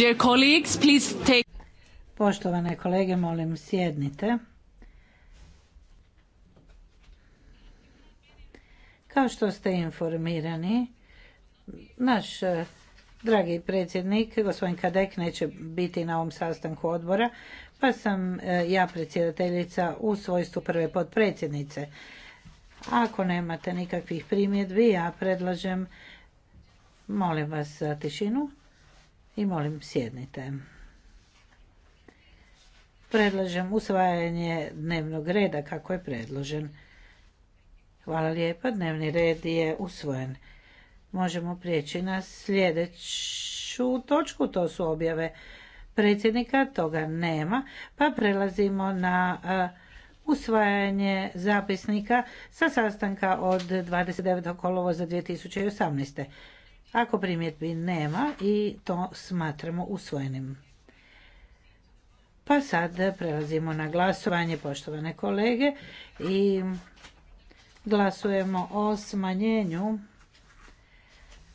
Dear Poštovane kolege, molim sjednite. Kao što ste informirani, naš eh, dragi predsjednik, gospodin Kadek, neće biti na ovom sastanku odbora, pa sam eh, ja predsjedateljica u svojstvu prve podpredsjednice. Ako nemate nikakvih primjedbi, ja predlažem, molim vas za tišinu, i molim sjednite. Predlažem usvajanje dnevnog reda kako je predložen. Hvala lijepa, dnevni red je usvojen. Možemo prijeći na sljedeću točku, to su objave predsjednika, toga nema, pa prelazimo na e, usvajanje zapisnika sa sastanka od 29. kolovoza 2018. Ako primjetbi nema i to smatramo usvojenim. Pa sad prelazimo na glasovanje, poštovane kolege, i glasujemo o smanjenju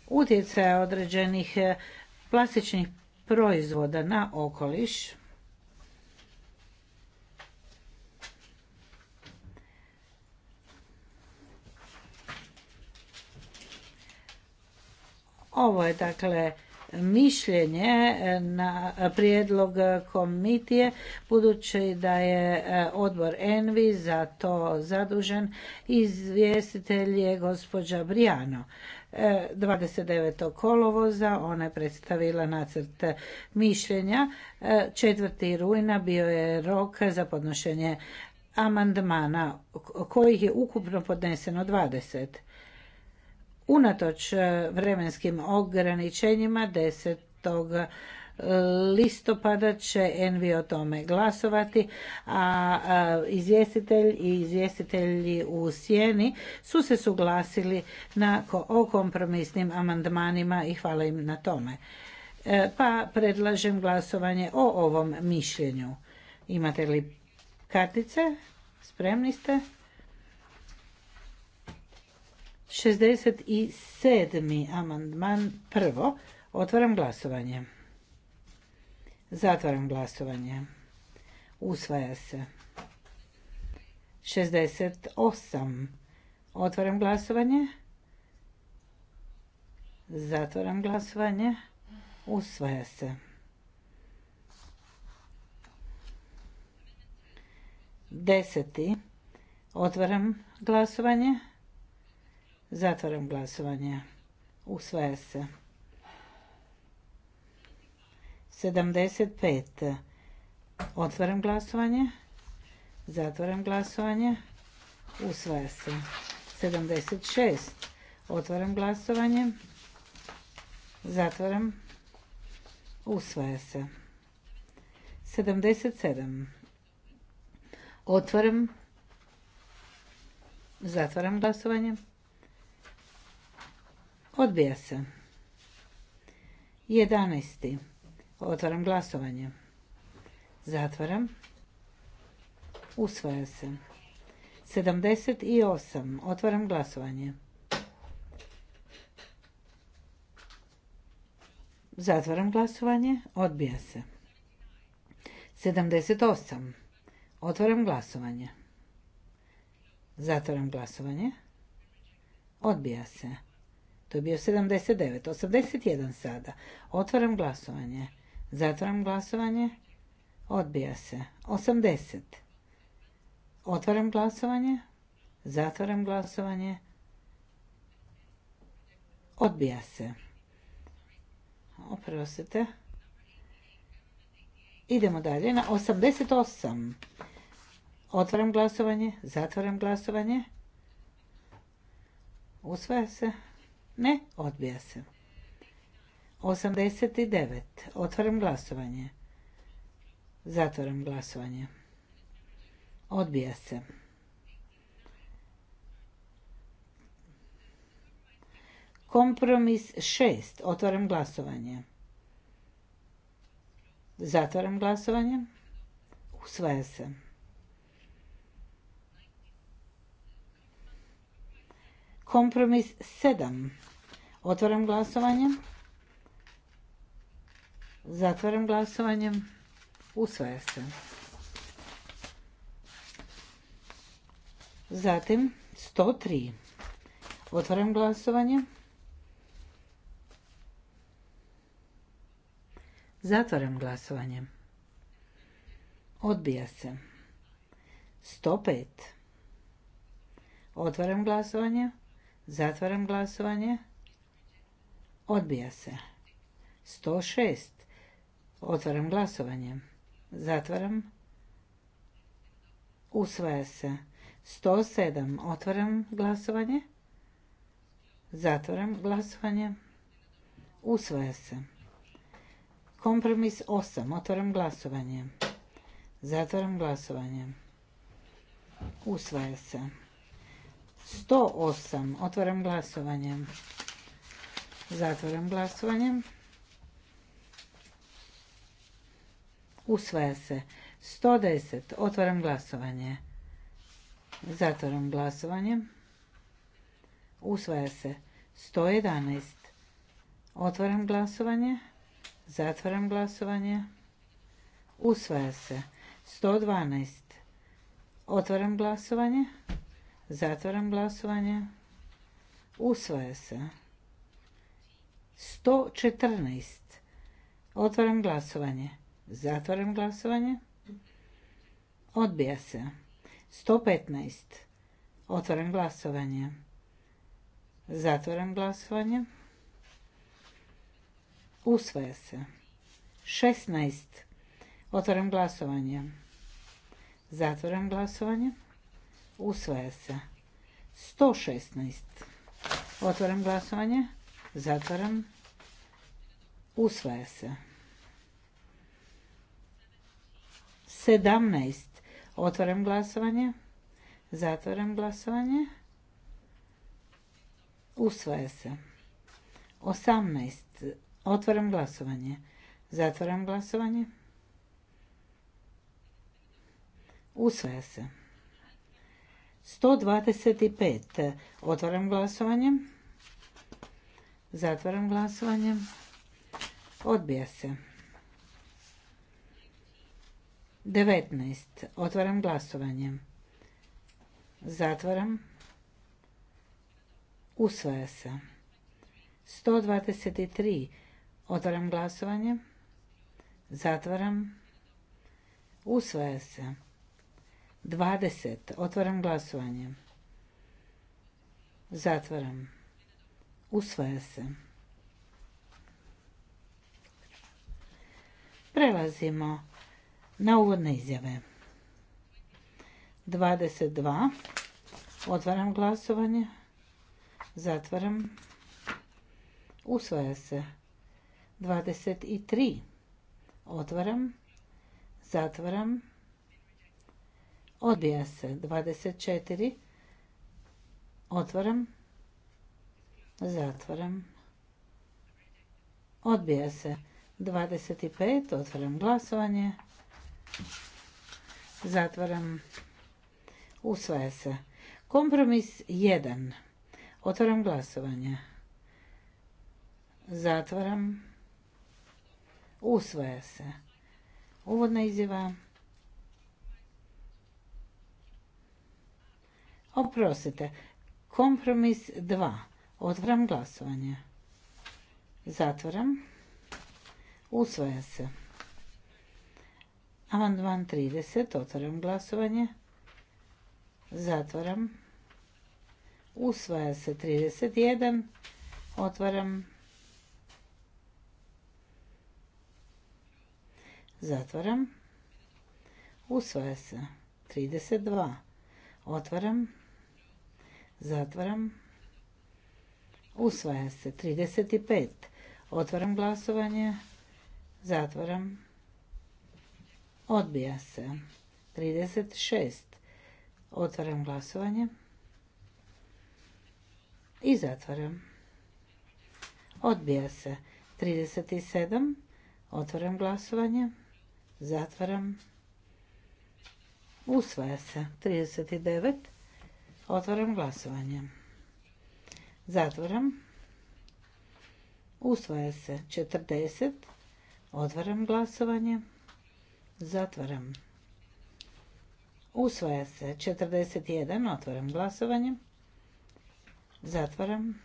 utjecaja određenih plastičnih proizvoda na okoliš. Ovo je dakle mišljenje e, na prijedlog komitije budući da je e, odbor Envi za to zadužen izvjestitelj je gospođa Brijano. 29. E, kolovoza ona je predstavila nacrt mišljenja. 4. rujna bio je rok za podnošenje amandmana kojih je ukupno podneseno 20 unatoč e, vremenskim ograničenjima 10 e, listopada će Envi o tome glasovati, a izvjestitelj i izvjestitelji u Sjeni su se suglasili na, o kompromisnim amandmanima i hvala im na tome. E, pa predlažem glasovanje o ovom mišljenju. Imate li kartice? Spremni ste? 67. amandman prvo. Otvaram glasovanje. Zatvaram glasovanje. Usvaja se. 68. Otvaram glasovanje. Zatvaram glasovanje. Usvaja se. Deseti. Otvaram glasovanje. Zatvaram glasovanje. Usvaja se. 75. Otvaram glasovanje. Zatvaram glasovanje. Usvaja se. 76. Otvaram glasovanje. Zatvaram. Usvaja se. 77. Otvaram. Zatvaram glasovanje. Odbija se. 11. Otvaram glasovanje. Zatvaram. Usvaja se. 78. Otvaram glasovanje. Zatvaram glasovanje. Odbija se. 78. Otvaram glasovanje. Zatvaram glasovanje. Odbija se. To je bio 79. 81 sada. Otvaram glasovanje. Zatvaram glasovanje. Odbija se. 80. Otvaram glasovanje. Zatvaram glasovanje. Odbija se. Oprostite. Idemo dalje na 88. Otvaram glasovanje. Zatvaram glasovanje. Usvaja se. Ne, odbija se. 89. Otvaram glasovanje. Zatvaram glasovanje. Odbija se. Kompromis 6. Otvaram glasovanje. Zatvaram glasovanje. Usvaja se. Kompromis 7. Otvaram glasovanje. Zatvaram glasovanje. Usvaja se. Zatim 103. Otvaram glasovanje. Zatvaram glasovanje. Odbija se. 105. Otvaram glasovanje. Zatvaram glasovanje. Odbija se. 106. Otvaram glasovanje. Zatvaram. Usvaja se. 107. Otvaram glasovanje. Zatvaram glasovanje. Usvaja se. Kompromis 8. Otvaram glasovanje. Zatvaram glasovanje. Usvaja se. 108. Otvaram glasovanje. Zatvaram glasovanje. Usvaja se. 110. Otvaram glasovanje. Zatvaram glasovanje. Usvaja se. 111. Otvaram glasovanje. Zatvaram glasovanje. Usvaja se. 112. Otvaram glasovanje. Zatvaram glasovanje. Usvaja se. 114. Otvaram glasovanje. Zatvaram glasovanje. Odbija se. 115. Otvaram glasovanje. Zatvaram glasovanje. Usvaja se. 16. Otvaram glasovanje. Zatvaram glasovanje. Usvaja se. 116. Otvaram glasovanje. Zatvaram. Usvaja se. 17. Otvaram glasovanje. Zatvaram glasovanje. Usvaja se. 18. Otvaram glasovanje. Zatvaram glasovanje. Usvaja se. 125. Otvaram glasovanje. Zatvaram glasovanje. Odbija se. 19. Otvaram glasovanje. Zatvaram. Usvaja se. 123. Otvaram glasovanje. Zatvaram. Usvaja se. 20. Otvaram glasovanje. Zatvaram. Usvaja se. Prelazimo na uvodne izjave. 22. Otvaram glasovanje. Zatvaram. Usvaja se. 23. Otvaram. Zatvaram. Odbija se. 24. Otvaram. Zatvaram. Odbija se. 25. Otvaram glasovanje. Zatvaram. Usvaja se. Kompromis 1. Otvaram glasovanje. Zatvaram. Usvaja se. Uvodna izjava Oprostite, kompromis 2. Otvaram glasovanje. Zatvaram. Usvaja se. Amandman 30. Otvaram glasovanje. Zatvaram. Usvaja se 31. Otvaram. Zatvaram. Usvaja se 32. Otvaram. Zatvaram. Usvaja se. 35. Otvaram glasovanje. Zatvaram. Odbija se. 36. Otvaram glasovanje. I zatvaram. Odbija se. 37. Otvaram glasovanje. Zatvaram. Usvaja se. 39. Otvaram glasovanje. Zatvaram. Usvaja se 40. Otvaram glasovanje. Zatvaram. Usvaja se 41. Otvaram glasovanje. Zatvaram.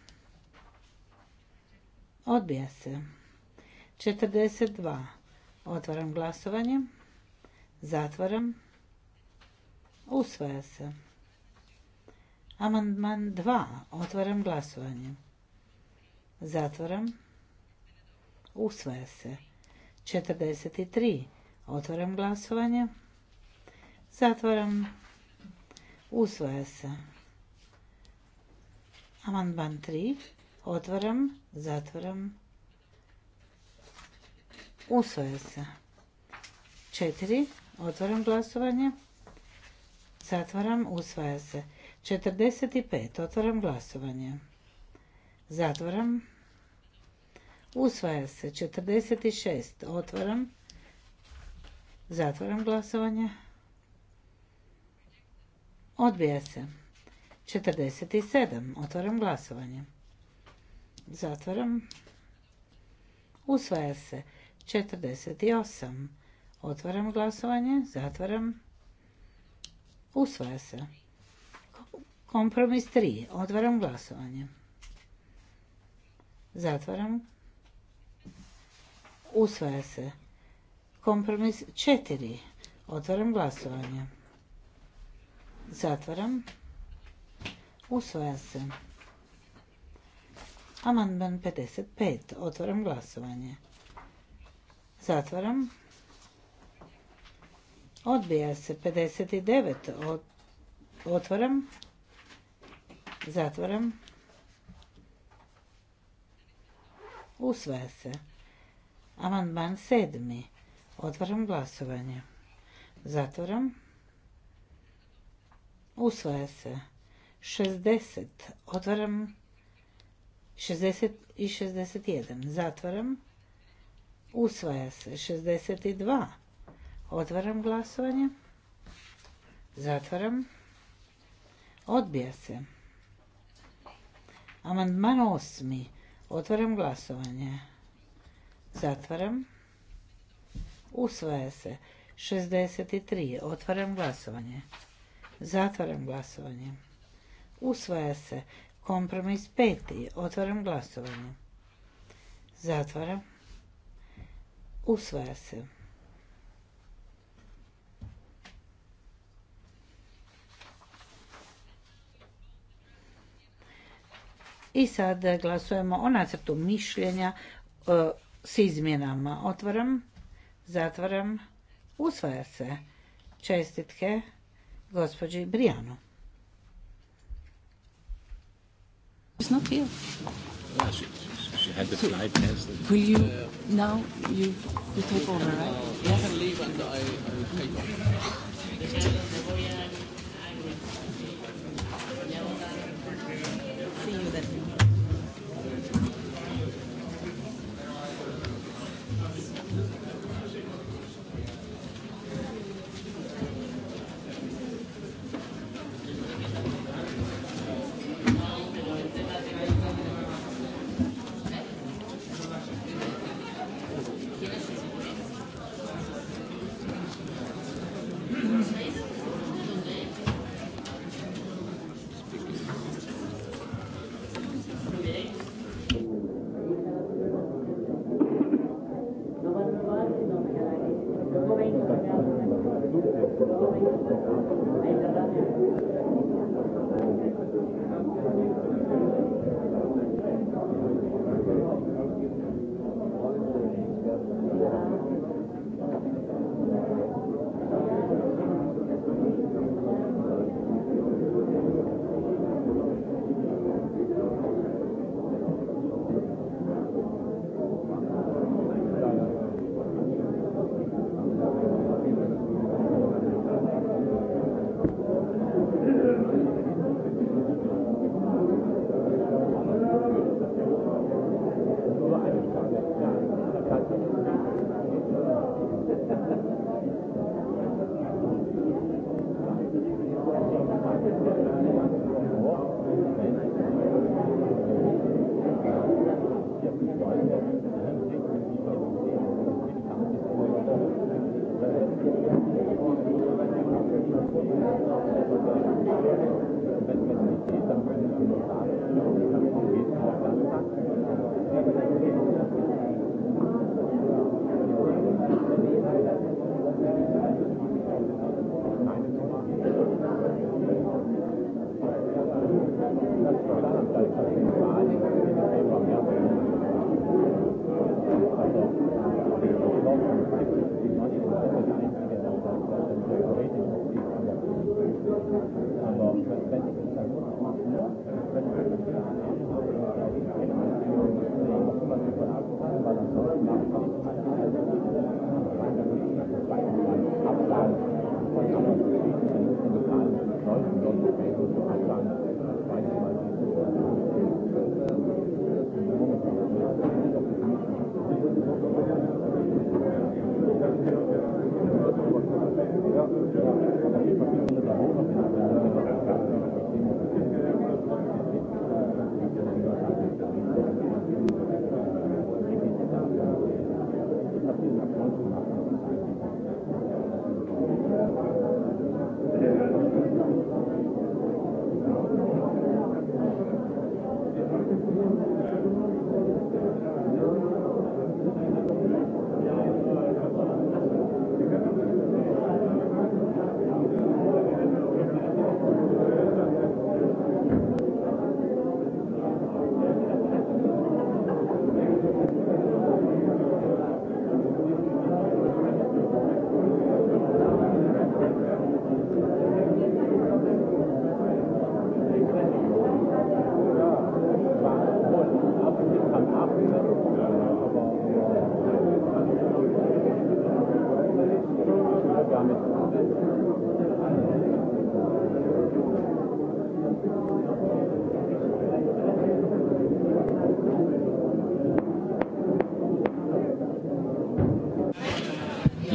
Odbija se. 42. Otvaram glasovanje. Zatvaram. Usvaja se. Amandman 2. Otvaram glasovanje. Zatvoram. Usvaja se. 43. Otvaram glasovanje. Zatvaram. Usvaja se. Amandman 3. Otvaram. Zatvaram. Usvaja se. 4. Otvaram glasovanje. Zatvaram. Usvaja se. 45. Otvaram glasovanje. Zatvaram. Usvaja se. 46. Otvaram. Zatvaram glasovanje. Odbija se. 47. Otvaram glasovanje. Zatvaram. Usvaja se. 48. Otvaram glasovanje. Zatvaram. Usvaja se. Kompromis 3. Otvaram glasovanje. Zatvaram. Usvaja se. Kompromis 4. Otvaram glasovanje. Zatvaram. Usvaja se. Amandman 55. Otvaram glasovanje. Zatvaram. Odbija se 59. Otvaram. Zatvaram. Usvaja se. Amandman sedmi. Otvaram glasovanje. Zatvaram. Usvaja se. 60. Otvaram 60 i 61. Zatvaram. Usvaja se. 62. Otvaram glasovanje. Zatvaram. Odbija se. Amandman osmi. Otvaram glasovanje. Zatvaram. Usvaja se. 63. Otvaram glasovanje. Zatvaram glasovanje. Usvaja se. Kompromis peti. Otvaram glasovanje. Zatvaram. Usvaja se. I sad glasujemo o nacrtu mišljenja e, s izmjenama. Otvaram, zatvaram, usvaja se. Čestitke gospođi Brijanu.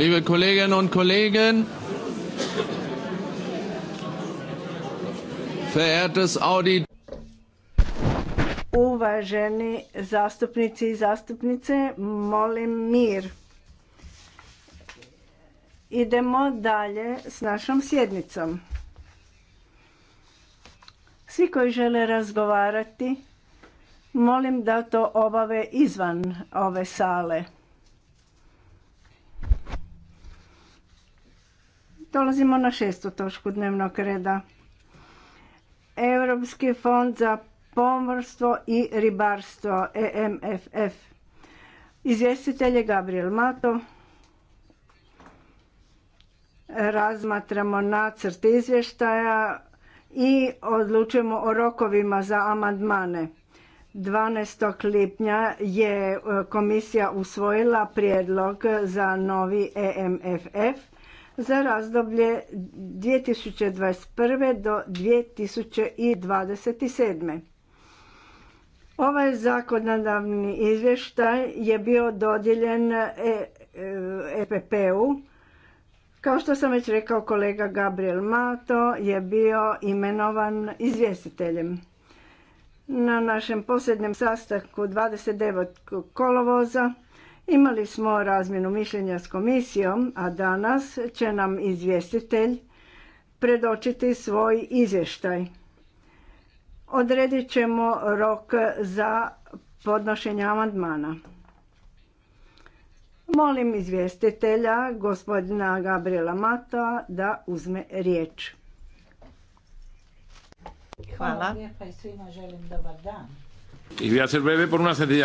Liebe Kolleginnen und Kollegen, Uvaženi zastupnici i zastupnice, molim mir. Idemo dalje s našom sjednicom. Svi koji žele razgovarati, molim da to obave izvan ove sale. Dolazimo na šestu točku dnevnog reda. Europski fond za pomorstvo i ribarstvo, EMFF. Izvjestitelj je Gabriel Mato. Razmatramo nacrt izvještaja i odlučujemo o rokovima za amandmane. 12. lipnja je e, komisija usvojila prijedlog za novi EMFF za razdoblje 2021. do 2027. Ovaj zakonodavni izvještaj je bio dodijeljen EPP-u. E, e Kao što sam već rekao, kolega Gabriel Mato je bio imenovan izvjestiteljem. Na našem posljednjem sastanku 29. kolovoza Imali smo razmjenu mišljenja s komisijom, a danas će nam izvjestitelj predočiti svoj izvještaj. Odredit ćemo rok za podnošenje amandmana. Molim izvjestitelja, gospodina Gabriela Mata, da uzme riječ. Hvala. Hvala lijepa i svima želim dobar dan.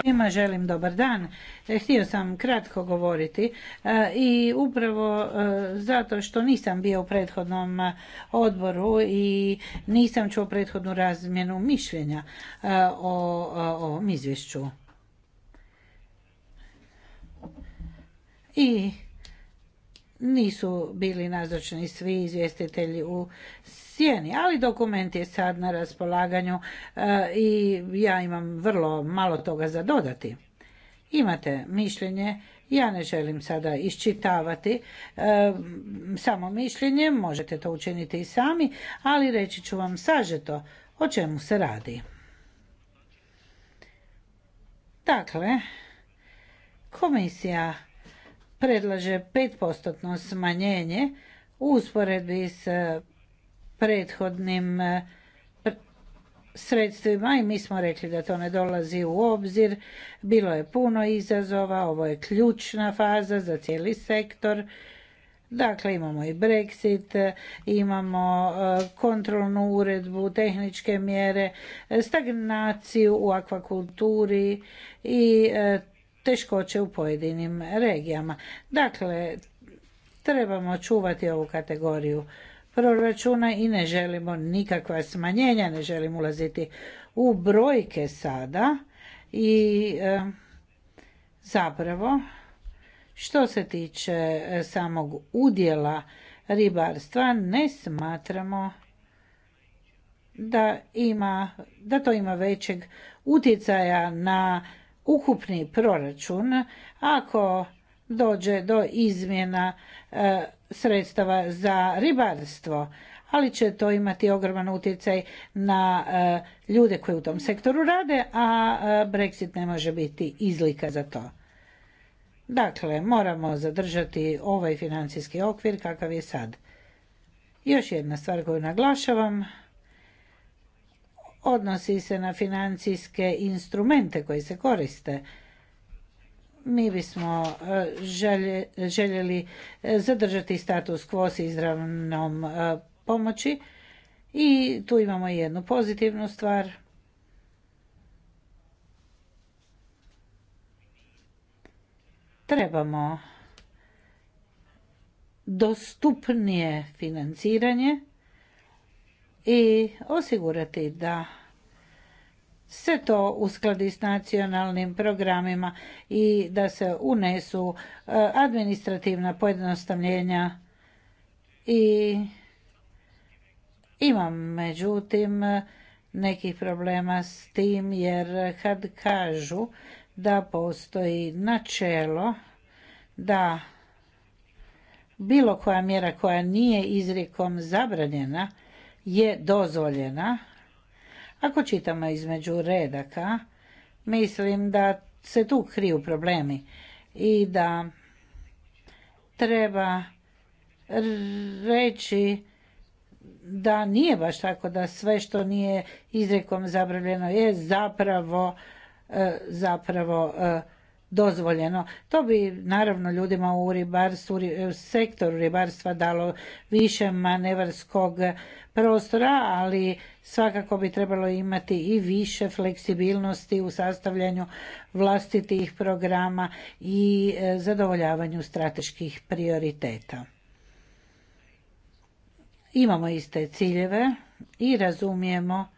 Ima želim dobar dan. E, htio sam kratko govoriti e, i upravo e, zato što nisam bio u prethodnom odboru i nisam čuo prethodnu razmjenu mišljenja o ovom izvješću. I nisu bili nazočni svi izvjestitelji u cijeni, ali dokument je sad na raspolaganju e, i ja imam vrlo malo toga za dodati. Imate mišljenje, ja ne želim sada iščitavati e, samo mišljenje, možete to učiniti i sami, ali reći ću vam sažeto o čemu se radi. Dakle, komisija predlaže 5% smanjenje u usporedbi s prethodnim e, sredstvima i mi smo rekli da to ne dolazi u obzir. Bilo je puno izazova, ovo je ključna faza za cijeli sektor. Dakle, imamo i Brexit, e, imamo e, kontrolnu uredbu, tehničke mjere, stagnaciju u akvakulturi i teškoće u pojedinim regijama. Dakle, trebamo čuvati ovu kategoriju proračuna i ne želimo nikakva smanjenja, ne želim ulaziti u brojke sada i e, zapravo što se tiče e, samog udjela ribarstva ne smatramo da, ima, da to ima većeg utjecaja na ukupni proračun ako dođe do izmjena e, sredstava za ribarstvo ali će to imati ogroman utjecaj na e, ljude koji u tom sektoru rade, a e, Brexit ne može biti izlika za to. Dakle, moramo zadržati ovaj financijski okvir kakav je sad. Još jedna stvar koju naglašavam odnosi se na financijske instrumente koji se koriste mi bismo e, željeli e, zadržati status quo s izravnom e, pomoći i tu imamo jednu pozitivnu stvar. Trebamo dostupnije financiranje i osigurati da se to uskladi s nacionalnim programima i da se unesu e, administrativna pojednostavljenja i imam međutim nekih problema s tim jer kad kažu da postoji načelo da bilo koja mjera koja nije izrijekom zabranjena je dozvoljena ako čitamo između redaka, mislim da se tu kriju problemi i da treba reći da nije baš tako da sve što nije izrekom zabravljeno je zapravo e, zapravo e, dozvoljeno. To bi naravno ljudima u ribarstvu, u sektoru ribarstva dalo više manevarskog prostora, ali svakako bi trebalo imati i više fleksibilnosti u sastavljanju vlastitih programa i e, zadovoljavanju strateških prioriteta. Imamo iste ciljeve i razumijemo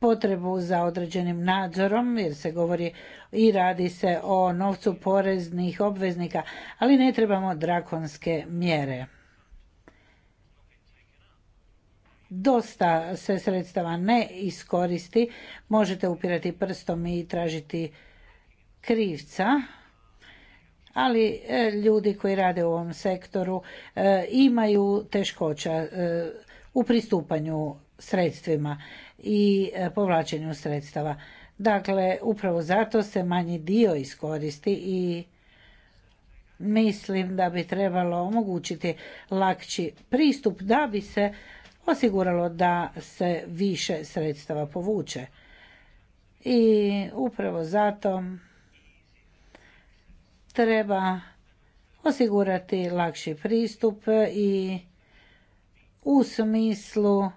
potrebu za određenim nadzorom jer se govori i radi se o novcu poreznih obveznika, ali ne trebamo drakonske mjere. dosta se sredstava ne iskoristi, možete upirati prstom i tražiti krivca, ali e, ljudi koji rade u ovom sektoru e, imaju teškoća e, u pristupanju sredstvima i povlačenju sredstava. Dakle, upravo zato se manji dio iskoristi i mislim da bi trebalo omogućiti lakši pristup da bi se osiguralo da se više sredstava povuče. I upravo zato treba osigurati lakši pristup i u smislu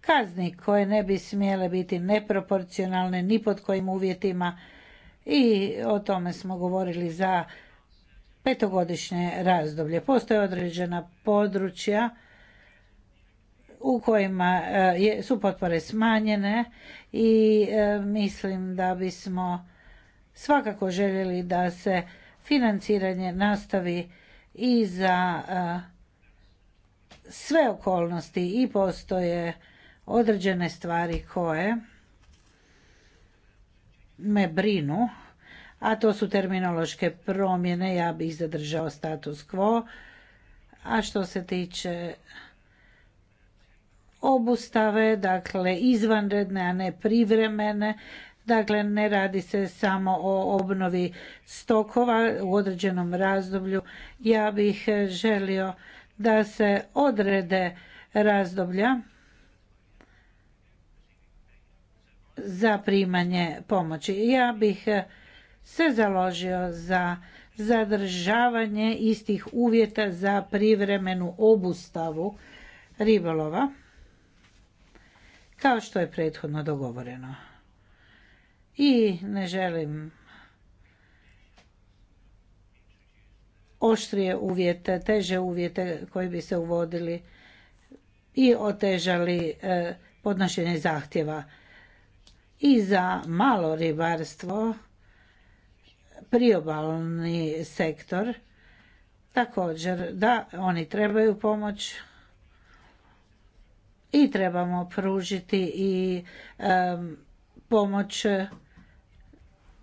kazni koje ne bi smjele biti neproporcionalne ni pod kojim uvjetima i o tome smo govorili za petogodišnje razdoblje. Postoje određena područja u kojima eh, su potpore smanjene i eh, mislim da bismo svakako željeli da se financiranje nastavi i za eh, sve okolnosti i postoje određene stvari koje me brinu, a to su terminološke promjene, ja bih zadržao status quo, a što se tiče obustave, dakle izvanredne, a ne privremene. Dakle, ne radi se samo o obnovi stokova u određenom razdoblju. Ja bih želio da se odrede razdoblja za primanje pomoći. Ja bih se založio za zadržavanje istih uvjeta za privremenu obustavu ribolova kao što je prethodno dogovoreno. I ne želim oštrije uvjete, teže uvjete koji bi se uvodili i otežali e, podnošenje zahtjeva. I za malo ribarstvo, priobalni sektor, također da oni trebaju pomoć, i trebamo pružiti i pomoć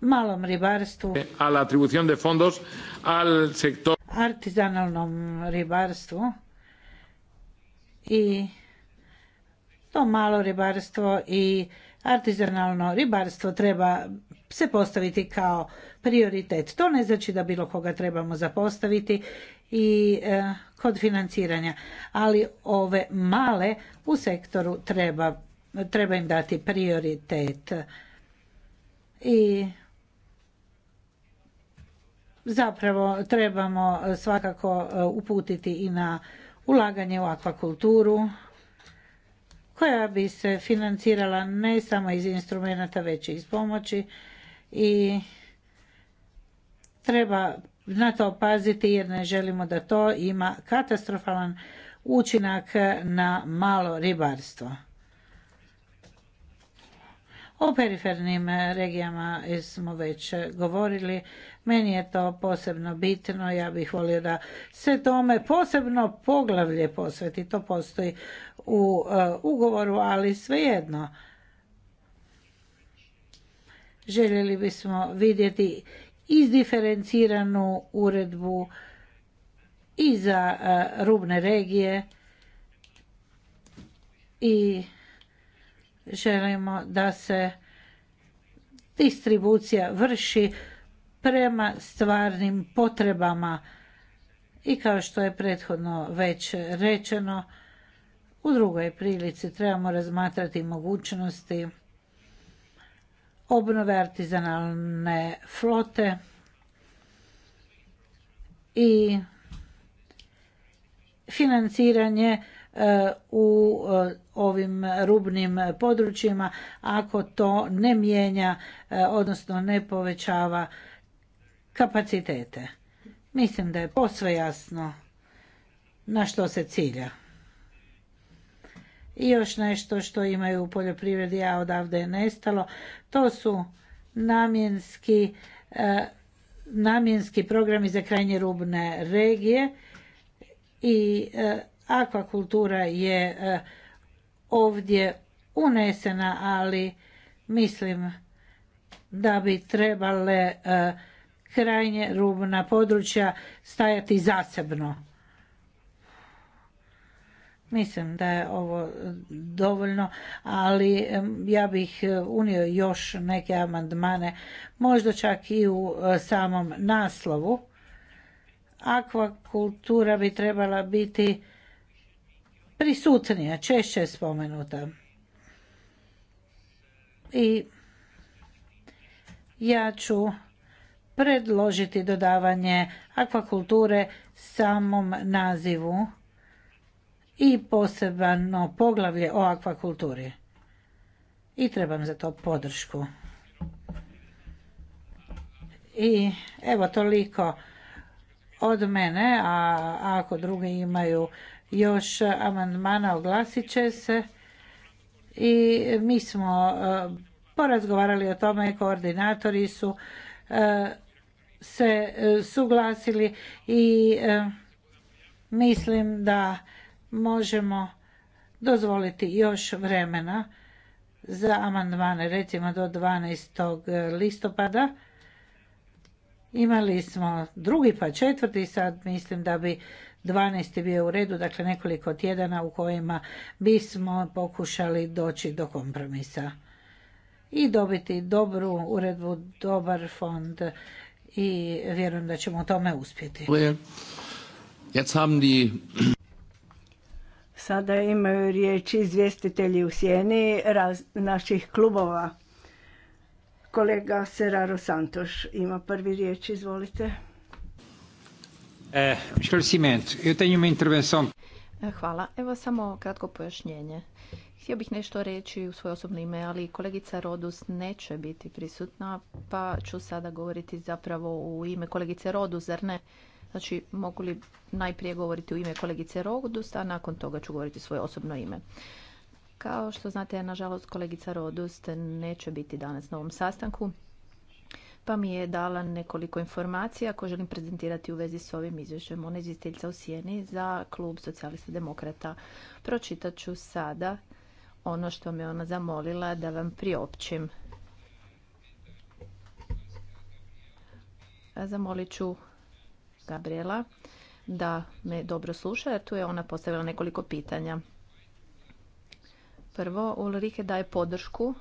malom ribarstvu a la atribución de fondos al sector artizanalnom ribarstvu i to malo ribarstvo i artizanalno ribarstvo treba se postaviti kao prioritet. To ne znači da bilo koga trebamo zapostaviti i eh, kod financiranja, ali ove male u sektoru treba, treba im dati prioritet. I zapravo trebamo svakako e, uputiti i na ulaganje u akvakulturu koja bi se financirala ne samo iz instrumenata već i iz pomoći i treba na to paziti jer ne želimo da to ima katastrofalan učinak na malo ribarstvo. O perifernim regijama smo već govorili. Meni je to posebno bitno. Ja bih volio da se tome posebno poglavlje posveti. To postoji u uh, ugovoru, ali svejedno. Željeli bismo vidjeti izdiferenciranu uredbu i za e, rubne regije i želimo da se distribucija vrši prema stvarnim potrebama i kao što je prethodno već rečeno u drugoj prilici trebamo razmatrati mogućnosti obnove artizanalne flote i financiranje e, u e, ovim rubnim područjima ako to ne mijenja, e, odnosno ne povećava kapacitete. Mislim da je posve jasno na što se cilja i još nešto što imaju u poljoprivredi, a odavde je nestalo. To su namjenski, e, namjenski programi za krajnje rubne regije i e, akvakultura je e, ovdje unesena, ali mislim da bi trebale krajnje rubna područja stajati zasebno Mislim da je ovo dovoljno, ali ja bih eh, unio još neke amandmane, možda čak i u eh, samom naslovu. Akvakultura bi trebala biti prisutnija, češće spomenuta. I ja ću predložiti dodavanje akvakulture samom nazivu i posebno poglavlje o akvakulturi. I trebam za to podršku. I evo toliko od mene, a ako drugi imaju još amandmana, oglasit će se. I mi smo e, porazgovarali o tome, koordinatori su e, se e, suglasili i mislim da možemo dozvoliti još vremena za amandmane, recimo do 12. listopada. Imali smo drugi pa četvrti, sad mislim da bi 12. bio u redu, dakle nekoliko tjedana u kojima bismo pokušali doći do kompromisa i dobiti dobru uredbu, dobar fond i vjerujem da ćemo u tome uspjeti. Sada imaju riječ izvjestitelji u sjeni naših klubova. Kolega Seraro Santoš ima prvi riječ, izvolite. Eh, eh, hvala. Evo samo kratko pojašnjenje. Htio bih nešto reći u svoje osobno ime, ali kolegica Rodus neće biti prisutna, pa ću sada govoriti zapravo u ime kolegice Rodus, zar ne? Znači, mogu li najprije govoriti u ime kolegice Rodust, a nakon toga ću govoriti svoje osobno ime. Kao što znate, nažalost, kolegica Rodust neće biti danas na ovom sastanku, pa mi je dala nekoliko informacija koje želim prezentirati u vezi s ovim izvješćem. Ona izvjestiteljica u Sjeni za klub socijalista demokrata. Pročitat ću sada ono što me ona zamolila da vam priopćim. Zamolit ću Gabriela da me dobro sluša jer tu je ona postavila nekoliko pitanja. Prvo, Ulrike daje podršku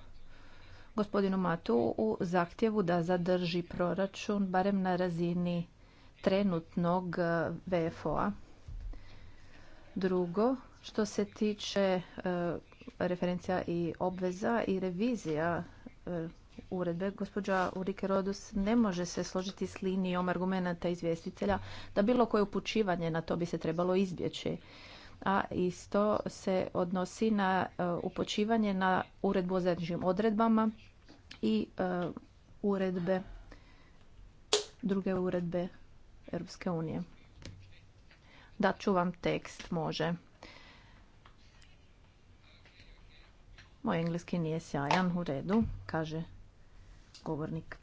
gospodinu Matu u zahtjevu da zadrži proračun barem na razini trenutnog e, VFO-a. Drugo, što se tiče e, referencija i obveza i revizija e, uredbe. Gospođa Urike Rodus ne može se složiti s linijom argumenata izvjestitelja da bilo koje upućivanje na to bi se trebalo izbjeći. A isto se odnosi na e, upućivanje na uredbu o zajedničkim odredbama i e, uredbe, druge uredbe Europske unije. Da ću vam tekst, može. Moj engleski nije sjajan, u redu, kaže govornik.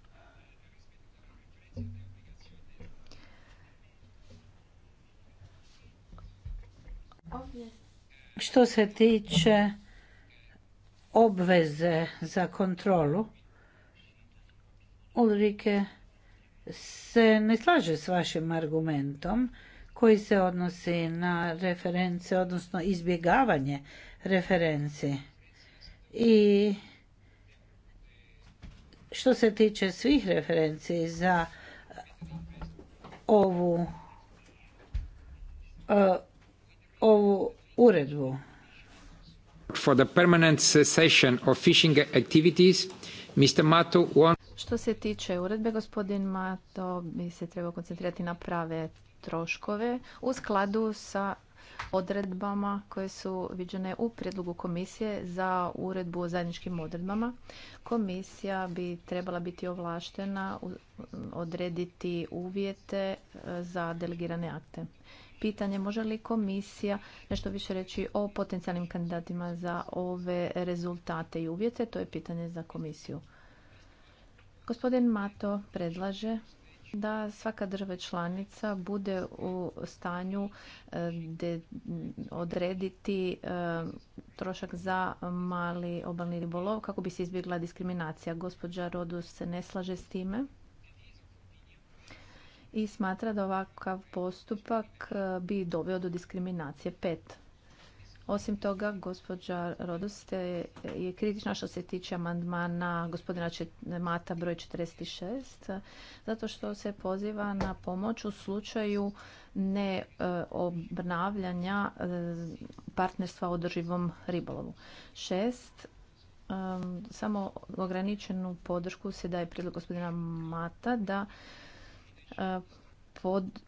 Što se tiče obveze za kontrolu, Ulrike se ne slaže s vašim argumentom koji se odnosi na reference, odnosno izbjegavanje referenci. I što se tiče svih referenciji za e, ovu e, ovu uredbu. For the permanent cessation of fishing activities, Mr. Mato Što se tiče uredbe, gospodin Mato bi se trebao koncentrirati na prave troškove u skladu sa odredbama koje su viđene u prijedlogu komisije za uredbu o zajedničkim odredbama. Komisija bi trebala biti ovlaštena odrediti uvjete e, za delegirane akte. Pitanje može li komisija nešto više reći o potencijalnim kandidatima za ove rezultate i uvjete? To je pitanje za komisiju. Gospodin Mato predlaže da svaka država članica bude u stanju e, odrediti e, trošak za mali obalni ribolov kako bi se izbjegla diskriminacija. Gospođa Rodus se ne slaže s time i smatra da ovakav postupak e, bi doveo do diskriminacije. Pet. Osim toga, gospođa Rodoste je kritična što se tiče amandmana gospodina Mata broj 46, zato što se poziva na pomoć u slučaju neobnavljanja e, partnerstva održivom ribolovu. Šest, e, samo ograničenu podršku se daje prijedlog gospodina Mata da e,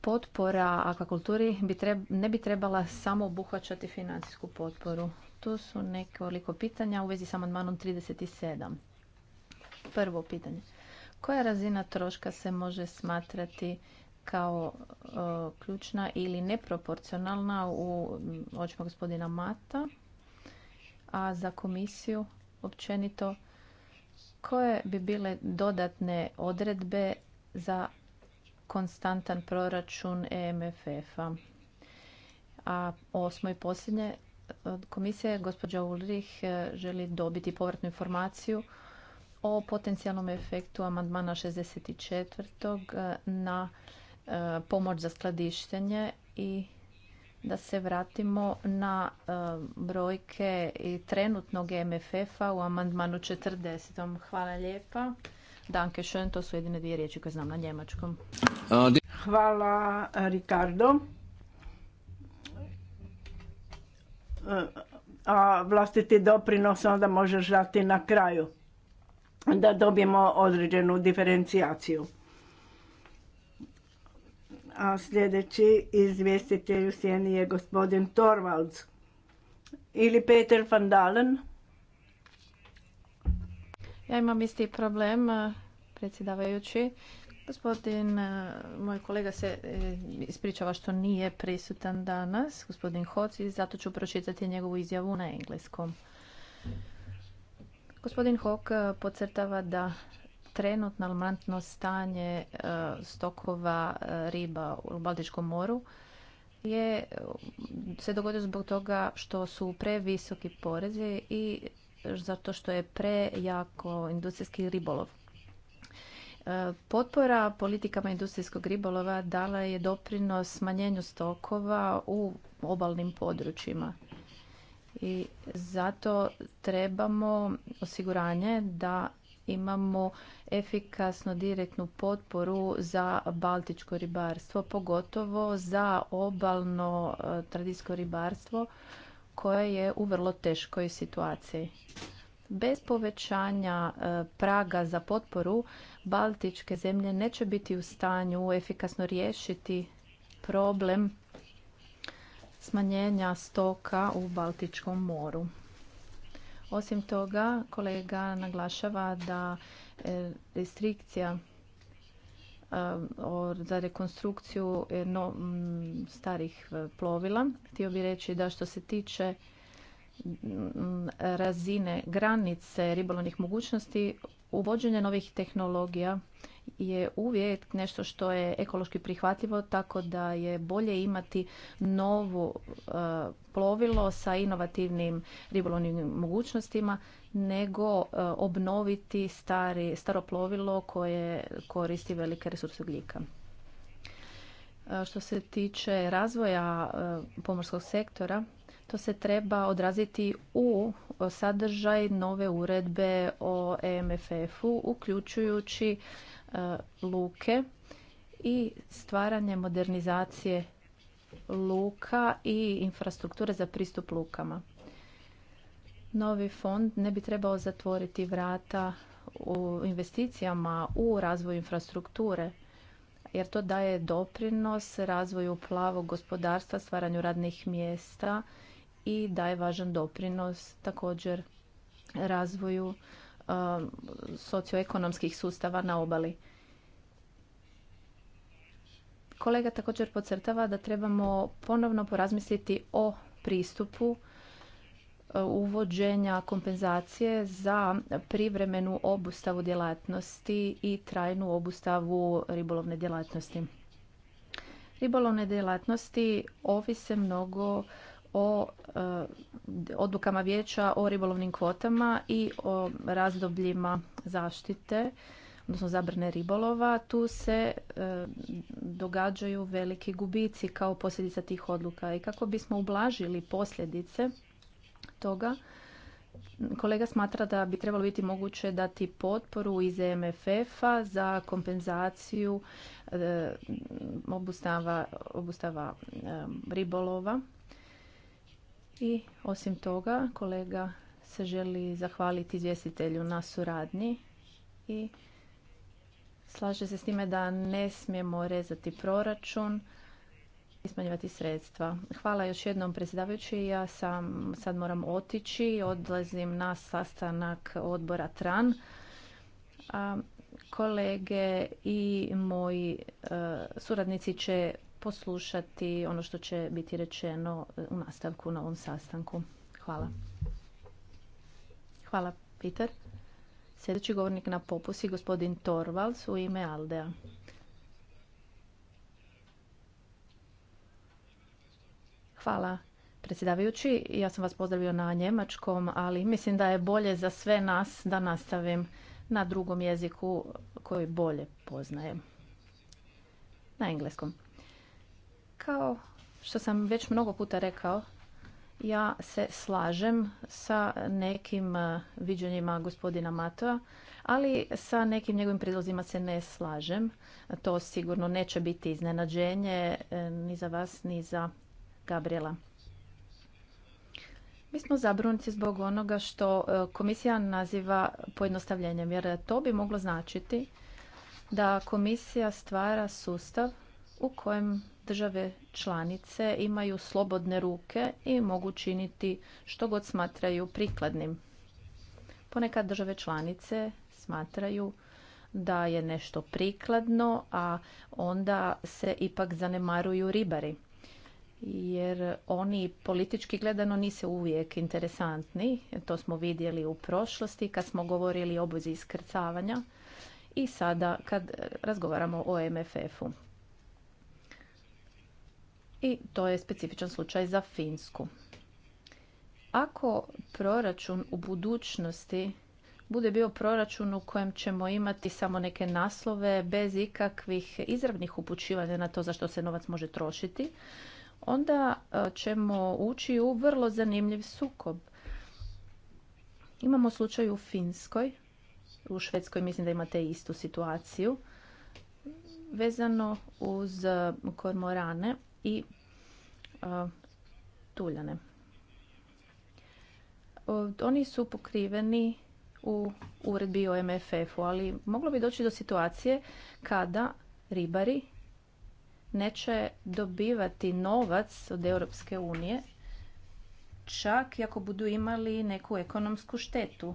potpora akvakulturi bi treb, ne bi trebala samo obuhvaćati financijsku potporu. Tu su nekoliko pitanja u vezi s amandmanom 37. Prvo pitanje. Koja razina troška se može smatrati kao e, ključna ili neproporcionalna u očima gospodina Mata, a za komisiju općenito koje bi bile dodatne odredbe za konstantan proračun EMFF-a. A osmo i posljednje, komisija gospođa Ulrich eh, želi dobiti povratnu informaciju o potencijalnom efektu amandmana 64. Eh, na eh, pomoć za skladištenje i da se vratimo na brojke i trenutnog e MFF-a u amandmanu 40. Hvala lijepa. Danke schön, to su jedine dvije riječi koje znam na njemačkom. Hvala Ricardo. A vlastiti doprinos onda možeš dati na kraju da dobijemo određenu diferencijaciju. A sljedeći izvjestitelj u sjeni je gospodin Torvalds ili Peter van Dalen. Ja imam isti problem, eh, predsjedavajući. Gospodin, eh, moj kolega se eh, ispričava što nije prisutan danas, gospodin Hoc, i zato ću pročitati njegovu izjavu na engleskom. Gospodin Hock podcrtava da trenutno alarmantno stanje stokova riba u Baltičkom moru je se dogodio zbog toga što su previsoki porezi i zato što je prejako industrijski ribolov. E, potpora politikama industrijskog ribolova dala je doprinos smanjenju stokova u obalnim područjima. I zato trebamo osiguranje da imamo efikasno direktnu potporu za baltičko ribarstvo, pogotovo za obalno e, tradijsko ribarstvo koja je u vrlo teškoj situaciji. Bez povećanja e, praga za potporu baltičke zemlje neće biti u stanju efikasno riješiti problem smanjenja stoka u Baltičkom moru. Osim toga, kolega naglašava da e, restrikcija za rekonstrukciju starih e, plovila. Htio bih reći da što se tiče razine granice ribolovnih mogućnosti, uvođenje novih tehnologija je uvijek nešto što je ekološki prihvatljivo, tako da je bolje imati novo e, plovilo sa inovativnim ribolovnim mogućnostima nego e, obnoviti stari, staro plovilo koje koristi velike resurse ugljika. E, što se tiče razvoja pomorskog sektora, to se treba odraziti u sadržaj nove uredbe o EMFF-u, uključujući E, luke i stvaranje modernizacije luka i infrastrukture za pristup lukama. Novi fond ne bi trebao zatvoriti vrata u investicijama u razvoj infrastrukture jer to daje doprinos razvoju plavog gospodarstva, stvaranju radnih mjesta i daje važan doprinos također razvoju Eh, socioekonomskih sustava na obali. Kolega također podcrtava da trebamo ponovno porazmisliti o pristupu eh, uvođenja kompenzacije za privremenu obustavu djelatnosti i trajnu obustavu ribolovne djelatnosti. Ribolovne djelatnosti ovise mnogo o e, odlukama vijeća o ribolovnim kvotama i o razdobljima zaštite odnosno zabrane ribolova, tu se e, događaju veliki gubici kao posljedica tih odluka. I kako bismo ublažili posljedice toga, kolega smatra da bi trebalo biti moguće dati potporu iz e MFF-a za kompenzaciju obustava, obustava ribolova i osim toga, kolega se želi zahvaliti izvjestitelju na suradnji i slaže se s time da ne smijemo rezati proračun i smanjivati sredstva. Hvala još jednom predsjedavajući. Ja sam sad moram otići, odlazim na sastanak odbora TRAN. A, kolege i moji e, suradnici će poslušati ono što će biti rečeno u nastavku na ovom sastanku. Hvala. Hvala, Peter. Sljedeći govornik na popusi, gospodin Torvalds u ime Aldea. Hvala predsjedavajući. Ja sam vas pozdravio na njemačkom, ali mislim da je bolje za sve nas da nastavim na drugom jeziku koji bolje poznajem. Na engleskom. Kao što sam već mnogo puta rekao, ja se slažem sa nekim eh, viđenjima gospodina Matoa, ali sa nekim njegovim prilozima se ne slažem. To sigurno neće biti iznenađenje eh, ni za vas, ni za Gabriela. Mi smo zabrunici zbog onoga što eh, komisija naziva pojednostavljenjem, jer to bi moglo značiti da komisija stvara sustav u kojem države članice imaju slobodne ruke i mogu činiti što god smatraju prikladnim. Ponekad države članice smatraju da je nešto prikladno, a onda se ipak zanemaruju ribari. Jer oni politički gledano nisu uvijek interesantni, to smo vidjeli u prošlosti kad smo govorili o obvezi iskrcavanja i sada kad eh, razgovaramo o MFF-u i to je specifičan slučaj za Finsku. Ako proračun u budućnosti bude bio proračun u kojem ćemo imati samo neke naslove bez ikakvih izravnih upućivanja na to za što se novac može trošiti, onda e, ćemo ući u vrlo zanimljiv sukob. Imamo slučaj u Finskoj, u Švedskoj mislim da imate istu situaciju, vezano uz e, kormorane i tuljane. Oni su pokriveni u uredbi o MFF-u, ali moglo bi doći do situacije kada ribari neće dobivati novac od Europske unije, čak i ako budu imali neku ekonomsku štetu.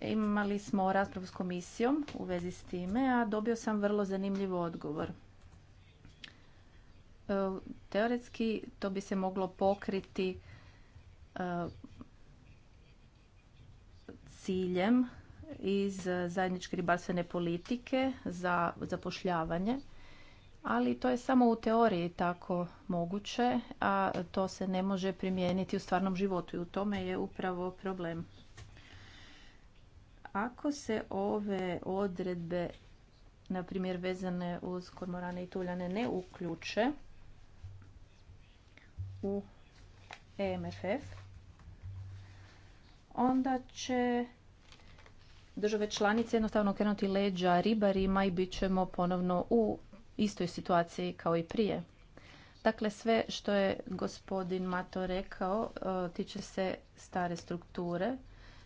Imali smo raspravu s komisijom u vezi s time, a dobio sam vrlo zanimljiv odgovor. E, teoretski to bi se moglo pokriti e, ciljem iz zajedničke ribarstvene politike za zapošljavanje, ali to je samo u teoriji tako moguće, a to se ne može primijeniti u stvarnom životu i u tome je upravo problem. Ako se ove odredbe, na primjer vezane uz kormorane i tuljane, ne uključe, u EMFF, onda će države članice jednostavno krenuti leđa ribarima i bit ćemo ponovno u istoj situaciji kao i prije. Dakle, sve što je gospodin Mato rekao e, tiče se stare strukture,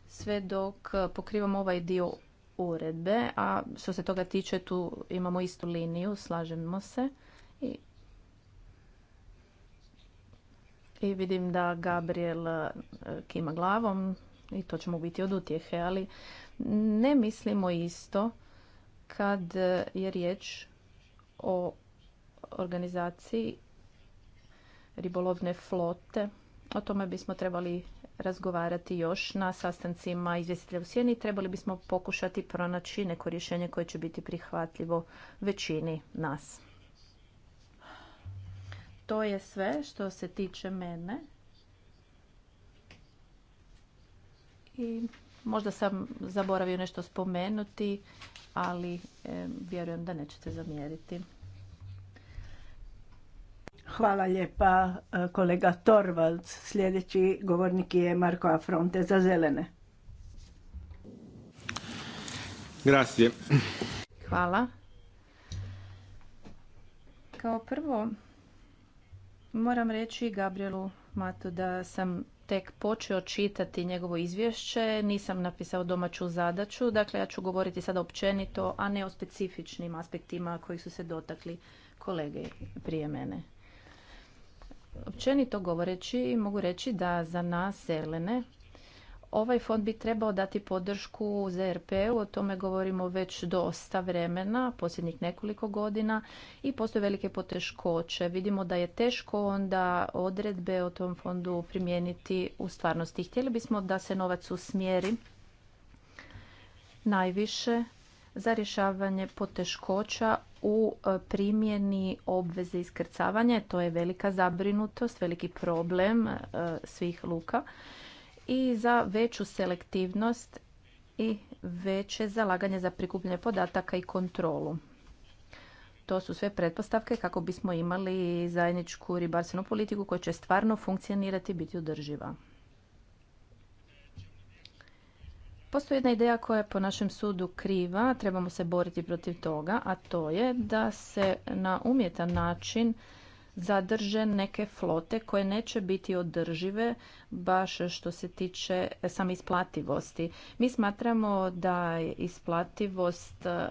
sve dok pokrivamo ovaj dio uredbe, a što se toga tiče tu imamo istu liniju, slažemo se i I vidim da Gabriel e, kima glavom i to ćemo biti od utjehe, ali ne mislimo isto kad e, je riječ o organizaciji ribolovne flote. O tome bismo trebali razgovarati još na sastancima izvjestitelja u sjeni. Trebali bismo pokušati pronaći neko rješenje koje će biti prihvatljivo većini nas. To je sve što se tiče mene. I možda sam zaboravio nešto spomenuti, ali vjerujem da nećete zamjeriti. Hvala lijepa e, kolega Torvalds. Sljedeći govornik je Marko Afronte za zelene. Hvala. Kao prvo Moram reći Gabrielu Matu da sam tek počeo čitati njegovo izvješće, nisam napisao domaću zadaću, dakle ja ću govoriti sada općenito, a ne o specifičnim aspektima koji su se dotakli kolege prije mene. Općenito govoreći mogu reći da za nas zelene Ovaj fond bi trebao dati podršku ZRP-u, o tome govorimo već dosta vremena, posljednjih nekoliko godina i postoje velike poteškoće. Vidimo da je teško onda odredbe o tom fondu primijeniti u stvarnosti. Htjeli bismo da se novac usmjeri najviše za rješavanje poteškoća u e, primjeni obveze iskrcavanja. To je velika zabrinutost, veliki problem e, svih luka i za veću selektivnost i veće zalaganje za prikupljanje podataka i kontrolu. To su sve pretpostavke kako bismo imali zajedničku ribarstvenu politiku koja će stvarno funkcionirati i biti održiva. Postoji jedna ideja koja je po našem sudu kriva, trebamo se boriti protiv toga, a to je da se na umjetan način zadrže neke flote koje neće biti održive baš što se tiče e, sam isplativosti. Mi smatramo da je isplativost e,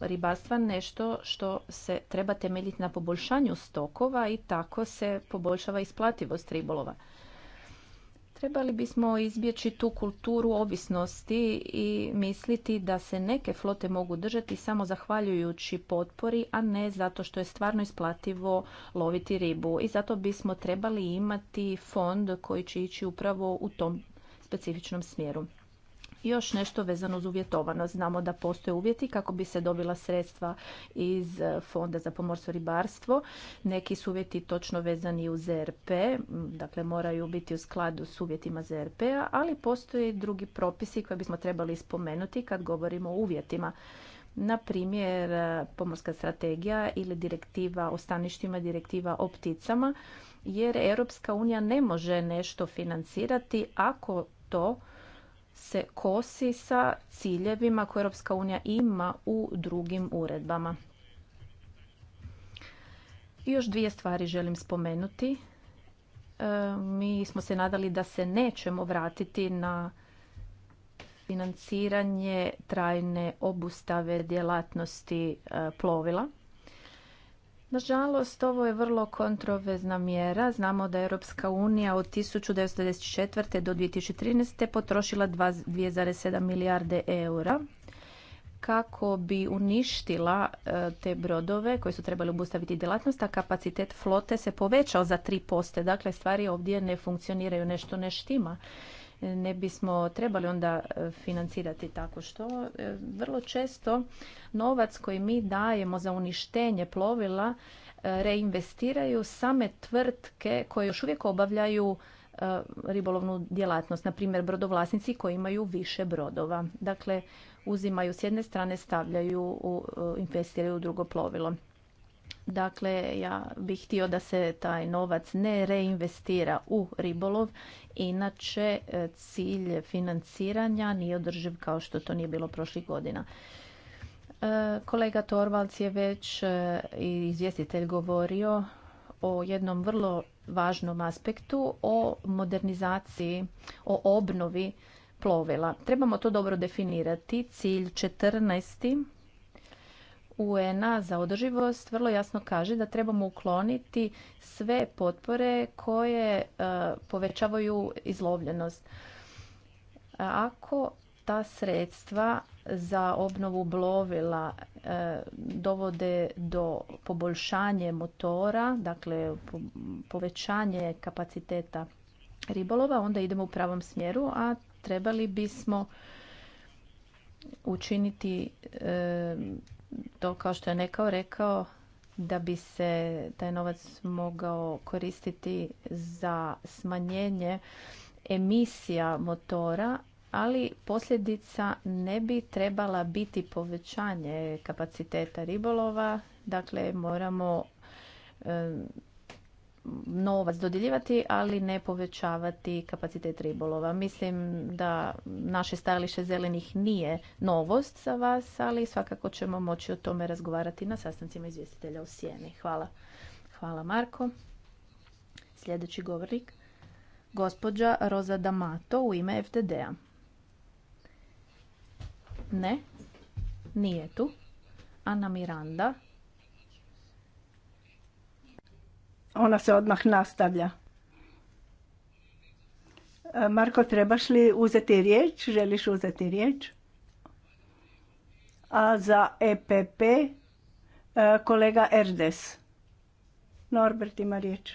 ribarstva nešto što se treba temeljiti na poboljšanju stokova i tako se poboljšava isplativost ribolova. Trebali bismo izbjeći tu kulturu ovisnosti i misliti da se neke flote mogu držati samo zahvaljujući potpori, a ne zato što je stvarno isplativo loviti ribu. I zato bismo trebali imati fond koji će ići upravo u tom specifičnom smjeru. Još nešto vezano uz uvjetovanost. Znamo da postoje uvjeti kako bi se dobila sredstva iz e, Fonda za pomorsko ribarstvo. Neki su uvjeti točno vezani uz ZRP, e dakle moraju biti u skladu s uvjetima ZRP-a, e ali postoje i drugi propisi koje bismo trebali spomenuti kad govorimo o uvjetima na primjer pomorska strategija ili direktiva o staništima, direktiva o pticama, jer Europska unija ne može nešto financirati ako to se kosi sa ciljevima koje Europska unija ima u drugim uredbama. I još dvije stvari želim spomenuti. E, mi smo se nadali da se nećemo vratiti na financiranje trajne obustave djelatnosti e, plovila. Nažalost, ovo je vrlo kontrovezna mjera. Znamo da je Europska unija od 1994. do 2013. potrošila 2,7 milijarde eura kako bi uništila e, te brodove koji su trebali obustaviti djelatnost, a kapacitet flote se povećao za 3%. Dakle, stvari ovdje ne funkcioniraju, nešto ne štima ne bismo trebali onda e, financirati tako što e, vrlo često novac koji mi dajemo za uništenje plovila e, reinvestiraju same tvrtke koje još uvijek obavljaju ribolovnu djelatnost, na primjer brodovlasnici koji imaju više brodova. Dakle, uzimaju s jedne strane, stavljaju, investiraju u drugo plovilo. Dakle, ja bih htio da se taj novac ne reinvestira u ribolov, inače e, cilj financiranja nije održiv kao što to nije bilo prošlih godina. E, kolega Torvalc je već e, i izvjestitelj govorio o jednom vrlo važnom aspektu, o modernizaciji, o obnovi plovila. Trebamo to dobro definirati. Cilj 14 un za održivost vrlo jasno kaže da trebamo ukloniti sve potpore koje e, povećavaju izlovljenost. Ako ta sredstva za obnovu blovila e, dovode do poboljšanje motora, dakle povećanje kapaciteta ribolova, onda idemo u pravom smjeru, a trebali bismo učiniti e, to kao što je nekao rekao da bi se taj novac mogao koristiti za smanjenje emisija motora, ali posljedica ne bi trebala biti povećanje kapaciteta ribolova. Dakle, moramo novac dodjeljivati, ali ne povećavati kapacitet ribolova. Mislim da naše stajalište zelenih nije novost za vas, ali svakako ćemo moći o tome razgovarati na sastancima izvjestitelja u Sijeni. Hvala. Hvala Marko. Sljedeći govornik, gospođa Roza D'Amato u ime FDD-a. Ne, nije tu. Ana Miranda Ona se odmah nastavlja. E, Marko, trebaš li uzeti riječ? Želiš uzeti riječ? A za EPP e, kolega Erdes. Norbert ima riječ.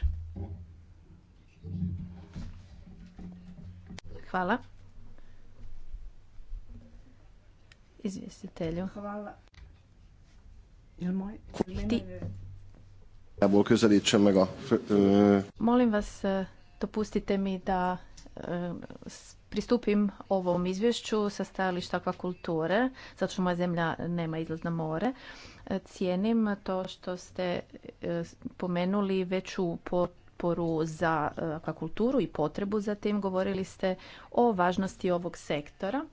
Hvala. Izvjestitelju. Hvala. Jel Molim vas, dopustite mi da pristupim ovom izvješću sa stajališta akvakulture, zato što moja zemlja nema izlaz na more. E, cijenim to što ste e, pomenuli veću potporu za e, akvakulturu i potrebu za tim. Govorili ste o važnosti ovog sektora.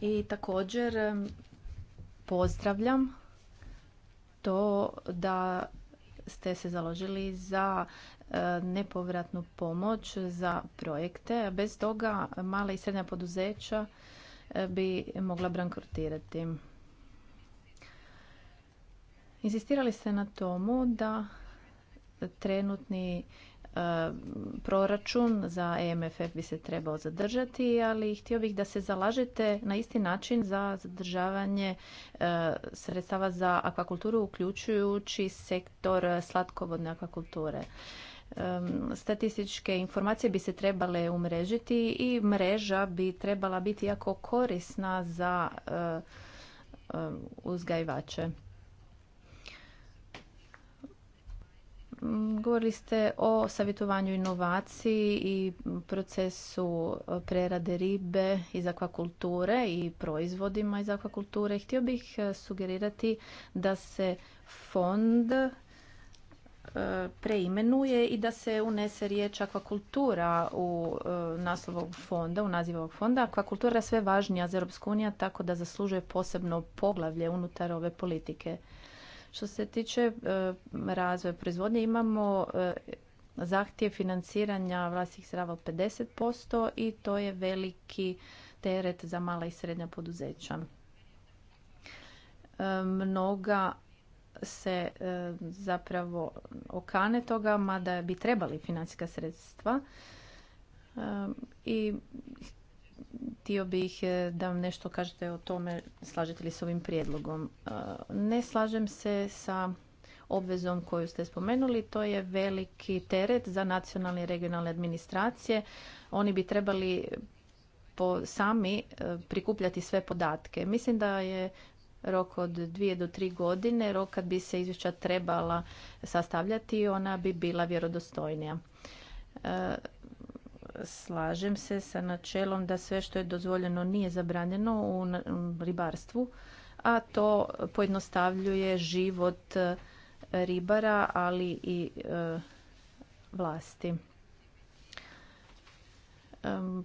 I također pozdravljam to da ste se založili za e, nepovratnu pomoć za projekte. Bez toga mala i srednja poduzeća e, bi mogla bankrotirati. Insistirali ste na tomu da trenutni proračun za EMFF bi se trebao zadržati, ali htio bih da se zalažete na isti način za zadržavanje e, sredstava za akvakulturu uključujući sektor slatkovodne akvakulture. E, statističke informacije bi se trebale umrežiti i mreža bi trebala biti jako korisna za e, uzgajivače. Mm, govorili ste o savjetovanju inovaciji i procesu e, prerade ribe iz akvakulture i proizvodima iz akvakulture. Htio bih e, sugerirati da se fond e, preimenuje i da se unese riječ akvakultura u naslov ovog fonda, u naziv ovog fonda. Akvakultura je sve važnija za Europsku uniju, tako da zaslužuje posebno poglavlje unutar ove politike. Što se tiče e, razvoja proizvodnje, imamo e, zahtjev financiranja vlastnih sredstava od 50% i to je veliki teret za mala i srednja poduzeća. E, mnoga se zapravo okane toga, mada bi trebali financijska sredstva. I htio bih e, da vam nešto kažete o tome, slažete li s ovim prijedlogom. E, ne slažem se sa obvezom koju ste spomenuli, to je veliki teret za nacionalne i regionalne administracije. Oni bi trebali po sami e, prikupljati sve podatke. Mislim da je rok od dvije do tri godine, rok kad bi se izvješća trebala sastavljati, ona bi bila vjerodostojnija slažem se sa načelom da sve što je dozvoljeno nije zabranjeno u ribarstvu, a to pojednostavljuje život e, ribara, ali i e, vlasti.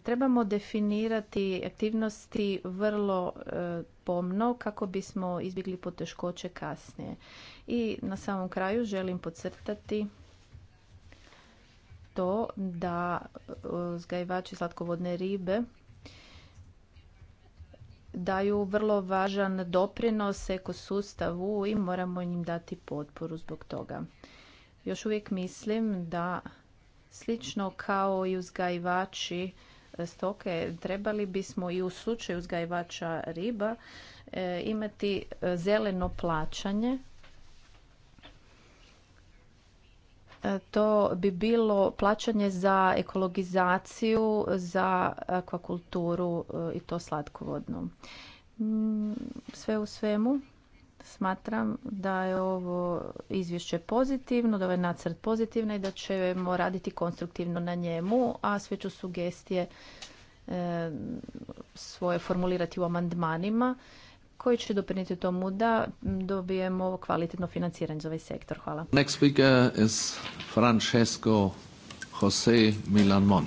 Trebamo definirati aktivnosti vrlo e, pomno kako bismo izbjegli poteškoće kasnije. I na samom kraju želim podcrtati to da e, uzgajivači slatkovodne ribe daju vrlo važan doprinos ekosustavu i moramo im dati potporu zbog toga. Još uvijek mislim da slično kao i uzgajivači stoke trebali bismo i u slučaju uzgajivača riba e, imati e, zeleno plaćanje E, to bi bilo plaćanje za ekologizaciju, za akvakulturu e, i to slatkovodnu. Mm, sve u svemu, smatram da je ovo izvješće pozitivno, da je ovaj nacrt pozitivno i da ćemo raditi konstruktivno na njemu, a sve ću sugestije e, svoje formulirati u amandmanima koji će doprinijeti tomu da dobijemo kvalitetno financiranje za ovaj sektor. Hvala. Next speaker is Francesco Jose Milan Mon.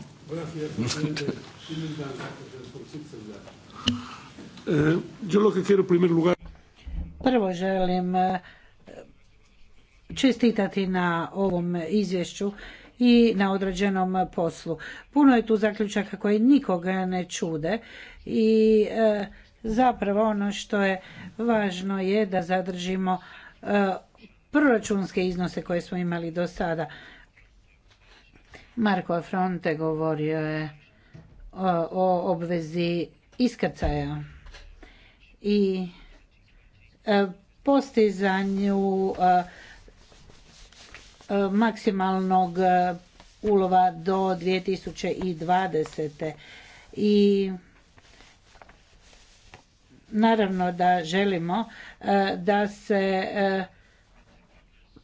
Prvo želim e, čestitati na ovom izvješću i na određenom poslu. Puno je tu zaključaka koji nikoga ne čude i e, Zapravo ono što je važno je da zadržimo e, proračunske iznose koje smo imali do sada. Marko Afronte govorio je e, o obvezi iskrcaja i e, postizanju maksimalnog ulova do 2020. i Naravno da želimo e, da se e,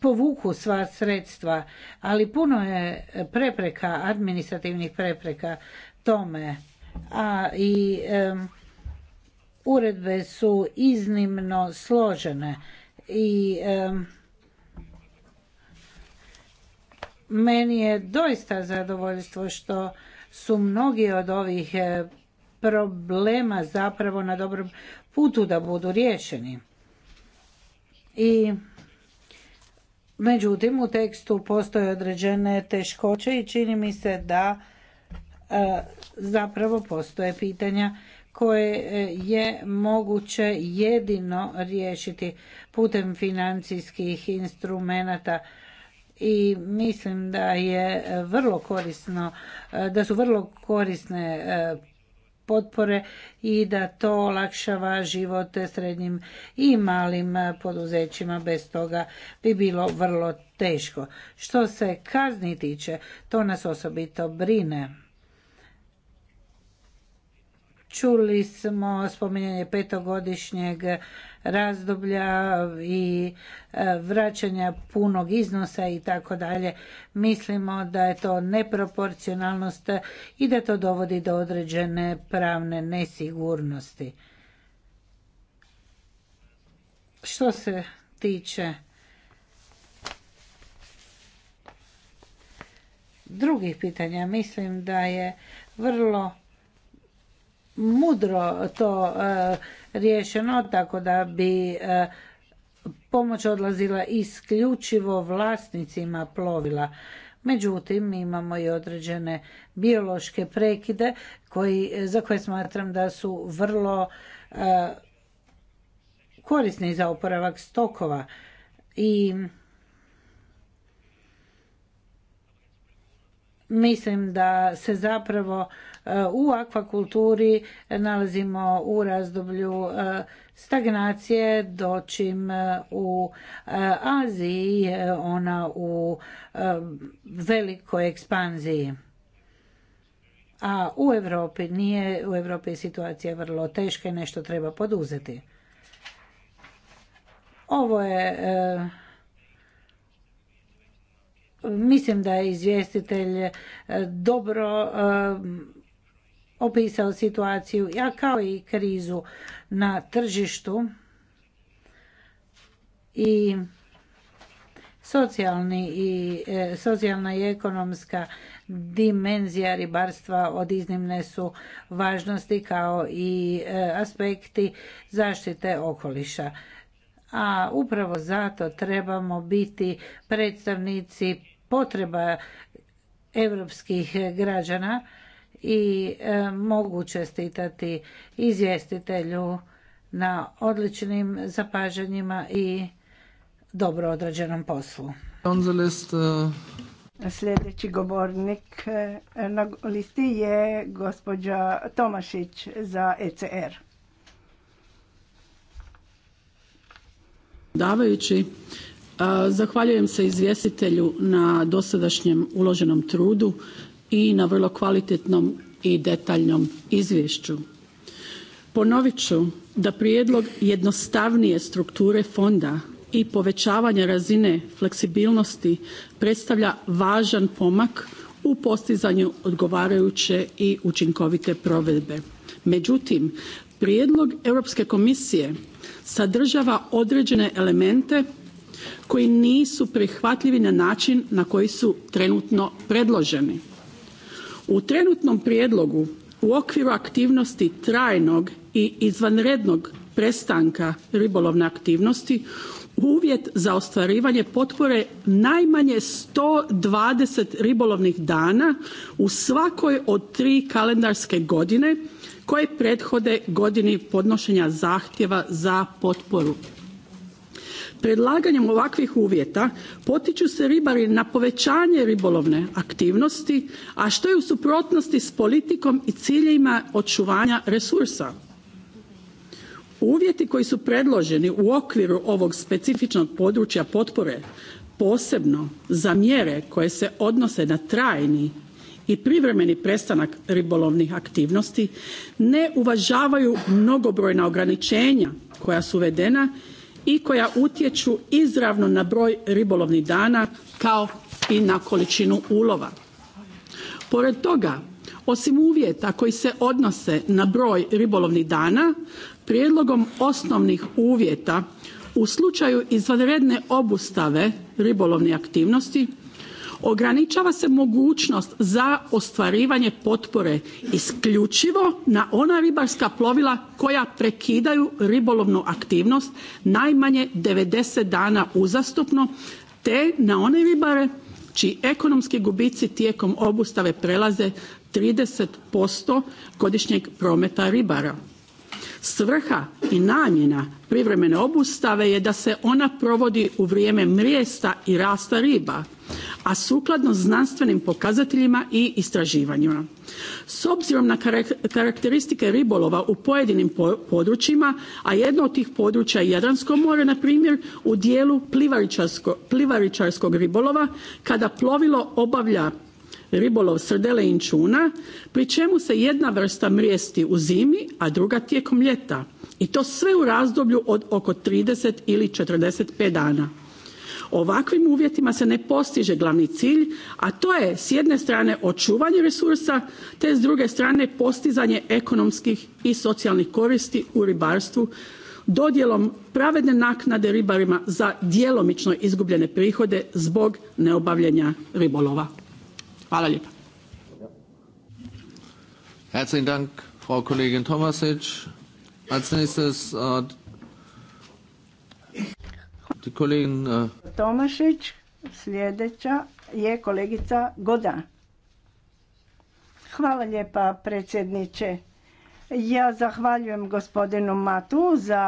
povuku sva sredstva, ali puno je prepreka, administrativnih prepreka tome. A i uredbe su iznimno složene i meni je doista zadovoljstvo što su mnogi od ovih e, problema zapravo na dobrom putu da budu riješeni. I međutim u tekstu postoje određene teškoće i čini mi se da e, zapravo postoje pitanja koje e, je moguće jedino riješiti putem financijskih instrumenata i mislim da je vrlo korisno e, da su vrlo korisne potpore i da to olakšava život srednjim i malim poduzećima. Bez toga bi bilo vrlo teško. Što se kazni tiče, to nas osobito brine Čuli smo spominjanje petogodišnjeg razdoblja i e, vraćanja punog iznosa i tako dalje. Mislimo da je to neproporcionalnost i da to dovodi do određene pravne nesigurnosti. Što se tiče drugih pitanja, mislim da je vrlo mudro to e, riješeno tako da bi e, pomoć odlazila isključivo vlasnicima plovila. Međutim, imamo i određene biološke prekide koji, za koje smatram da su vrlo e, korisni za oporavak stokova. I mislim da se zapravo E, u akvakulturi nalazimo u razdoblju e, stagnacije, dočim e, u Aziji ona u velikoj ekspanziji. A u Europi nije, u Europi je situacija vrlo teška i nešto treba poduzeti. Ovo je mislim da je izvjestitelj dobro opisao situaciju, ja kao i krizu na tržištu i socijalni i e, socijalna i ekonomska dimenzija ribarstva od iznimne su važnosti kao i e, aspekti zaštite okoliša. A upravo zato trebamo biti predstavnici potreba europskih građana i e, mogu čestitati izvjestitelju na odličnim zapažanjima i dobro odrađenom poslu. E, Sljedeći govornik e, na listi je gospođa Tomašić za ECR. Davajući, zahvaljujem se izvjestitelju na dosadašnjem uloženom trudu i na vrlo kvalitetnom i detaljnom izvješću. Ponovit ću da prijedlog jednostavnije strukture fonda i povećavanja razine fleksibilnosti predstavlja važan pomak u postizanju odgovarajuće i učinkovite provedbe. Međutim, prijedlog Europske komisije sadržava određene elemente koji nisu prihvatljivi na način na koji su trenutno predloženi u trenutnom prijedlogu u okviru aktivnosti trajnog i izvanrednog prestanka ribolovne aktivnosti uvjet za ostvarivanje potpore najmanje 120 one ribolovnih dana u svakoj od tri kalendarske godine koje prethode godini podnošenja zahtjeva za potporu. Predlaganjem ovakvih uvjeta potiču se ribari na povećanje ribolovne aktivnosti, a što je u suprotnosti s politikom i ciljevima očuvanja resursa. Uvjeti koji su predloženi u okviru ovog specifičnog područja potpore posebno za mjere koje se odnose na trajni i privremeni prestanak ribolovnih aktivnosti ne uvažavaju mnogobrojna ograničenja koja su uvedena i koja utječu izravno na broj ribolovnih dana kao i na količinu ulova. Pored toga, osim uvjeta koji se odnose na broj ribolovnih dana, prijedlogom osnovnih uvjeta u slučaju izvanredne obustave ribolovne aktivnosti ograničava se mogućnost za ostvarivanje potpore isključivo na ona ribarska plovila koja prekidaju ribolovnu aktivnost najmanje 90 dana uzastopno te na one ribare čiji ekonomski gubici tijekom obustave prelaze 30% godišnjeg prometa ribara. svrha i namjena privremene obustave je da se ona provodi u vrijeme mrijesta i rasta riba a sukladno znanstvenim pokazateljima i istraživanjima. S obzirom na karakteristike ribolova u pojedinim područjima, a jedno od tih područja je Jadransko more na primjer u dijelu plivaričarskog ribolova kada plovilo obavlja ribolov srdele i inćuna pri čemu se jedna vrsta mrijesti u zimi, a druga tijekom ljeta i to sve u razdoblju od oko 30 ili 45 dana ovakvim uvjetima se ne postiže glavni cilj a to je s jedne strane očuvanje resursa te s druge strane postizanje ekonomskih i socijalnih koristi u ribarstvu dodjelom pravedne naknade ribarima za djelomično izgubljene prihode zbog neobavljanja ribolova. Hvala lijepa. Herzlichen Kolegin... Tomašić, sljedeća je kolegica Goda. Hvala lijepa predsjedniče. Ja zahvaljujem gospodinu Matu za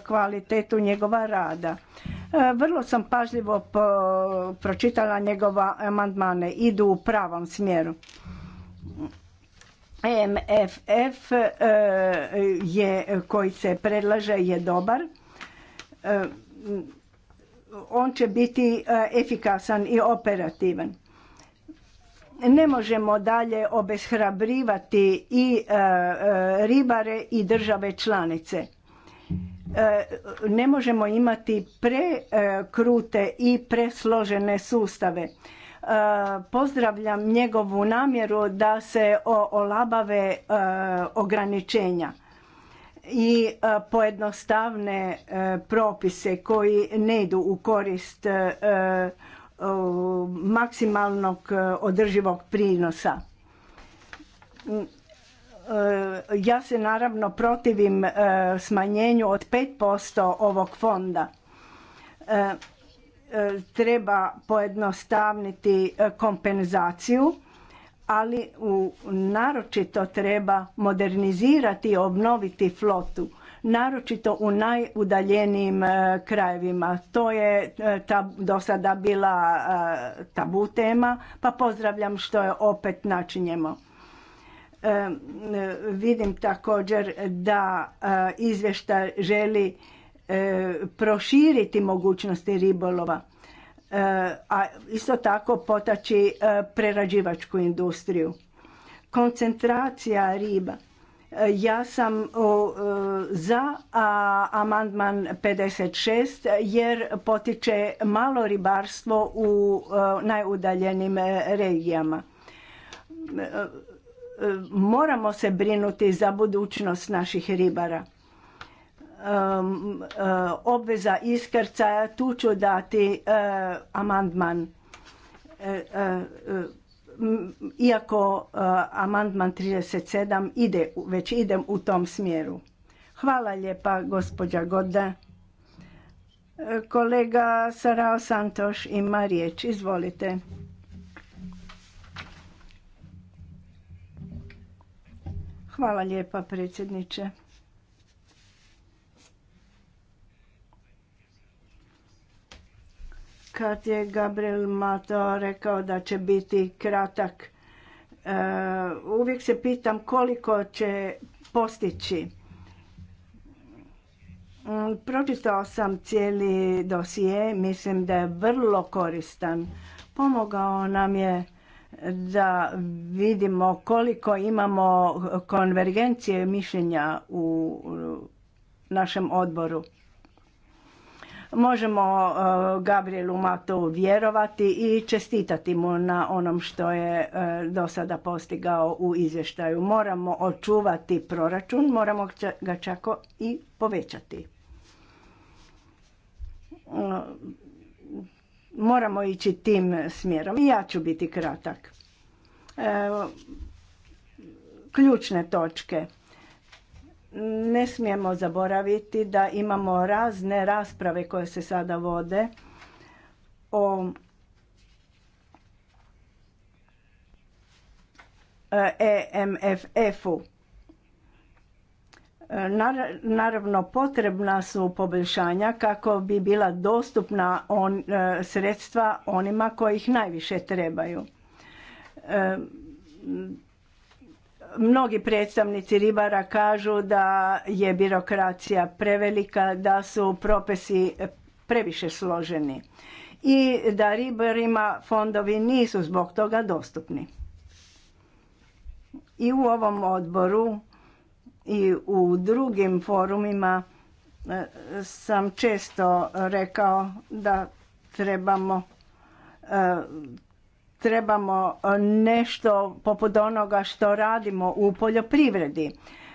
e, kvalitetu njegova rada. E, vrlo sam pažljivo pročitala njegova amandmane. Idu u pravom smjeru. MFF e, je, koji se predlaže je dobar on će biti e, efikasan i operativan. Ne možemo dalje obeshrabrivati i e, e, ribare i države članice. Ne možemo imati prekrute i presložene sustave. Pozdravljam njegovu namjeru da se olabave ograničenja i e, pojednostavne e, propise koji ne idu u korist e, maksimalnog održivog prinosa. Mm, ja se naravno protivim smanjenju od 5% ovog fonda. Treba pojednostavniti kompenzaciju ali naročito treba modernizirati i obnoviti flotu naročito u najudaljenijim e, krajevima. To je e, ta, do sada bila e, tabu tema, pa pozdravljam što je opet načinjemo. Vidim također da izvještaj želi proširiti mogućnosti ribolova E, a isto tako potači e, prerađivačku industriju. Koncentracija riba. E, ja sam za amandman 56 jer potiče malo ribarstvo u najudaljenim regijama. Moramo se brinuti za budućnost naših ribara Um, uh, obveza iskrcaja, tu ću dati uh, amandman. E, e, e, iako uh, amandman 37 ide, već idem u tom smjeru. Hvala lijepa gospođa Goda. Kolega Sarao Santoš ima riječ. Izvolite. Hvala lijepa predsjedniče. kad je Gabriel Mato rekao da će biti kratak. E, uvijek se pitam koliko će postići. Mm, pročitao sam cijeli dosije, mislim da je vrlo koristan. Pomogao nam je da vidimo koliko imamo konvergencije mišljenja u našem odboru. Možemo e, Gabrielu Matu vjerovati i čestitati mu na onom što je e, do sada postigao u izvještaju. Moramo očuvati proračun, moramo ga čak i povećati. E, moramo ići tim smjerom. I ja ću biti kratak. Ključne točke ne smijemo zaboraviti da imamo razne rasprave koje se sada vode o EMFF-u. E e, naravno, potrebna su poboljšanja kako bi bila dostupna on, e, sredstva onima koji ih najviše trebaju. Mnogi predstavnici ribara kažu da je birokracija prevelika, da su propisi previše složeni i da ribarima fondovi nisu zbog toga dostupni. I u ovom odboru i u drugim forumima e, sam često rekao da trebamo e, trebamo e, nešto poput onoga što radimo u poljoprivredi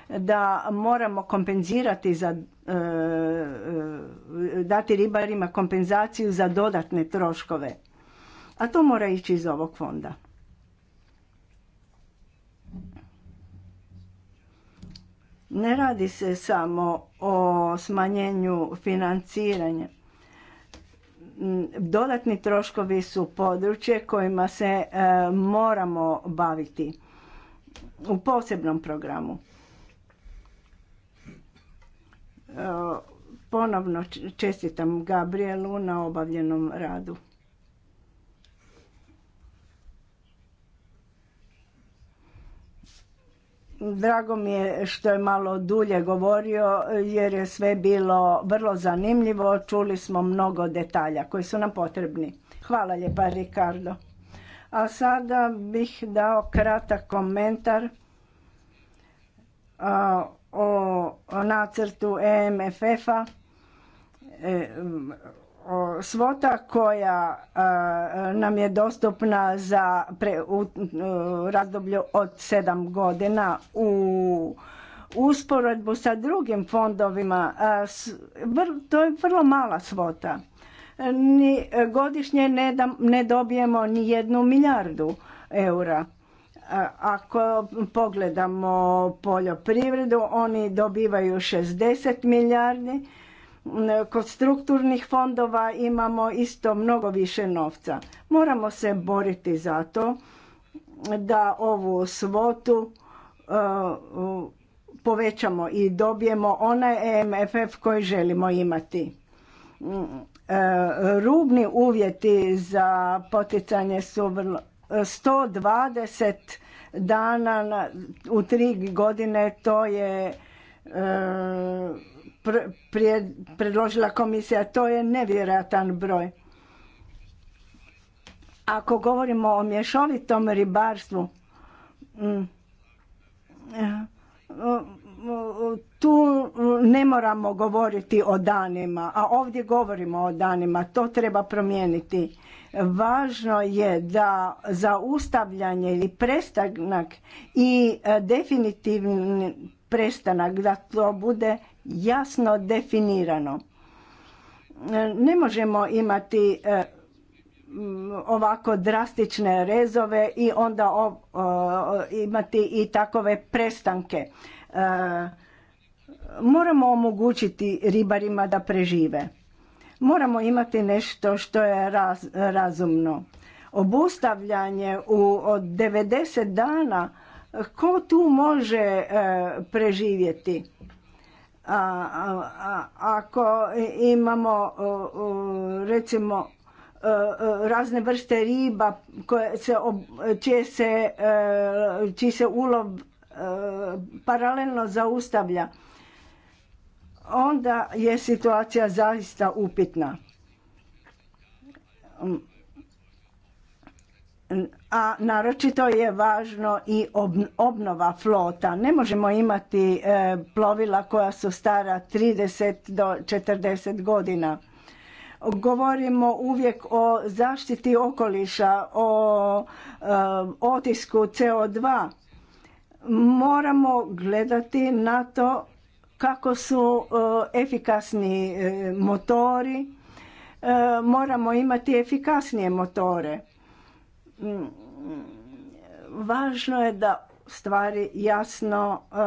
da moramo kompenzirati za e, e, dati ribarima kompenzaciju za dodatne troškove a to mora ići iz ovog fonda ne radi se samo o smanjenju financiranja dodatni troškovi su područje kojima se e, moramo baviti u posebnom programu. E, ponovno čestitam Gabrielu na obavljenom radu. Drago mi je što je malo dulje govorio jer je sve bilo vrlo zanimljivo. Čuli smo mnogo detalja koji su nam potrebni. Hvala lijepa Ricardo. A sada bih dao kratak komentar o, nacrtu EMFF-a. E, svota koja nam je dostupna za razdoblju od sedam godina u usporedbu sa drugim fondovima, to je vrlo mala svota. godišnje ne, ne dobijemo ni jednu milijardu eura. Ako pogledamo poljoprivredu, oni dobivaju 60 milijardi, Kod strukturnih fondova imamo isto mnogo više novca. Moramo se boriti za to da ovu svotu e, povećamo i dobijemo onaj e MFF koji želimo imati. E, rubni uvjeti za poticanje su vrlo 120 dana u tri godine to je predložila komisija. To je nevjerojatan broj. Ako govorimo o mješovitom ribarstvu, mm, eh, tu ne moramo govoriti o danima, a ovdje govorimo o danima. To treba promijeniti. Važno je da zaustavljanje ili prestanak i eh, definitivni prestanak, da to bude jasno definirano. Ne možemo imati e, ovako drastične rezove i onda imati i takove prestanke. E, moramo omogućiti ribarima da prežive. Moramo imati nešto što je razumno. Obustavljanje u, od 90 dana, ko tu može e, preživjeti? A ako imamo recimo e, e, razne vrste riba koje se, čije se, e, čiji se ulov paralelno zaustavlja, onda je situacija zaista upitna a naročito je važno i obnova flota. Ne možemo imati e, plovila koja su stara 30 do 40 godina. Govorimo uvijek o zaštiti okoliša, o e, otisku CO2. Moramo gledati na to kako su e, efikasni motori. Moramo imati efikasnije motore mm, važno je da stvari jasno e,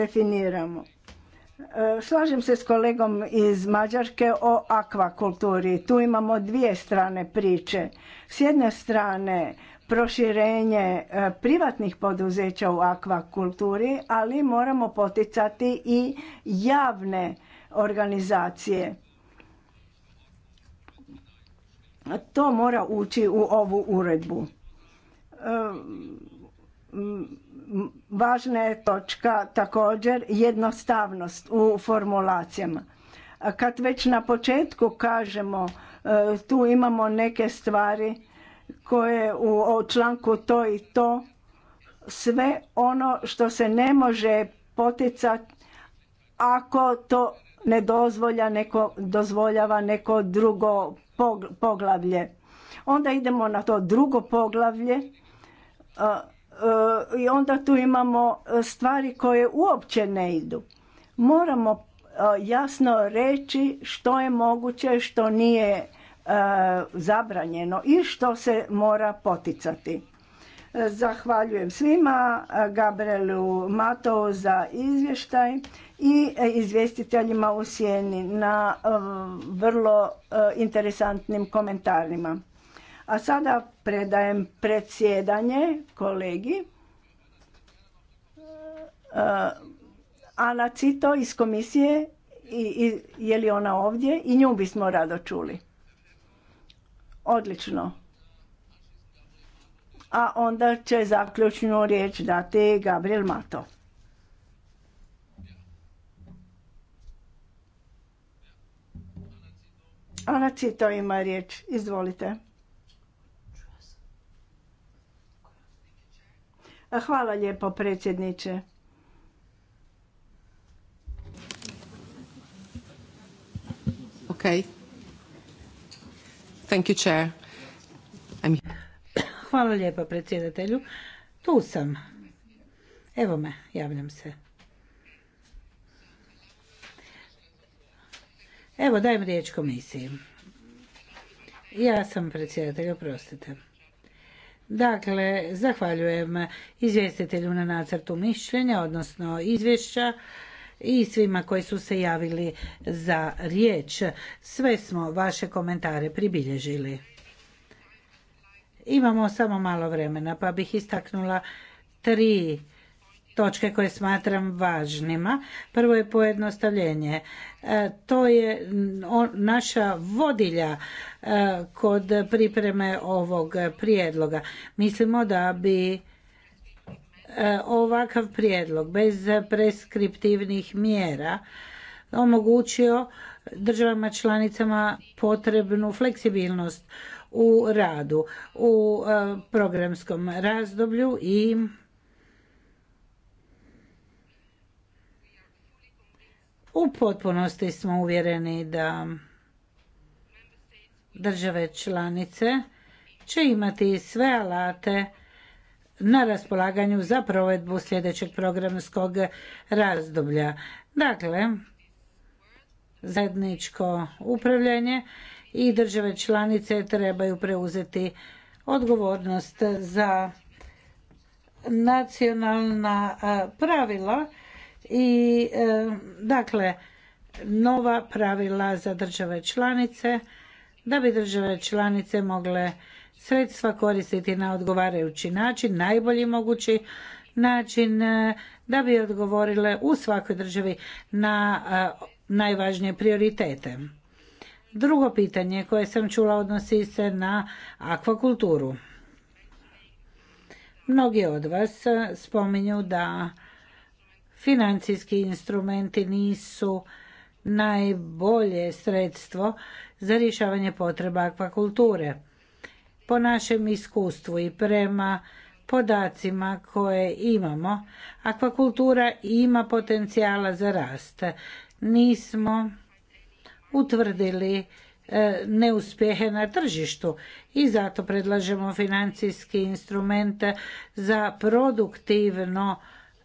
definiramo. E, slažem se s kolegom iz Mađarske o akvakulturi. Tu imamo dvije strane priče. S jedne strane proširenje e, privatnih poduzeća u akvakulturi, ali moramo poticati i javne organizacije. To mora ući u ovu uredbu. Važna je točka također jednostavnost u formulacijama. Kad već na početku kažemo e, tu imamo neke stvari koje u članku to i to sve ono što se ne može poticati ako to ne dozvolja neko, dozvoljava neko drugo poglavlje. Onda idemo na to drugo poglavlje E, i onda tu imamo e, stvari koje uopće ne idu. Moramo e, jasno reći što je moguće, što nije zabranjeno i što se mora poticati. Zahvaljujem svima, Gabrielu Matovu za izvještaj i izvjestiteljima u sjeni na vrlo interesantnim komentarima. A sada predajem predsjedanje kolegi. E, Ana Cito iz komisije, i, je li ona ovdje? I nju bismo rado čuli. Odlično. A onda će zaključnu riječ dati Gabriel Mato. Ana Cito ima riječ. Izvolite. Hvala lijepo predsjedniče. Okay. Thank Hvala lijepo predsjedatelju. Tu sam. Evo me, javljam se. Evo, dajem riječ komisiji. Ja sam predsjedatelj, oprostite. Dakle, zahvaljujem izvjestitelju na nacrtu mišljenja, odnosno izvješća i svima koji su se javili za riječ. Sve smo vaše komentare pribilježili. Imamo samo malo vremena, pa bih istaknula tri točke koje smatram važnima. Prvo je pojednostavljenje. E, to je naša vodilja e, kod pripreme ovog prijedloga. Mislimo da bi e, ovakav prijedlog bez preskriptivnih mjera omogućio državama članicama potrebnu fleksibilnost u radu u programskom razdoblju i U potpunosti smo uvjereni da države članice će imati sve alate na raspolaganju za provedbu sljedećeg programskog razdoblja. Dakle, zajedničko upravljanje i države članice trebaju preuzeti odgovornost za nacionalna pravila i e, dakle nova pravila za države članice da bi države članice mogle sredstva koristiti na odgovarajući način, najbolji mogući način e, da bi odgovorile u svakoj državi na e, najvažnije prioritete. Drugo pitanje koje sam čula odnosi se na akvakulturu. Mnogi od vas spominju da financijski instrumenti nisu najbolje sredstvo za rješavanje potreba akvakulture. Po našem iskustvu i prema podacima koje imamo, akvakultura ima potencijala za rast. Nismo utvrdili e, neuspjehe na tržištu i zato predlažemo financijski instrument za produktivno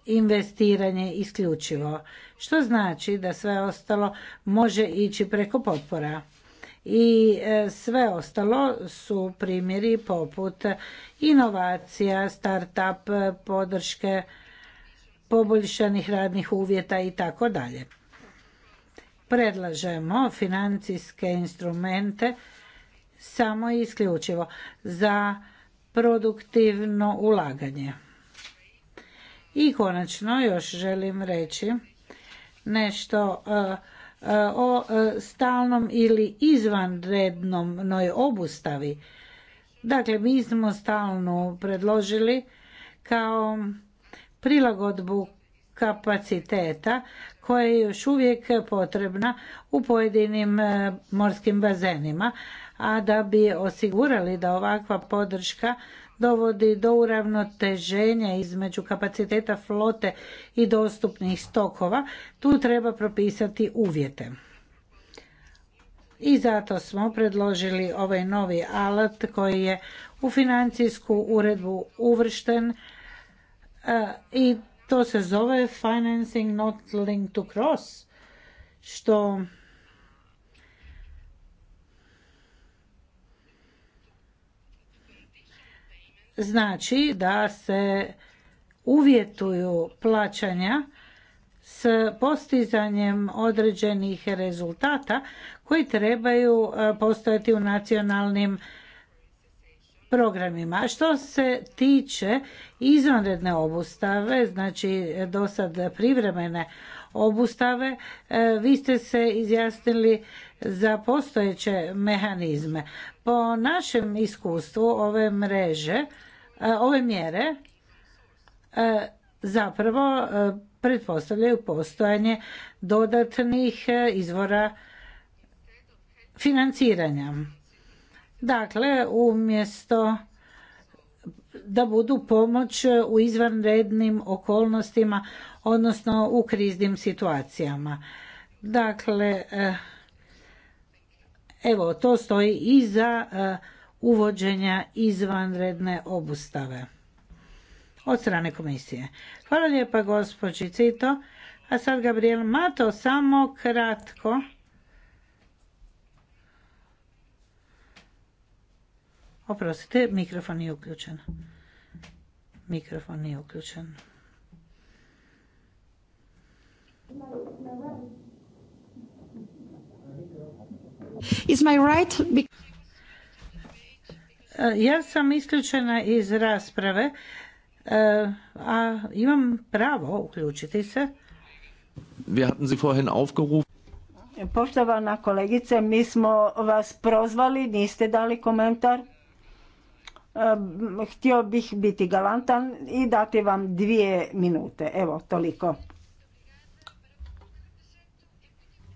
investiranje isključivo, što znači da sve ostalo može ići preko potpora. I e, sve ostalo su primjeri poput inovacija, start-up, podrške, poboljšanih radnih uvjeta i tako dalje. Predlažemo financijske instrumente samo i isključivo za produktivno ulaganje. I konačno još želim reći nešto e, e, o e, stalnom ili izvanrednom obustavi. Dakle, mi smo stalno predložili kao prilagodbu kapaciteta koja je još uvijek potrebna u pojedinim morskim bazenima, a da bi osigurali da ovakva podrška dovodi do uravnoteženja između kapaciteta flote i dostupnih stokova, tu treba propisati uvjete. I zato smo predložili ovaj novi alat koji je u financijsku uredbu uvršten e, i to se zove financing not linked to cross, što znači da se uvjetuju plaćanja s postizanjem određenih rezultata koji trebaju e, postojati u nacionalnim programima. što se tiče izvanredne obustave, znači do sad privremene obustave. E, vi ste se izjasnili za postojeće mehanizme. Po našem iskustvu ove mreže, e, ove mjere e, zapravo pretpostavljaju postojanje dodatnih izvora financiranja. Dakle, umjesto da budu pomoć u izvanrednim okolnostima odnosno u kriznim situacijama. Dakle, eh, evo, to stoji i za eh, uvođenja izvanredne obustave od strane komisije. Hvala lijepa gospođi Cito. A sad Gabriel Mato, samo kratko. Oprostite, mikrofon nije uključen. Mikrofon nije uključen. Is my right? E, ja sam isključena iz rasprave, e, a imam pravo uključiti se. hatten Sie vorhin aufgerufen. Poštovana kolegice, mi smo vas prozvali, niste dali komentar. E, htio bih biti galantan i dati vam dvije minute. Evo, toliko.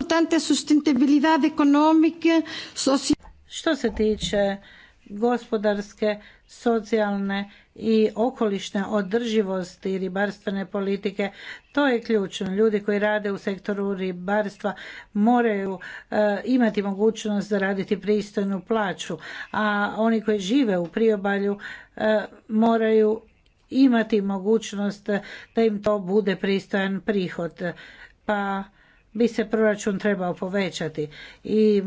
importante sustentabilidad económica, social... Što se tiče gospodarske, socijalne i okolišne održivosti ribarstvene politike. To je ključno. Ljudi koji rade u sektoru ribarstva moraju e, imati mogućnost zaraditi pristojnu plaću, a oni koji žive u priobalju e, moraju imati mogućnost da im to bude pristojan prihod. Pa bi se proračun trebao povećati i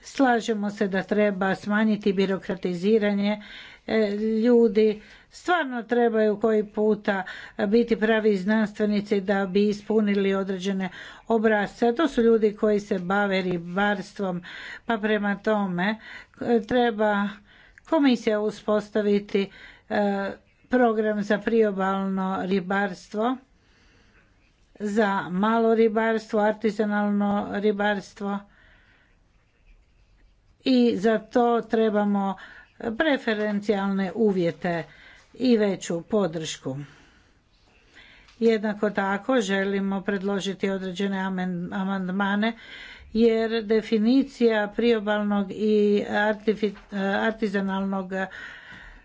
slažemo se da treba smanjiti birokratiziranje e, ljudi stvarno trebaju koji puta biti pravi znanstvenici da bi ispunili određene obrasce. to su ljudi koji se bave ribarstvom, pa prema tome e, treba komisija uspostaviti e, program za priobalno ribarstvo za malo ribarstvo, artizanalno ribarstvo i za to trebamo preferencijalne uvjete i veću podršku. Jednako tako želimo predložiti određene amandmane jer definicija priobalnog i artizanalnog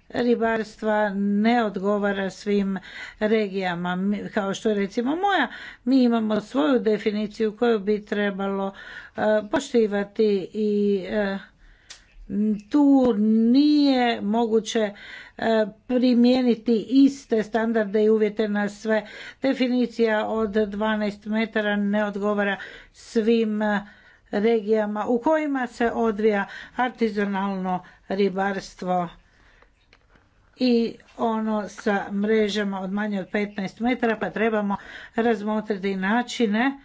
ribarstva ne odgovara svim regijama kao što je recimo moja mi imamo svoju definiciju koju bi trebalo e, poštivati i e, tu nije moguće e, primijeniti iste standarde i uvjete na sve. Definicija od 12 metara ne odgovara svim regijama u kojima se odvija artizonalno ribarstvo i ono sa mrežama od manje od 15 metara pa trebamo razmotriti načine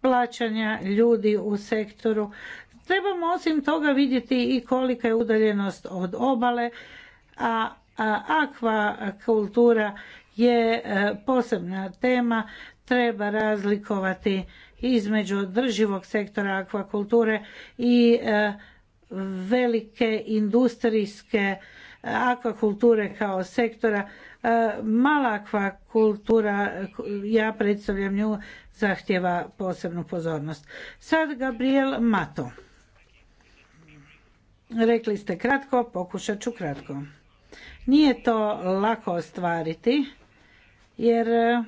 plaćanja ljudi u sektoru. Trebamo osim toga vidjeti i kolika je udaljenost od obale, a akvakultura je e, posebna tema. Treba razlikovati između održivog sektora akvakulture i e, velike industrijske akvakulture kao sektora. E, mala akvakultura, ja predstavljam nju, zahtjeva posebnu pozornost. Sad Gabriel Mato. Rekli ste kratko, pokušat ću kratko. Nije to lako ostvariti, jer e,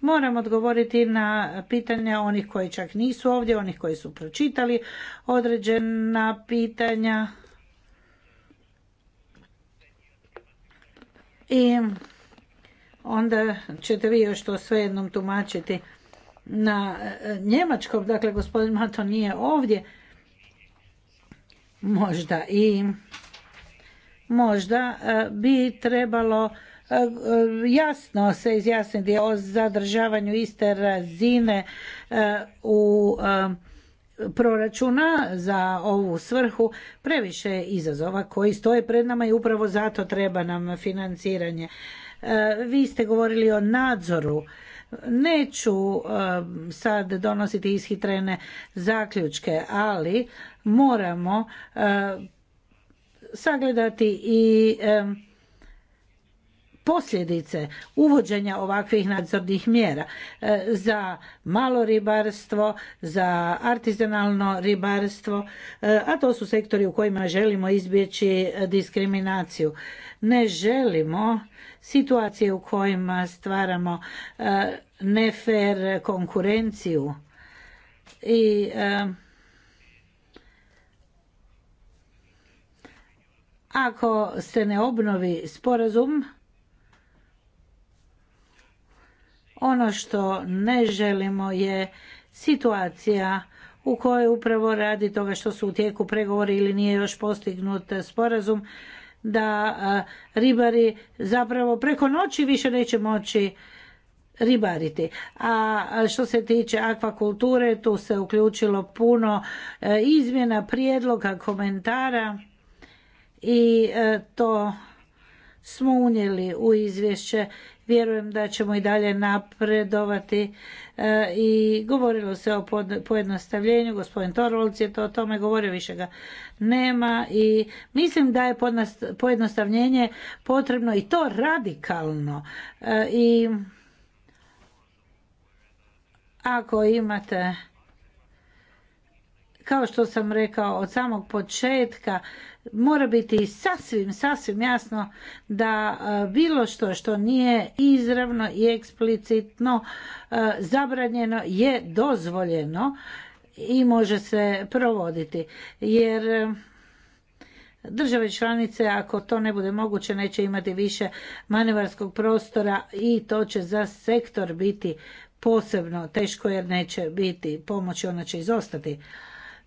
moram odgovoriti na pitanja onih koji čak nisu ovdje, onih koji su pročitali određena pitanja i onda ćete vi još to sve jednom tumačiti na e, njemačkom, dakle gospodin Mato nije ovdje, možda i možda e, bi trebalo e, jasno se izjasniti o zadržavanju iste razine u proračuna za ovu svrhu previše izazova koji stoje pred nama i upravo zato treba nam financiranje. E, vi ste govorili o nadzoru. Neću e, sad donositi ishitrene zaključke, ali moramo e, sagledati i posljedice uvođenja ovakvih nadzornih mjera e, za malo ribarstvo, za artizanalno ribarstvo, e, a to su sektori u kojima želimo izbjeći diskriminaciju. Ne želimo situacije u kojima stvaramo e, nefer konkurenciju i ako se ne obnovi sporazum Ono što ne želimo je situacija u kojoj upravo radi toga što su u tijeku pregovori ili nije još postignut sporazum da ribari zapravo preko noći više neće moći ribariti. A što se tiče akvakulture, tu se uključilo puno e, izmjena, prijedloga, komentara i e, to smo unijeli u izvješće Vjerujem da ćemo i dalje napredovati e, i govorilo se o pojednostavljenju, gospodin Torvalds je to o tome govorio, više ga nema i mislim da je pojednostavljenje potrebno i to radikalno e, i ako imate kao što sam rekao od samog početka, mora biti sasvim, sasvim jasno da e, bilo što što nije izravno i eksplicitno e, zabranjeno je dozvoljeno i može se provoditi. Jer e, države članice ako to ne bude moguće neće imati više manevarskog prostora i to će za sektor biti posebno teško jer neće biti pomoći, ona će izostati.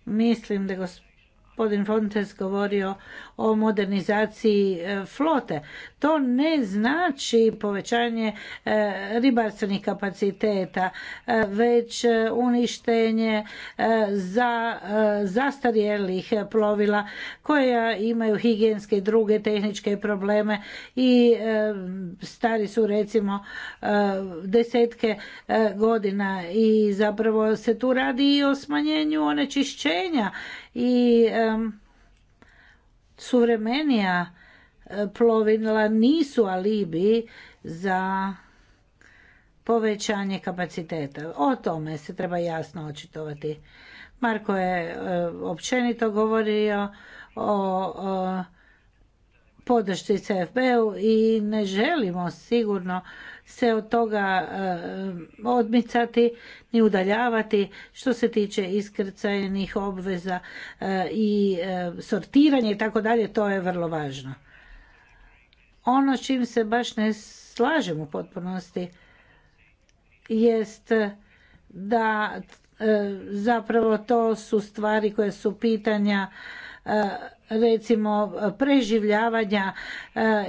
Mislim da gospodin gospodin Fontes govorio o modernizaciji e, flote. To ne znači povećanje e, ribarstvenih kapaciteta, e, već uništenje za zastarjelih plovila koja imaju higijenske i druge tehničke probleme i stari su recimo desetke godina i zapravo se tu radi i o smanjenju onečišćenja i suvremenija e, plovila nisu alibi za povećanje kapaciteta. O tome se treba jasno očitovati. Marko je e, općenito govorio o podršci CFB-u i ne želimo sigurno se od toga e, odmicati ni udaljavati što se tiče iskrcajnih obveza e, i e, sortiranja i tako dalje, to je vrlo važno. Ono čim se baš ne slažem u potpunosti jest da zapravo to su stvari koje su pitanja recimo preživljavanja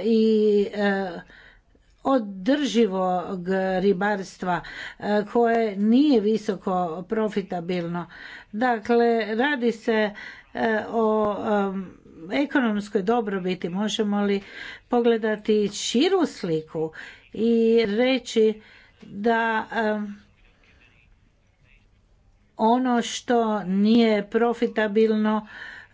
i održivog ribarstva e, koje nije visoko profitabilno. Dakle, radi se e, o ekonomskoj dobrobiti. Možemo li pogledati širu sliku i reći da ono što nije profitabilno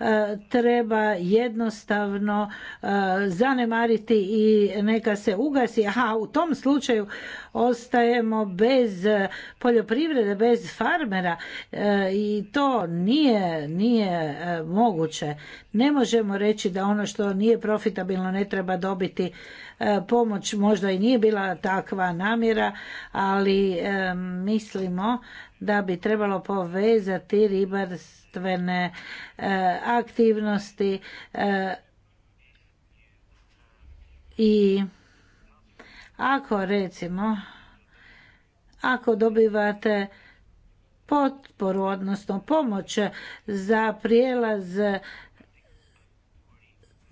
E, treba jednostavno e, zanemariti i neka se ugasi. A u tom slučaju ostajemo bez poljoprivrede, bez farmera e, i to nije, nije moguće. Ne možemo reći da ono što nije profitabilno ne treba dobiti pomoć možda i nije bila takva namjera, ali mislimo da bi trebalo povezati ribarstvene e, aktivnosti e, i ako recimo ako dobivate potporu odnosno pomoć za prijelaz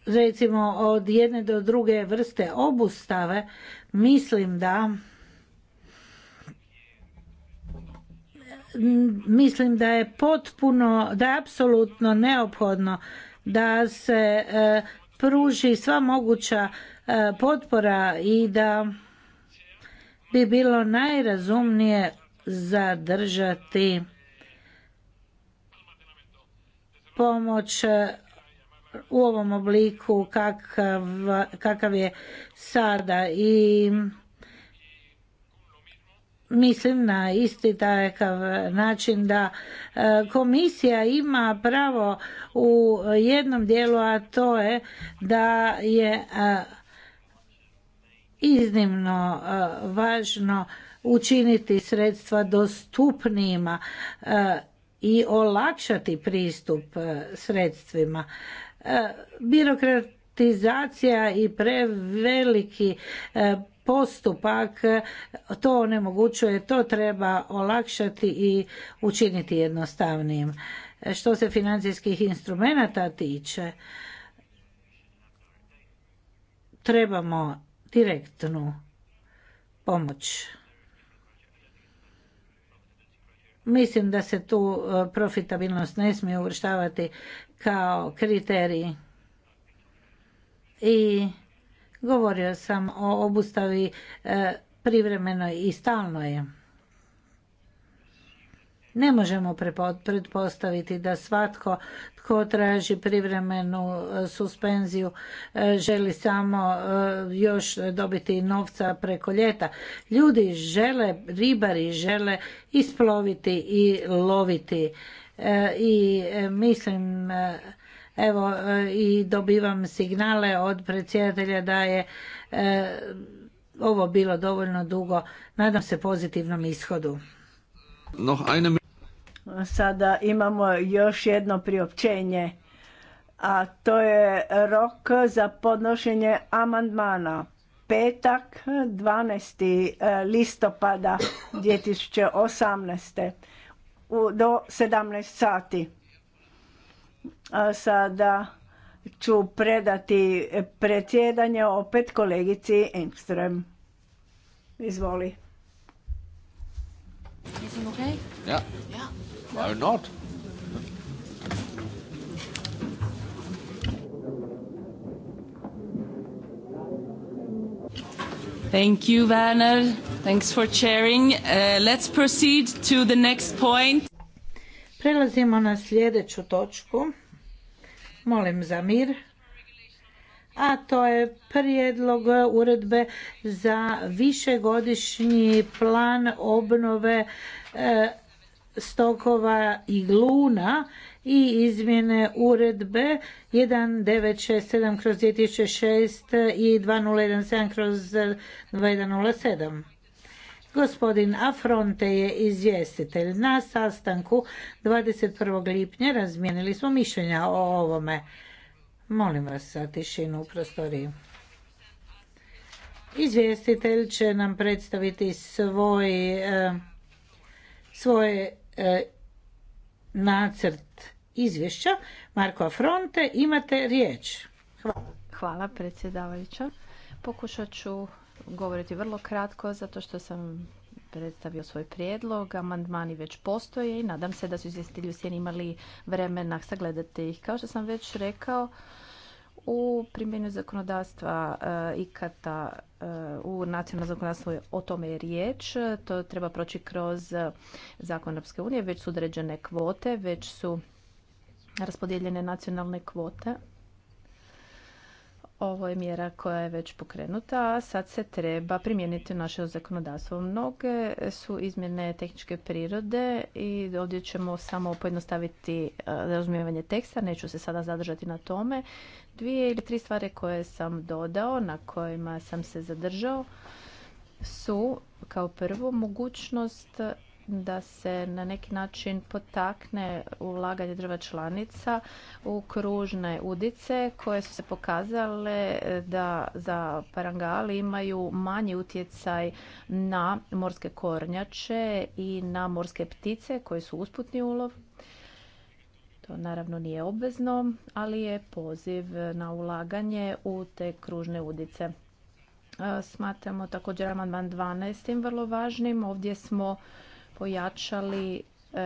recimo od jedne do druge vrste obustave mislim da mislim da je potpuno, da je apsolutno neophodno da se e, pruži sva moguća e, potpora i da bi bilo najrazumnije zadržati pomoć e, u ovom obliku kakav, kakav je sada i mislim na isti takav način da e, komisija ima pravo u jednom dijelu, a to je da je e, iznimno e, važno učiniti sredstva dostupnijima i olakšati pristup sredstvima. Birokratizacija i preveliki postupak to onemogućuje, to treba olakšati i učiniti jednostavnijim. Što se financijskih instrumenata tiče, trebamo direktnu pomoć. Mislim da se tu e, profitabilnost ne smije uvrštavati kao kriterij i Govorio sam o obustavi e, privremenoj i stalnoj. Ne možemo pretpostaviti da svatko tko traži privremenu e, suspenziju e, želi samo još dobiti novca preko ljeta. Ljudi žele, ribari žele isploviti i loviti i mislim Evo e, i dobivam signale od predsjedatelja da je e, ovo bilo dovoljno dugo. Nadam se pozitivnom ishodu. Sada imamo još jedno priopćenje, a to je rok za podnošenje amandmana. Petak 12. E, listopada 2018. do 17 sati. A sada ću predati predsjedanje opet kolegici Engström. Izvoli. Is okay? Yeah. Yeah. Why not? Thank you, Werner. Thanks for sharing. Uh, let's proceed to the next point. Prelazimo na sljedeću točku. Molim za mir. A to je prijedlog uredbe za višegodišnji plan obnove e, stokova i gluna i izmjene uredbe 1967 kroz 2006 i 2017 kroz 2107. Gospodin Afronte je izvjestitelj. Na sastanku 21. lipnja razmijenili smo mišljenja o ovome. Molim vas za tišinu u prostoriji. Izvjestitelj će nam predstaviti svoj, e, svoje e, nacrt izvješća. Marko Afronte, imate riječ. Hvala. Hvala predsjedavajuća. Pokušat ću govoriti vrlo kratko zato što sam predstavio svoj prijedlog. Amandmani već postoje i nadam se da su izvjestitelji sjeni imali vremena sagledati ih. Kao što sam već rekao, u primjenju zakonodavstva eh, ikata eh, u nacionalnom zakonodavstvu o tome je riječ. To treba proći kroz zakon Europske unije. Već su određene kvote, već su raspodijeljene nacionalne kvote ovo je mjera koja je već pokrenuta, a sad se treba primijeniti u naše zakonodavstvo. Mnoge su izmjene tehničke prirode i ovdje ćemo samo pojednostaviti e, razumijevanje teksta, neću se sada zadržati na tome. Dvije ili tri stvari koje sam dodao, na kojima sam se zadržao, su kao prvo mogućnost da se na neki način potakne ulaganje drva članica u kružne udice koje su se pokazale da za parangali imaju manji utjecaj na morske kornjače i na morske ptice koji su usputni ulov. To naravno nije obvezno, ali je poziv na ulaganje u te kružne udice. E, smatramo također amandman 12. vrlo važnim. Ovdje smo pojačali e,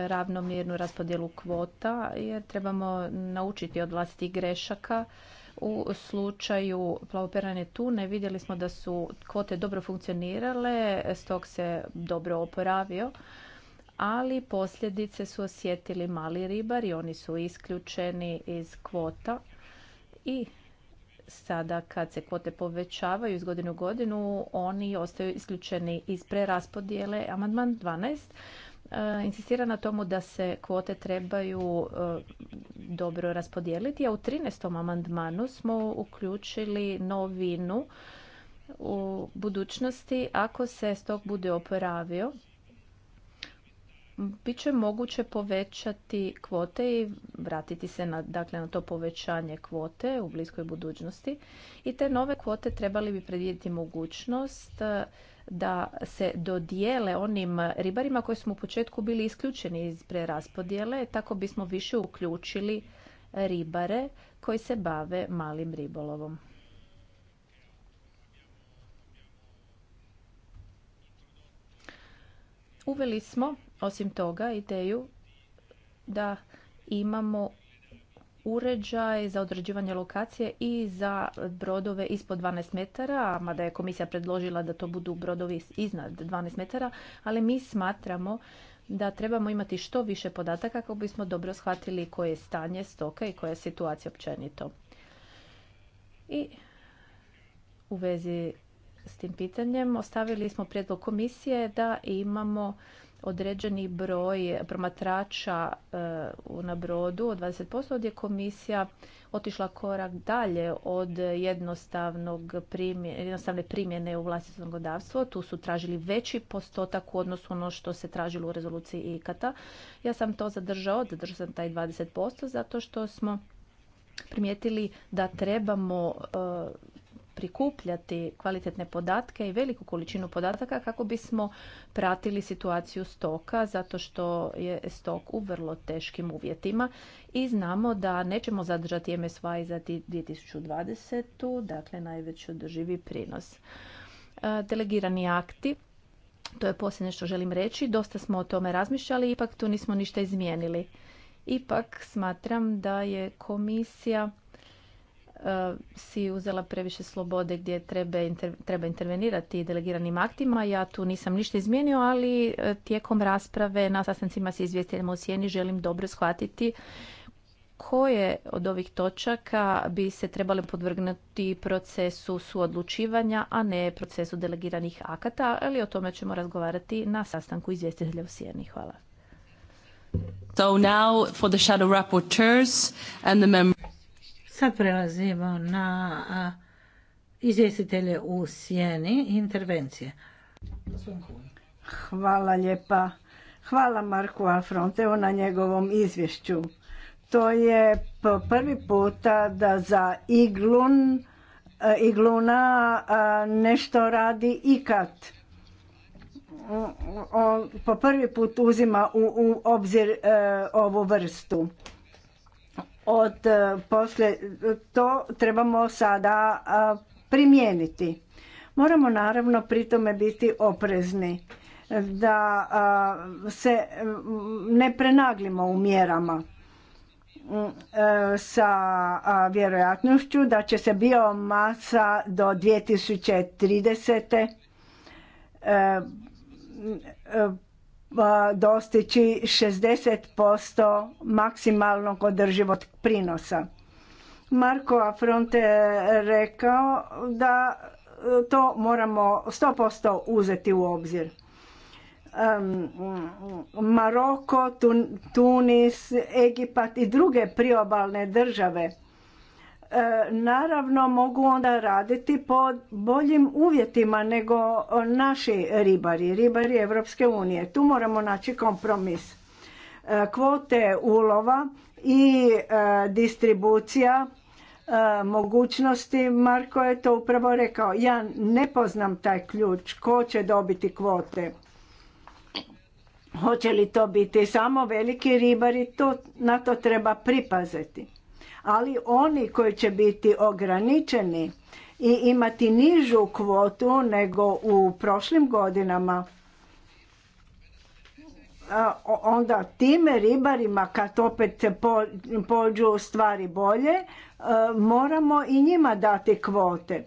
ravnomjernu raspodjelu kvota jer trebamo naučiti od vlastitih grešaka u slučaju plavoperane tune vidjeli smo da su kvote dobro funkcionirale, stok se dobro oporavio, ali posljedice su osjetili mali ribari, oni su isključeni iz kvota i sada kad se kvote povećavaju iz godine u godinu, oni ostaju isključeni iz preraspodijele. Amandman 12 e, insistira na tomu da se kvote trebaju e, dobro raspodijeliti, a u 13. amandmanu smo uključili novinu u budućnosti ako se stok bude oporavio bit će moguće povećati kvote i vratiti se na, dakle, na to povećanje kvote u bliskoj budućnosti. I te nove kvote trebali bi predvidjeti mogućnost e, da se dodijele onim ribarima koji smo u početku bili isključeni iz preraspodjele, tako bismo više uključili ribare koji se bave malim ribolovom. Uveli smo osim toga ideju da imamo uređaj za određivanje lokacije i za brodove ispod 12 metara, mada je komisija predložila da to budu brodovi iznad 12 metara, ali mi smatramo da trebamo imati što više podataka kako bismo dobro shvatili koje je stanje stoka i koja je situacija općenito. I u vezi s tim pitanjem ostavili smo prijedlog komisije da imamo određeni broj promatrača e, na brodu od 20%, gdje je komisija otišla korak dalje od jednostavnog jednostavne primjene u vlastitom zakonodavstvo Tu su tražili veći postotak u odnosu ono što se tražilo u rezoluciji IKATA. Ja sam to zadržao, zadržao sam taj 20% zato što smo primijetili da trebamo e, prikupljati kvalitetne podatke i veliku količinu podataka kako bismo pratili situaciju stoka zato što je stok u vrlo teškim uvjetima i znamo da nećemo zadržati MSY za 2020. dakle najveći održivi prinos. E, delegirani akti to je posljednje što želim reći. Dosta smo o tome razmišljali, ipak tu nismo ništa izmijenili. Ipak smatram da je komisija E, si uzela previše slobode gdje treba, intervenirati delegiranim aktima. Ja tu nisam ništa izmijenio, ali e, tijekom rasprave na sastancima sa izvjestiteljima u sjeni želim dobro shvatiti koje od ovih točaka bi se trebale podvrgnuti procesu suodlučivanja, a ne procesu delegiranih akata, ali o tome ćemo razgovarati na sastanku izvjestitelja u sjeni. Hvala. now for the shadow rapporteurs and the Sad prelazimo na izvjestitelje u sjeni intervencije. Hvala lijepa. Hvala Marku Afronteu na njegovom izvješću. To je prvi puta da za iglun, e, igluna nešto radi ikad. po prvi put uzima u, u obzir e, ovu vrstu od e, poslije, to trebamo sada primijeniti. Moramo naravno pri tome biti oprezni da se ne prenaglimo u mjerama e, sa vjerojatnošću da će se masa do 2030 dostići 60% maksimalnog održivog prinosa. Marko Afronte je rekao da e, to moramo 100% uzeti u obzir. Maroko, Tunis, Egipat i druge priobalne države E, naravno mogu onda raditi pod boljim uvjetima nego naši ribari, ribari Evropske unije. Tu moramo naći kompromis. E, kvote ulova i e, distribucija mogućnosti, Marko je to upravo rekao, ja ne poznam taj ključ, ko će dobiti kvote. Hoće li to biti samo veliki ribari, to, na to treba pripaziti ali oni koji će biti ograničeni i imati nižu kvotu nego u prošlim godinama onda time ribarima kad opet pođu stvari bolje e, moramo i njima dati kvote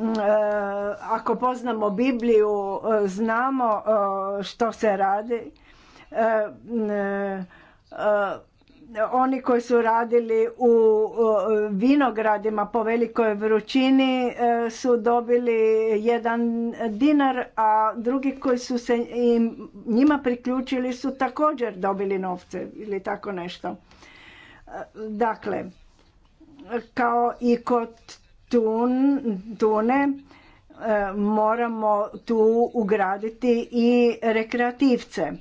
mm, e, ako poznamo Bibliju e, znamo što se radi mm, oni koji su radili u vinogradima po velikoj vrućini e, su dobili jedan dinar, a drugi koji su se njima priključili su također dobili novce ili tako nešto. E, dakle, kao i kod tune, e, moramo tu ugraditi i rekreativce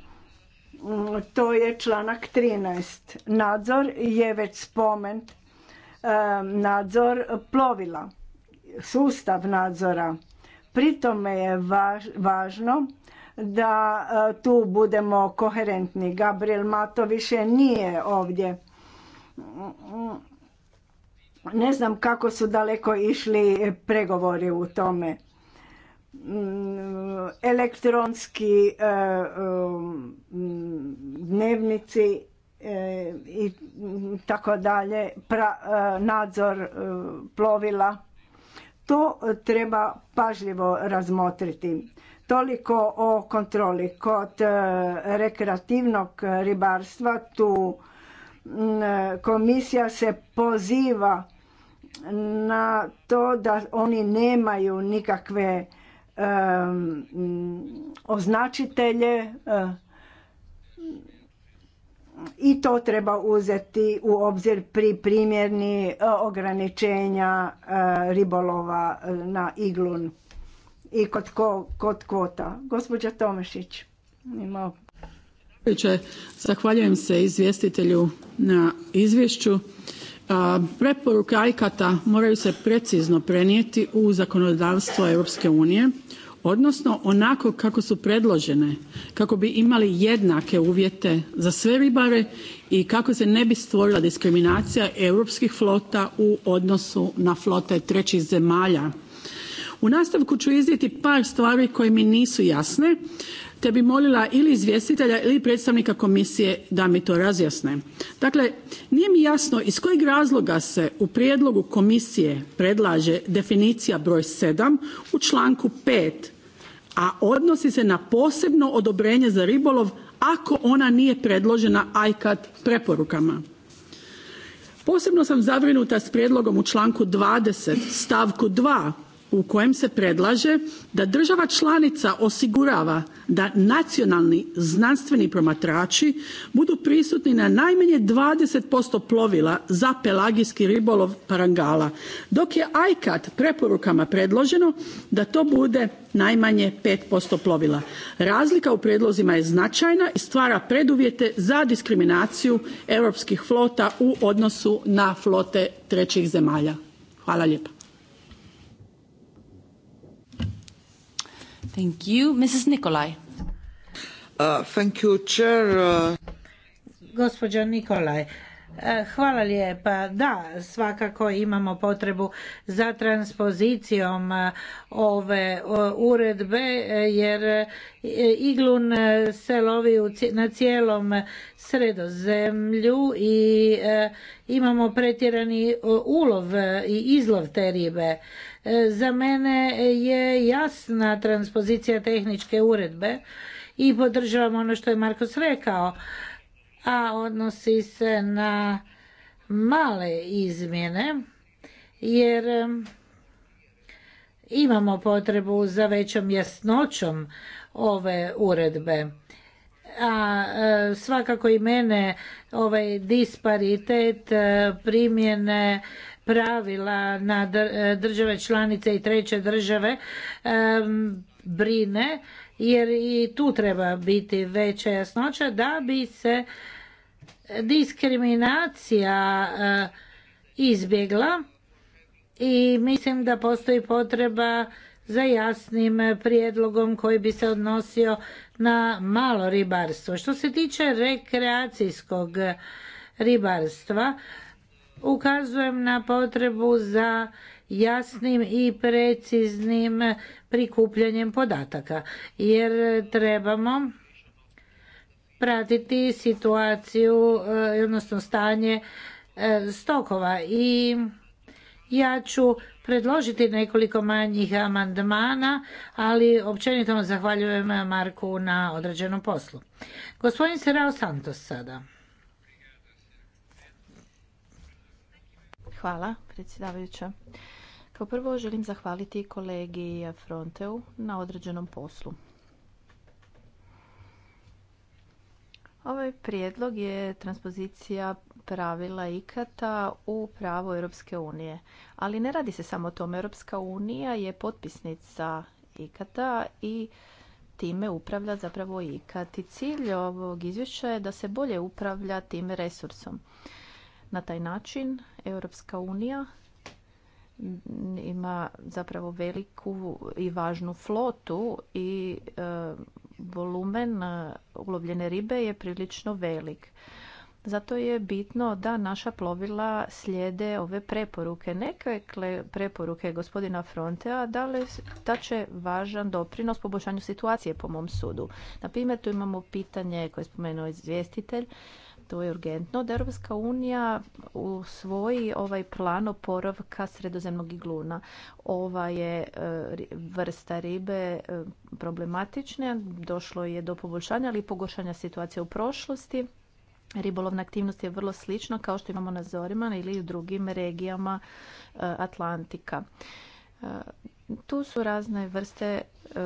to je članak 13. Nadzor je već spomen e, nadzor plovila, sustav nadzora. Pri tome je važno da e, tu budemo koherentni. Gabriel Mato više nije ovdje. Ne znam kako su daleko išli pregovori u tome. Mm, elektronski e, e, mm, dnevnici e, i tako dalje, nadzor plovila. To treba pažljivo razmotriti. Toliko o kontroli. Kod rekreativnog ribarstva tu mm, komisija se poziva na to da oni nemaju nikakve označitelje eh, i to treba uzeti u obzir pri primjerni eh, ograničenja eh, ribolova na iglun i kod, kvota. Gospođa Tomešić Zahvaljujem se izvjestitelju na izvješću. Preporuke iccat a moraju se precizno prenijeti u zakonodavstvo Europske unije, odnosno onako kako su predložene kako bi imali jednake uvjete za sve ribare i kako se ne bi stvorila diskriminacija europskih flota u odnosu na flote trećih zemalja. U nastavku ću iznijeti par stvari koje mi nisu jasne, te bi molila ili izvjestitelja ili predstavnika komisije da mi to razjasne. Dakle, nije mi jasno iz kojeg razloga se u prijedlogu komisije predlaže definicija broj 7 u članku 5, a odnosi se na posebno odobrenje za ribolov ako ona nije predložena ICAT preporukama. Posebno sam zabrinuta s prijedlogom u članku 20 stavku 2 u kojem se predlaže da država članica osigurava da nacionalni znanstveni promatrači budu prisutni na najmanje 20% plovila za pelagijski ribolov parangala, dok je ICAT preporukama predloženo da to bude najmanje 5% plovila. Razlika u prijedlozima je značajna i stvara preduvjete za diskriminaciju europskih flota u odnosu na flote trećih zemalja. Hvala lijepa. Thank you. Uh, thank uh, uh, Hvala lijepa. Da, svakako imamo potrebu za transpozicijom uh, ove uredbe jer iglun se lovi na cijelom sredozemlju i imamo pretjerani ulov i izlov te ribe E, za mene je jasna transpozicija tehničke uredbe i podržavam ono što je Markus rekao, a odnosi se na male izmjene jer imamo potrebu za većom jasnoćom ove uredbe. A e, svakako i mene ovaj disparitet e, primjene pravila na e, države članice i treće države brine jer i tu treba biti veća jasnoća da bi se diskriminacija e, izbjegla i mislim da postoji potreba za jasnim prijedlogom koji bi se odnosio na malo ribarstvo. Što se tiče rekreacijskog ribarstva, ukazujem na potrebu za jasnim i preciznim prikupljanjem podataka jer trebamo pratiti situaciju eh, odnosno stanje eh, stokova i ja ću predložiti nekoliko manjih amandmana, ali općenito zahvaljujem Marku na odrađenom poslu. Gospodin Serao Santos sada. Hvala, predsjedavajuća. Kao prvo želim zahvaliti kolegi Fronteu na određenom poslu. Ovaj prijedlog je transpozicija pravila ikata u pravo Europske unije. Ali ne radi se samo o tome. Europska unija je potpisnica ikata i time upravlja zapravo ikat. I cilj ovog izvješća je da se bolje upravlja tim resursom. Na taj način Europska unija ima zapravo veliku i važnu flotu i e, volumen e, ulovljene ribe je prilično velik. Zato je bitno da naša plovila slijede ove preporuke. Neke preporuke gospodina Frontea dale, da će važan doprinos poboljšanju situacije po mom sudu. Na primjer, tu imamo pitanje koje je spomenuo izvjestitelj to je urgentno, da Europska unija usvoji ovaj plan oporavka sredozemnog igluna. Ova je e, vrsta ribe e, problematična, došlo je do poboljšanja, ali i pogoršanja situacije u prošlosti. Ribolovna aktivnost je vrlo slična kao što imamo na Zorima ili u drugim regijama e, Atlantika. Tu su razne vrste e,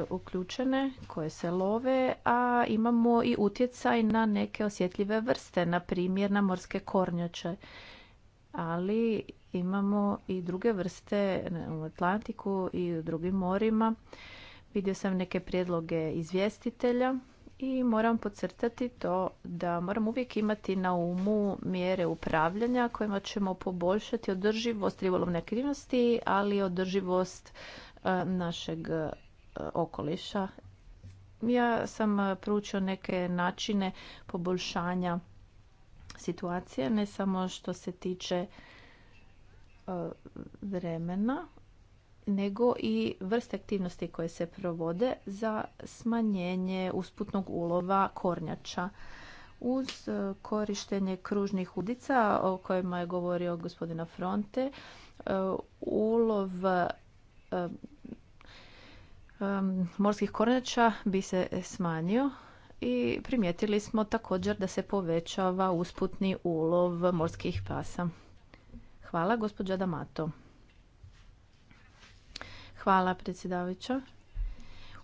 uključene koje se love, a imamo i utjecaj na neke osjetljive vrste, na primjer na morske kornjače. Ali imamo i druge vrste u Atlantiku i u drugim morima. Vidio sam neke prijedloge izvjestitelja i moram podcrtati to da moram uvijek imati na umu mjere upravljanja kojima ćemo poboljšati održivost ribolovne aktivnosti, ali i održivost e, našeg e, okoliša. Ja sam proučio neke načine poboljšanja situacije, ne samo što se tiče e, vremena, nego i vrste aktivnosti koje se provode za smanjenje usputnog ulova kornjača. Uz e, korištenje kružnih udica o kojima je govorio gospodina Fronte, e, ulov e, morskih kornjača bi se smanjio i primijetili smo također da se povećava usputni ulov morskih pasa. Hvala, gospođa D'Amato. Hvala predsjedavajuća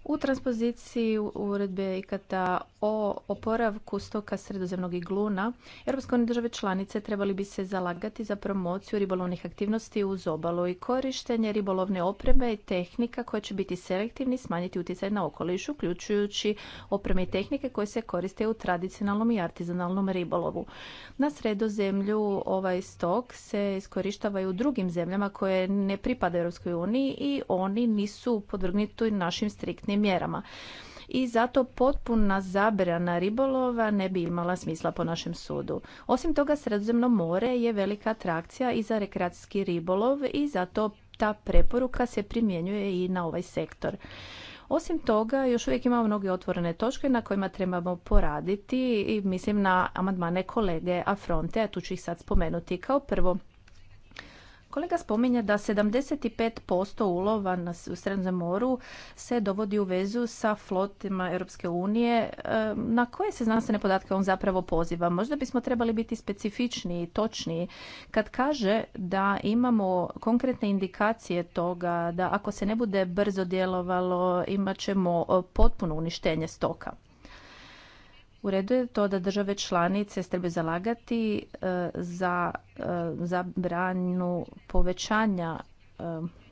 u transpoziciji uredbe ikata o oporavku stoka sredozemnog igluna, europske države članice trebali bi se zalagati za promociju ribolovnih aktivnosti uz obalu i korištenje ribolovne opreme i tehnika koje će biti selektivni i smanjiti utjecaj na okoliš, uključujući opreme i tehnike koje se koriste u tradicionalnom i artizanalnom ribolovu. Na sredozemlju ovaj stok se iskorištava i u drugim zemljama koje ne pripada Europskoj uniji i oni nisu podvrgnuti našim striktnim mjerama. I zato potpuna zabrana ribolova ne bi imala smisla po našem sudu. Osim toga, Sredozemno more je velika atrakcija i za rekreacijski ribolov i zato ta preporuka se primjenjuje i na ovaj sektor. Osim toga, još uvijek imamo mnoge otvorene točke na kojima trebamo poraditi i mislim na amandmane kolege Afronte, a tu ću ih sad spomenuti kao prvo Kolega spominje da 75% ulova na, u srednjem moru se dovodi u vezu sa flotima Europske unije. E, na koje se znanstvene podatke on zapravo poziva? Možda bismo trebali biti specifičniji i točniji kad kaže da imamo konkretne indikacije toga da ako se ne bude brzo djelovalo imat ćemo e, potpuno uništenje stoka. U redu je to da države članice se trebaju zalagati e, za e, zabranu povećanja e,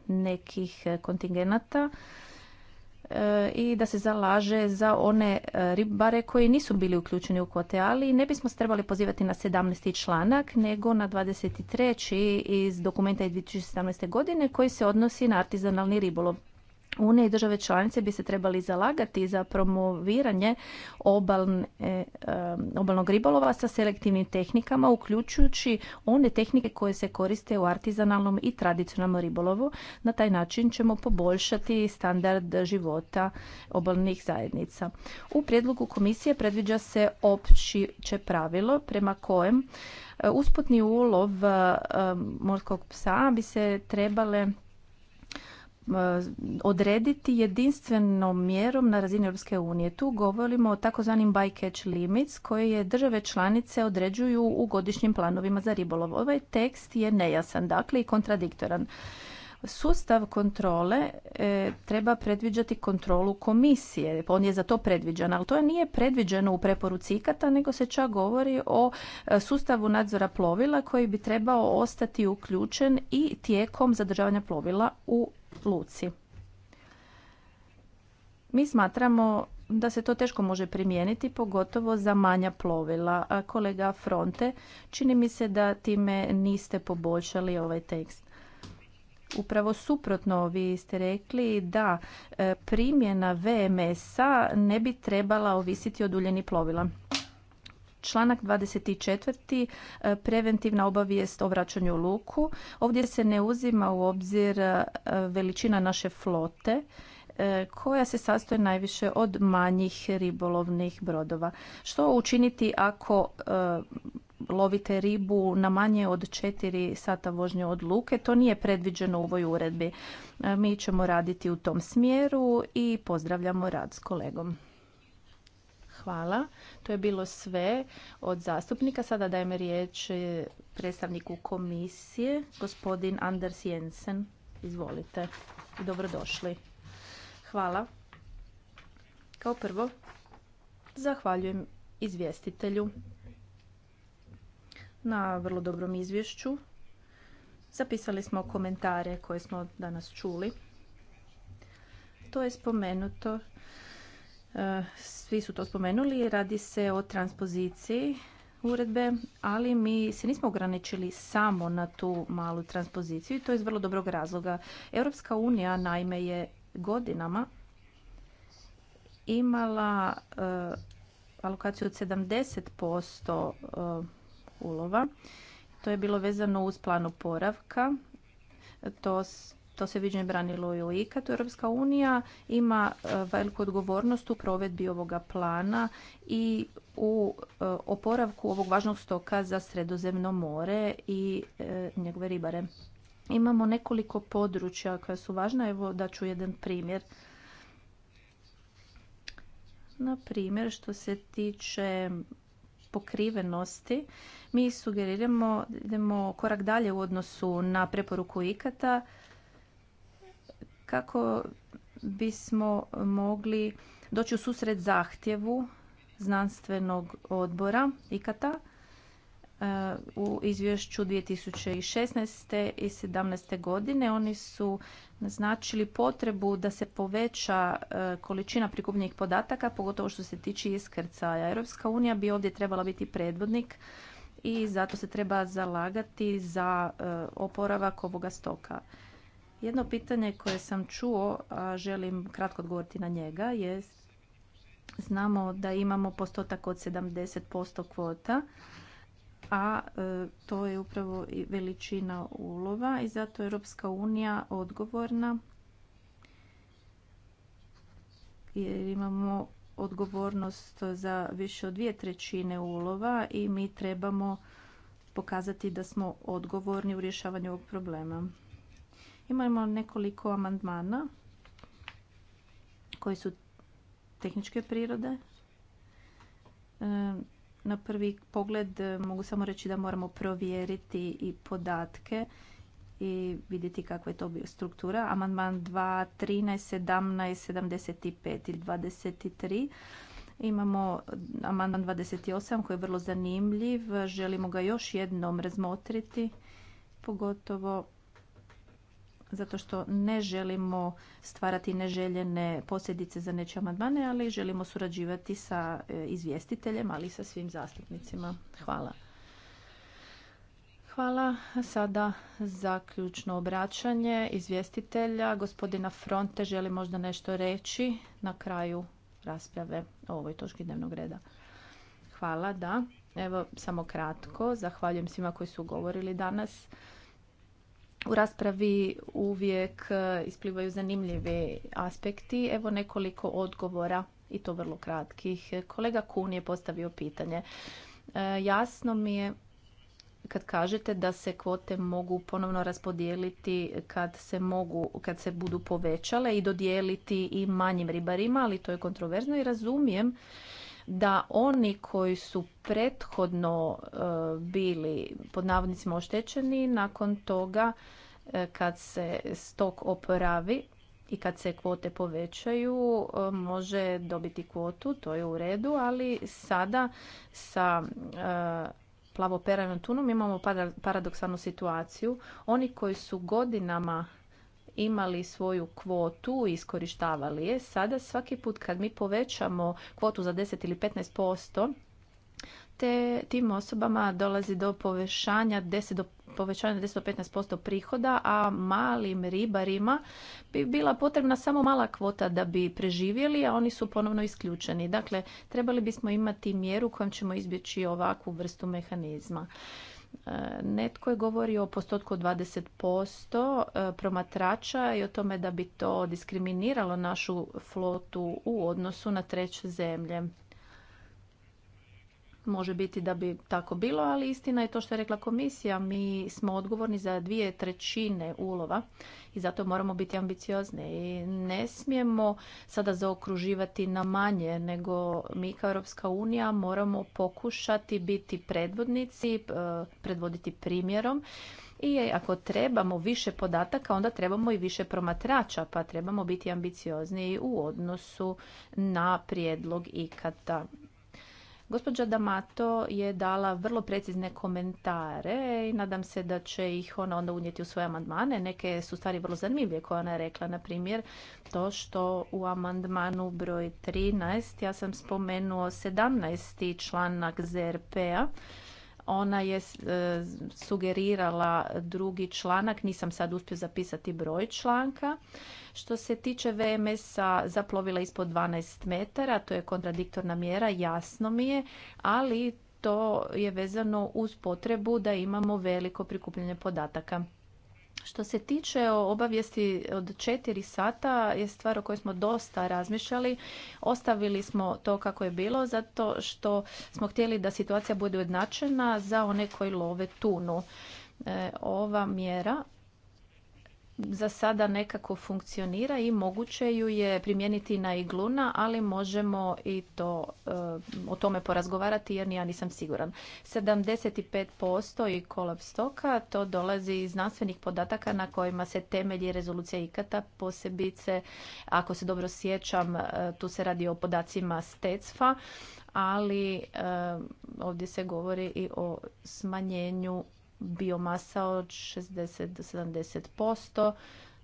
nekih kontingenata i da se zalaže za one ribare koji nisu bili uključeni u kvote, ali ne bismo se trebali pozivati na 17. članak, nego na 23. iz dokumenta iz 2017. godine koji se odnosi na artizanalni ribolov. Unije i države članice bi se trebali zalagati za promoviranje obalne, obalnog ribolova sa selektivnim tehnikama, uključujući one tehnike koje se koriste u artizanalnom i tradicionalnom ribolovu. Na taj način ćemo poboljšati standard života obalnih zajednica. U prijedlogu komisije predviđa se opće pravilo prema kojem e, usputni ulov e, morskog psa bi se trebale Eh, odrediti jedinstvenom mjerom na razini Europske unije. Tu govorimo o takozvanim bycatch limits koje je države članice određuju u godišnjim planovima za ribolov. Ovaj tekst je nejasan, dakle i kontradiktoran. Sustav kontrole eh, treba predviđati kontrolu komisije, on je za to predviđen, ali to nije predviđeno u preporuci cikata, nego se čak govori o eh, sustavu nadzora plovila koji bi trebao ostati uključen i tijekom zadržavanja plovila u luci. Mi smatramo da se to teško može primijeniti, pogotovo za manja plovila. kolega Fronte, čini mi se da time niste poboljšali ovaj tekst. Upravo suprotno, vi ste rekli da e, primjena VMS-a ne bi trebala ovisiti o duljini plovila. Članak 24. E, preventivna obavijest o vraćanju u luku. Ovdje se ne uzima u obzir e, veličina naše flote e, koja se sastoji najviše od manjih ribolovnih brodova. Što učiniti ako lovite ribu na manje od 4 sata vožnje od luke? To nije predviđeno u ovoj uredbi. Mi ćemo raditi u tom smjeru i pozdravljamo rad s kolegom. Hvala. To je bilo sve od zastupnika. Sada dajem riječ e, predstavniku komisije, gospodin Anders Jensen. Izvolite dobrodošli. Hvala. Kao prvo, zahvaljujem izvjestitelju na vrlo dobrom izvješću. Zapisali smo komentare koje smo danas čuli. To je spomenuto svi su to spomenuli, radi se o transpoziciji uredbe, ali mi se nismo ograničili samo na tu malu transpoziciju i to iz vrlo dobrog razloga. Europska unija naime je godinama imala eh, alokaciju od 70% posto eh, ulova. To je bilo vezano uz plan oporavka. To to se viđenje branilo i u IKAT. Europska unija ima e, veliku odgovornost u provedbi ovoga plana i u e, oporavku ovog važnog stoka za sredozemno more i e, njegove ribare. Imamo nekoliko područja koja su važna. Evo da ću jedan primjer. Na primjer, što se tiče pokrivenosti, mi sugeriramo idemo korak dalje u odnosu na preporuku ikata kako bismo mogli doći u susret zahtjevu znanstvenog odbora IKATA e, u izvješću 2016. i 2017. godine. Oni su naznačili potrebu da se poveća e, količina prikupljenih podataka, pogotovo što se tiče iskrcaja. Europska unija bi ovdje trebala biti predvodnik i zato se treba zalagati za e, oporavak ovoga stoka. Jedno pitanje koje sam čuo, a želim kratko odgovoriti na njega, je znamo da imamo postotak od 70% kvota, a e, to je upravo i veličina ulova i zato je Europska unija odgovorna jer imamo odgovornost za više od dvije trećine ulova i mi trebamo pokazati da smo odgovorni u rješavanju ovog problema. Imamo nekoliko amandmana koji su tehničke prirode. E, na prvi pogled e, mogu samo reći da moramo provjeriti i podatke i vidjeti kakva je to struktura. Amandman 2, 13, 17, 75 i 23. Imamo amandman 28 koji je vrlo zanimljiv. Želimo ga još jednom razmotriti, pogotovo zato što ne želimo stvarati neželjene posljedice za nečije amandmane, ali želimo surađivati sa e, izvjestiteljem, ali i sa svim zastupnicima. Hvala. Hvala. Sada zaključno obraćanje izvjestitelja. Gospodina Fronte želi možda nešto reći na kraju rasprave o ovoj točki dnevnog reda. Hvala, da. Evo, samo kratko. Zahvaljujem svima koji su govorili danas. U raspravi uvijek e, isplivaju zanimljivi aspekti. Evo nekoliko odgovora i to vrlo kratkih. Kolega Kun je postavio pitanje. E, jasno mi je kad kažete da se kvote mogu ponovno raspodijeliti kad se mogu, kad se budu povećale i dodijeliti i manjim ribarima, ali to je kontroverzno i razumijem da oni koji su prethodno e, bili pod navodnicima oštećeni nakon toga e, kad se stok oporavi i kad se kvote povećaju e, može dobiti kvotu, to je u redu, ali sada sa plavoperajnom tunom imamo paradoksalnu situaciju. Oni koji su godinama imali svoju kvotu i iskorištavali je, sada svaki put kad mi povećamo kvotu za 10 ili 15%, te tim osobama dolazi do povećanja 10 do povećanja 10 15% prihoda, a malim ribarima bi bila potrebna samo mala kvota da bi preživjeli, a oni su ponovno isključeni. Dakle, trebali bismo imati mjeru kojom ćemo izbjeći ovakvu vrstu mehanizma. Netko je govorio o postotku 20% e, promatrača i o tome da bi to diskriminiralo našu flotu u odnosu na treće zemlje. Može biti da bi tako bilo, ali istina je to što je rekla komisija. Mi smo odgovorni za dvije trećine ulova i zato moramo biti ambiciozni. I ne smijemo sada zaokruživati na manje, nego mi kao Europska unija moramo pokušati biti predvodnici, e, predvoditi primjerom i ako trebamo više podataka, onda trebamo i više promatrača, pa trebamo biti ambiciozniji u odnosu na prijedlog ikata. Gospođa D'Amato je dala vrlo precizne komentare i nadam se da će ih ona onda unijeti u svoje amandmane. Neke su stvari vrlo zanimljive koje ona je rekla, na primjer to što u amandmanu broj 13, ja sam spomenuo 17. članak ZRP-a, ona je e, sugerirala drugi članak, nisam sad uspio zapisati broj članka. Što se tiče VMS-a za plovila ispod 12 metara, to je kontradiktorna mjera, jasno mi je, ali to je vezano uz potrebu da imamo veliko prikupljanje podataka. Što se tiče obavijesti od 4 sata je stvar o kojoj smo dosta razmišljali. Ostavili smo to kako je bilo zato što smo htjeli da situacija bude ujednačena za one koji love tunu. E, ova mjera za sada nekako funkcionira i moguće ju je primijeniti na igluna, ali možemo i to, eh, o tome porazgovarati jer ja nisam siguran. 75% i kolab stoka to dolazi iz znanstvenih podataka na kojima se temelji rezolucija ikata, posebice, ako se dobro sjećam, eh, tu se radi o podacima stecfa, ali eh, ovdje se govori i o smanjenju biomasa od 60 do 70%.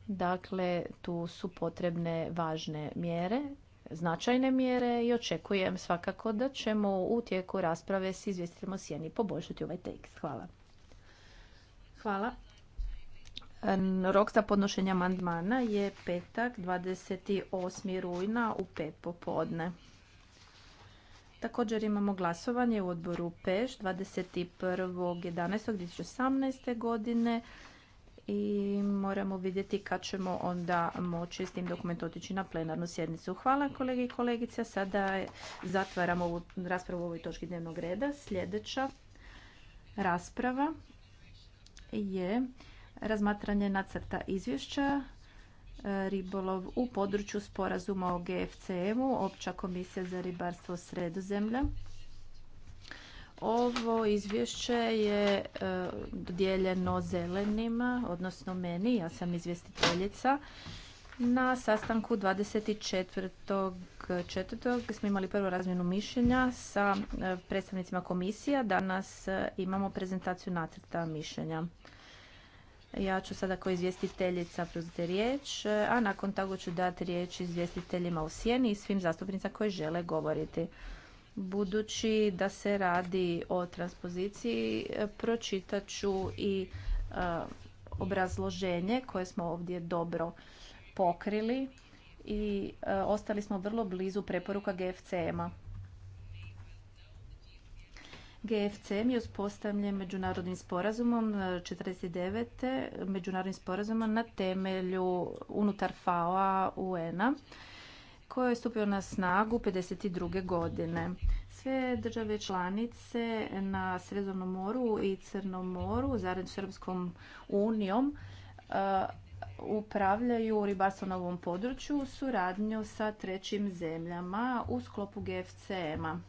Dakle, tu su potrebne važne mjere, značajne mjere i očekujem svakako da ćemo u tijeku rasprave s o sjeni poboljšati ovaj tekst. Hvala. Hvala. Rok za podnošenje amandmana je petak 28. rujna u pet popodne. Također imamo glasovanje u odboru PEŠ 21.11.2018. godine i moramo vidjeti kad ćemo onda moći s tim dokumentom otići na plenarnu sjednicu. Hvala kolege i kolegice. Sada zatvaramo raspravu u ovoj točki dnevnog reda. Sljedeća rasprava je razmatranje nacrta izvješća ribolov u području sporazuma o GFCM-u, Opća komisija za ribarstvo sredozemlja. Ovo izvješće je dodijeljeno e, zelenima, odnosno meni, ja sam izvjestiteljica. Na sastanku 24.4. smo imali prvu razmjenu mišljenja sa e, predstavnicima komisija. Danas e, imamo prezentaciju nacrta mišljenja. Ja ću sada kao izvjestiteljica preuzeti riječ, a nakon toga ću dati riječ izvjestiteljima u sjeni i svim zastupnicima koji žele govoriti. Budući da se radi o transpoziciji, pročitat ću i obrazloženje koje smo ovdje dobro pokrili i ostali smo vrlo blizu preporuka GFCM-a. GFCM je uspostavljen međunarodnim sporazumom 49. E, međunarodnim sporazumom na temelju unutar FAO-a UN-a koji je stupio na snagu 52. godine. Sve države članice na Sredozemnom moru i Crnom moru zajedno s Europskom unijom e, upravljaju ribarstvo na ovom području u suradnju sa trećim zemljama u sklopu GFCM-a.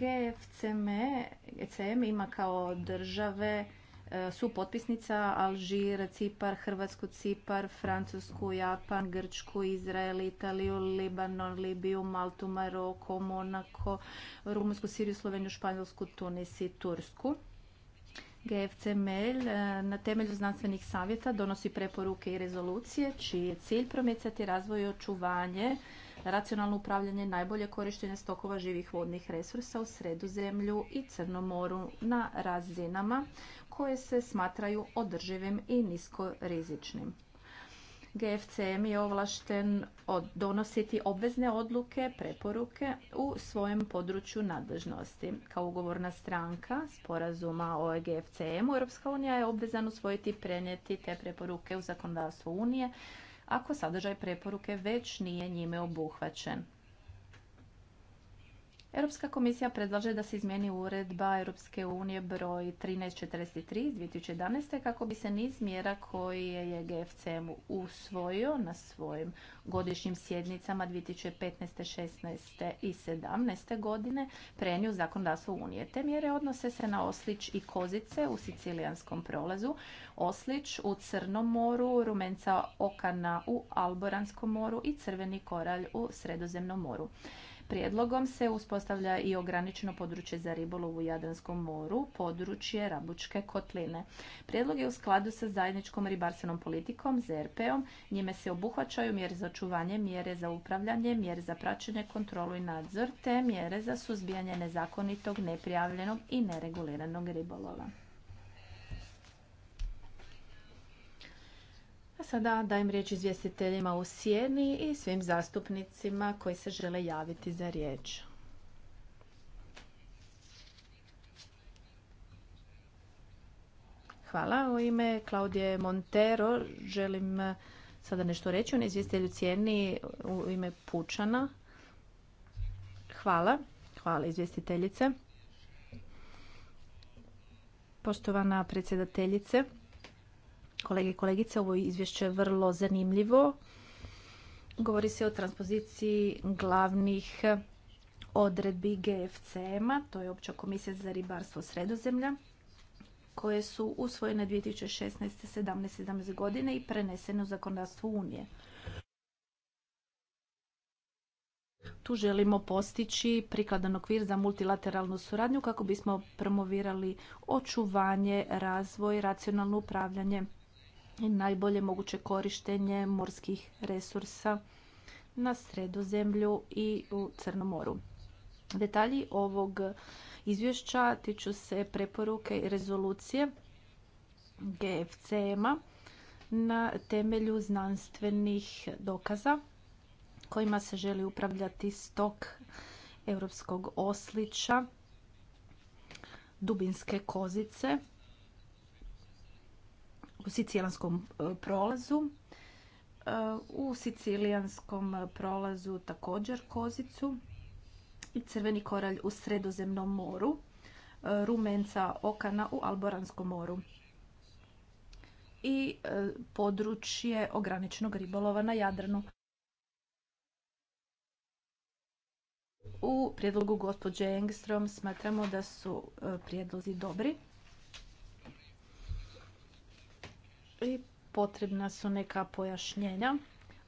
GFCM ima kao države e, su potpisnica Alžir, Cipar, Hrvatsku, Cipar, Francusku, Japan, Grčku, Izrael, Italiju, Libanon, Libiju, Maltu, Maroko, Monako, Rumunsku, Siriju, Sloveniju, Španjolsku, Tunis i Tursku. GFCML e, na temelju znanstvenih savjeta donosi preporuke i rezolucije čiji je cilj promicati razvoj i očuvanje racionalno upravljanje, najbolje korištenje stokova živih vodnih resursa u Sredozemlju i Crnom moru na razinama koje se smatraju održivim i niskorizičnim. GFCM je ovlašten donositi obvezne odluke, preporuke u svojem području nadležnosti. Kao ugovorna stranka sporazuma o GFCM-u, Europska unija je obvezan usvojiti i prenijeti te preporuke u zakonodavstvo Unije ako sadržaj preporuke već nije njime obuhvaćen. Europska komisija predlaže da se izmijeni uredba Europske unije broj 1343 iz 2011. kako bi se niz mjera koje je GFCM usvojio na svojim godišnjim sjednicama 2015. 16. i 17. godine prenio zakonodavstvo Unije. Te mjere odnose se na Oslić i Kozice u Sicilijanskom prolazu, Oslić u Crnom moru, Rumenca Okana u Alboranskom moru i Crveni koralj u Sredozemnom moru. Prijedlogom se uspostavlja i ograničeno područje za ribolov u Jadranskom moru, područje Rabučke kotline. Prijedlog je u skladu sa zajedničkom ribarstvenom politikom, ZRP-om. Njime se obuhvaćaju mjere za očuvanje, mjere za upravljanje, mjere za praćenje, kontrolu i nadzor, te mjere za suzbijanje nezakonitog, neprijavljenog i nereguliranog ribolova. sada dajem riječ izvjestiteljima u sjeni i svim zastupnicima koji se žele javiti za riječ. Hvala. U ime Klaudije Montero želim eh, sada nešto reći. On je izvjestitelj u cijeni u ime Pučana. Hvala. Hvala izvjestiteljice. Poštovana predsjedateljice, kolege i kolegice. Ovo izvješće je vrlo zanimljivo. Govori se o transpoziciji glavnih odredbi GFCM-a, to je Opća komisija za ribarstvo sredozemlja, koje su usvojene 2016. 17. godine i prenesene u zakonodavstvo Unije. Tu želimo postići prikladan okvir za multilateralnu suradnju kako bismo promovirali očuvanje, razvoj, racionalno upravljanje najbolje moguće korištenje morskih resursa na sredozemlju i u Crnom moru. Detalji ovog izvješća tiču se preporuke i rezolucije GFCM-a na temelju znanstvenih dokaza kojima se želi upravljati stok europskog oslića, dubinske kozice u sicilijanskom e, prolazu. E, u sicilijanskom prolazu također kozicu i crveni koralj u sredozemnom moru, e, rumenca okana u Alboranskom moru i područje ograničenog ribolova na Jadranu. U prijedlogu gospođe Engstrom smatramo da su prijedlozi dobri. i potrebna su neka pojašnjenja,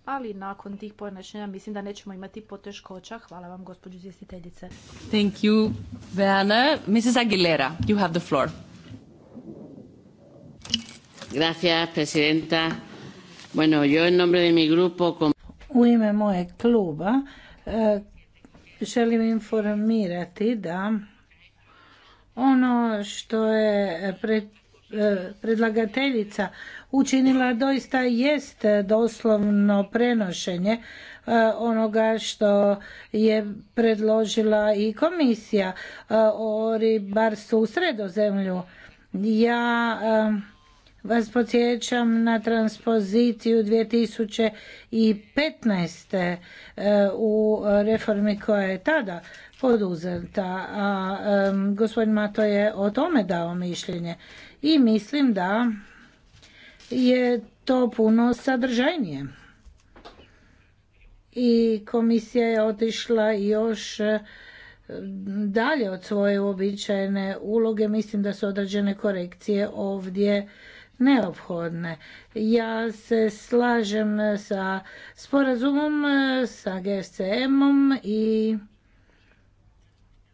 ali nakon tih pojašnjenja mislim da nećemo imati poteškoća. Hvala vam, gospođo izvjestiteljice. Thank you, Beana. Mrs. Aguilera, you have the floor. Gracias, presidenta. Bueno, yo en nombre de mi grupo... Con... U ime moje kluba eh, želim informirati da ono što je pred E, predlagateljica učinila doista jest doslovno prenošenje e, onoga što je predložila i komisija e, o ribarstvu u sredozemlju. Ja vas podsjećam na transpoziciju 2015. u reformi koja je tada poduzeta, a gospodin Mato je o tome dao mišljenje i mislim da je to puno sadržajnije. I komisija je otišla još e, dalje od svoje uobičajene uloge. Mislim da su određene korekcije ovdje neophodne. Ja se slažem sa sporazumom, e, sa gscm om i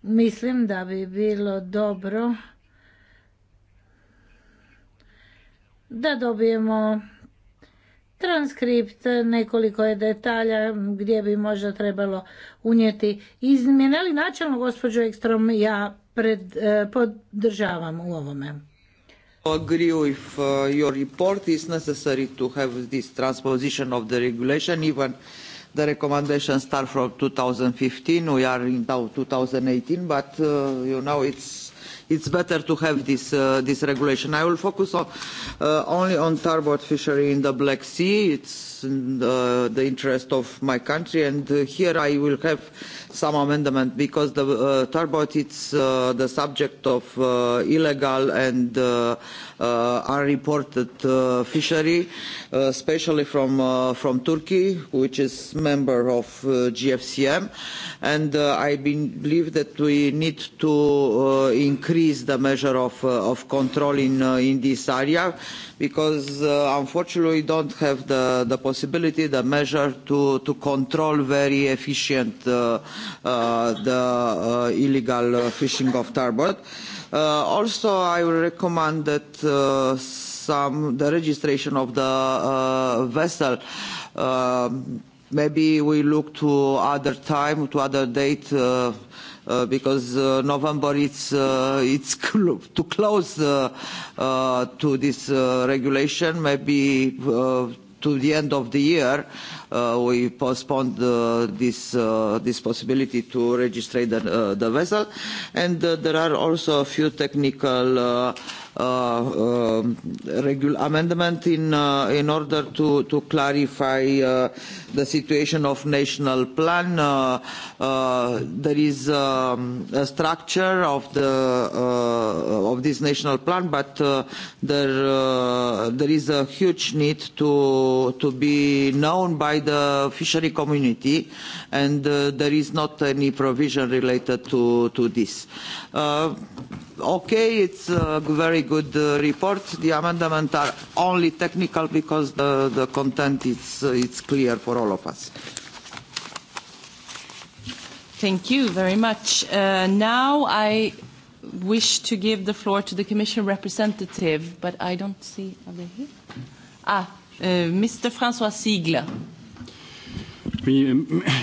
mislim da bi bilo dobro da dobijemo transkript, nekoliko je detalja gdje bi možda trebalo unijeti izmjene, ali načelno gospođo Ekstrom ja pred, eh, podržavam u ovome. Agree with eh, your report. is necessary to have this transposition of the regulation, even the recommendation start from 2015. We are in 2018, but uh, you know it's it's better to have this, uh, this regulation. I will focus on, uh, only on tarbot fishery in the Black Sea. It's in the, the interest of my country, and uh, here I will have some amendment because the uh, tarbot is uh, the subject of uh, illegal and uh, unreported uh, uh, fishery, uh, especially from, from Turkey, which is member of GFCM. And I believe that we need to increase the measure of, of control in, in this area because unfortunately we don't have the, the possibility, the measure to, to control very efficient the illegal fishing of tarbot. Uh, also i would recommend that uh, some the registration of the uh, vessel um, maybe we look to other time to other date because November it's it's too close to this regulation, maybe to the end of the year. Uh, we postponed uh, this uh, this possibility to register the, the vessel and there are also a few technical uh, uh amendment in, uh, in order to, to clarify uh, the situation of national plan. There is um, a structure of, the, of this national plan, but there, there is a huge need to, to be known by the fishery community and there is not any provision related to, to this okay it's a very good uh, report the amendments are only technical because the, the content is uh, it's clear for all of us thank you very much uh, now i wish to give the floor to the commission representative but i don't see are they here ah mr françois Siegler. Oui, euh,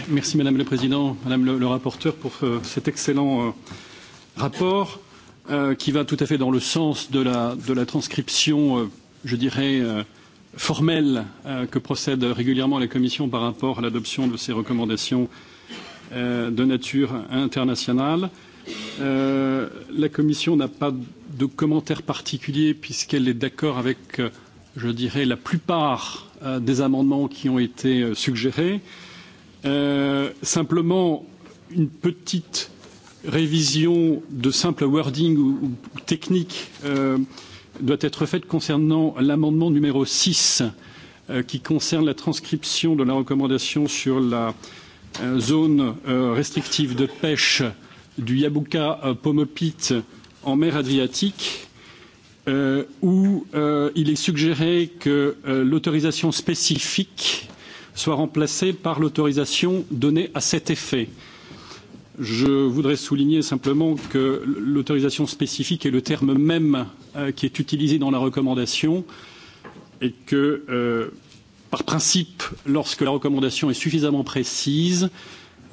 merci Madame la Présidente, Madame le, le rapporteur pour euh, cet excellent euh, rapport. Euh, qui va tout à fait dans le sens de la, de la transcription, euh, je dirais, euh, formelle que procède régulièrement la Commission par rapport à l'adoption de ces recommandations de nature internationale. La Commission n'a pas de commentaires particuliers puisqu'elle est d'accord avec, je dirais, la plupart des amendements qui ont été suggérés. Simplement, une petite révision de simple wording ou technique euh, doit être faite concernant l'amendement numéro 6 euh, qui concerne la transcription de la recommandation sur la euh, zone restrictive de pêche du Yabuka Pomopit en mer Adriatique où il est suggéré que l'autorisation spécifique soit remplacée par l'autorisation donnée à cet effet je voudrais souligner simplement que l'autorisation spécifique est le terme même euh, qui est utilisé dans la recommandation et que, euh, par principe, lorsque la recommandation est suffisamment précise,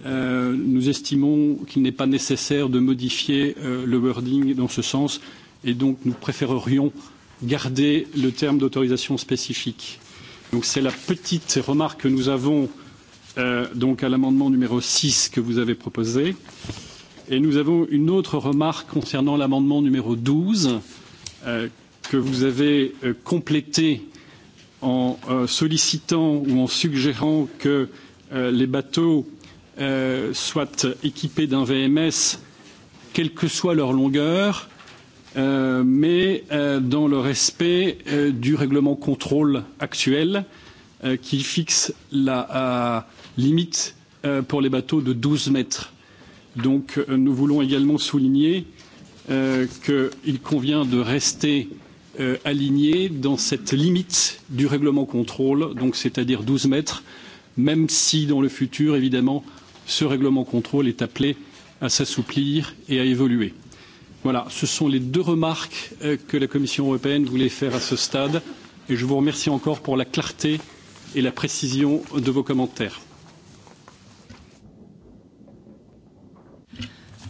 euh, nous estimons qu'il n'est pas nécessaire de modifier le wording dans ce sens et donc nous préférerions garder le terme d'autorisation spécifique. Donc c'est la petite remarque que nous avons Euh, donc à l'amendement numéro 6 que vous avez proposé. Et nous avons une autre remarque concernant l'amendement numéro 12 euh, que vous avez euh, complété en euh, sollicitant ou en suggérant que les bateaux soient équipés d'un VMS quelle que soit leur longueur mais dans le respect du règlement contrôle actuel qui fixe la limite euh, pour les bateaux de 12 mètres. Donc euh, nous voulons également souligner euh, qu'il convient de rester aligné dans cette limite du règlement contrôle, donc c'est-à-dire 12 mètres, même si dans le futur, évidemment, ce règlement contrôle est appelé à s'assouplir et à évoluer. Voilà, ce sont les deux remarques que la Commission européenne voulait faire à ce stade et je vous remercie encore pour la clarté et la précision de vos commentaires.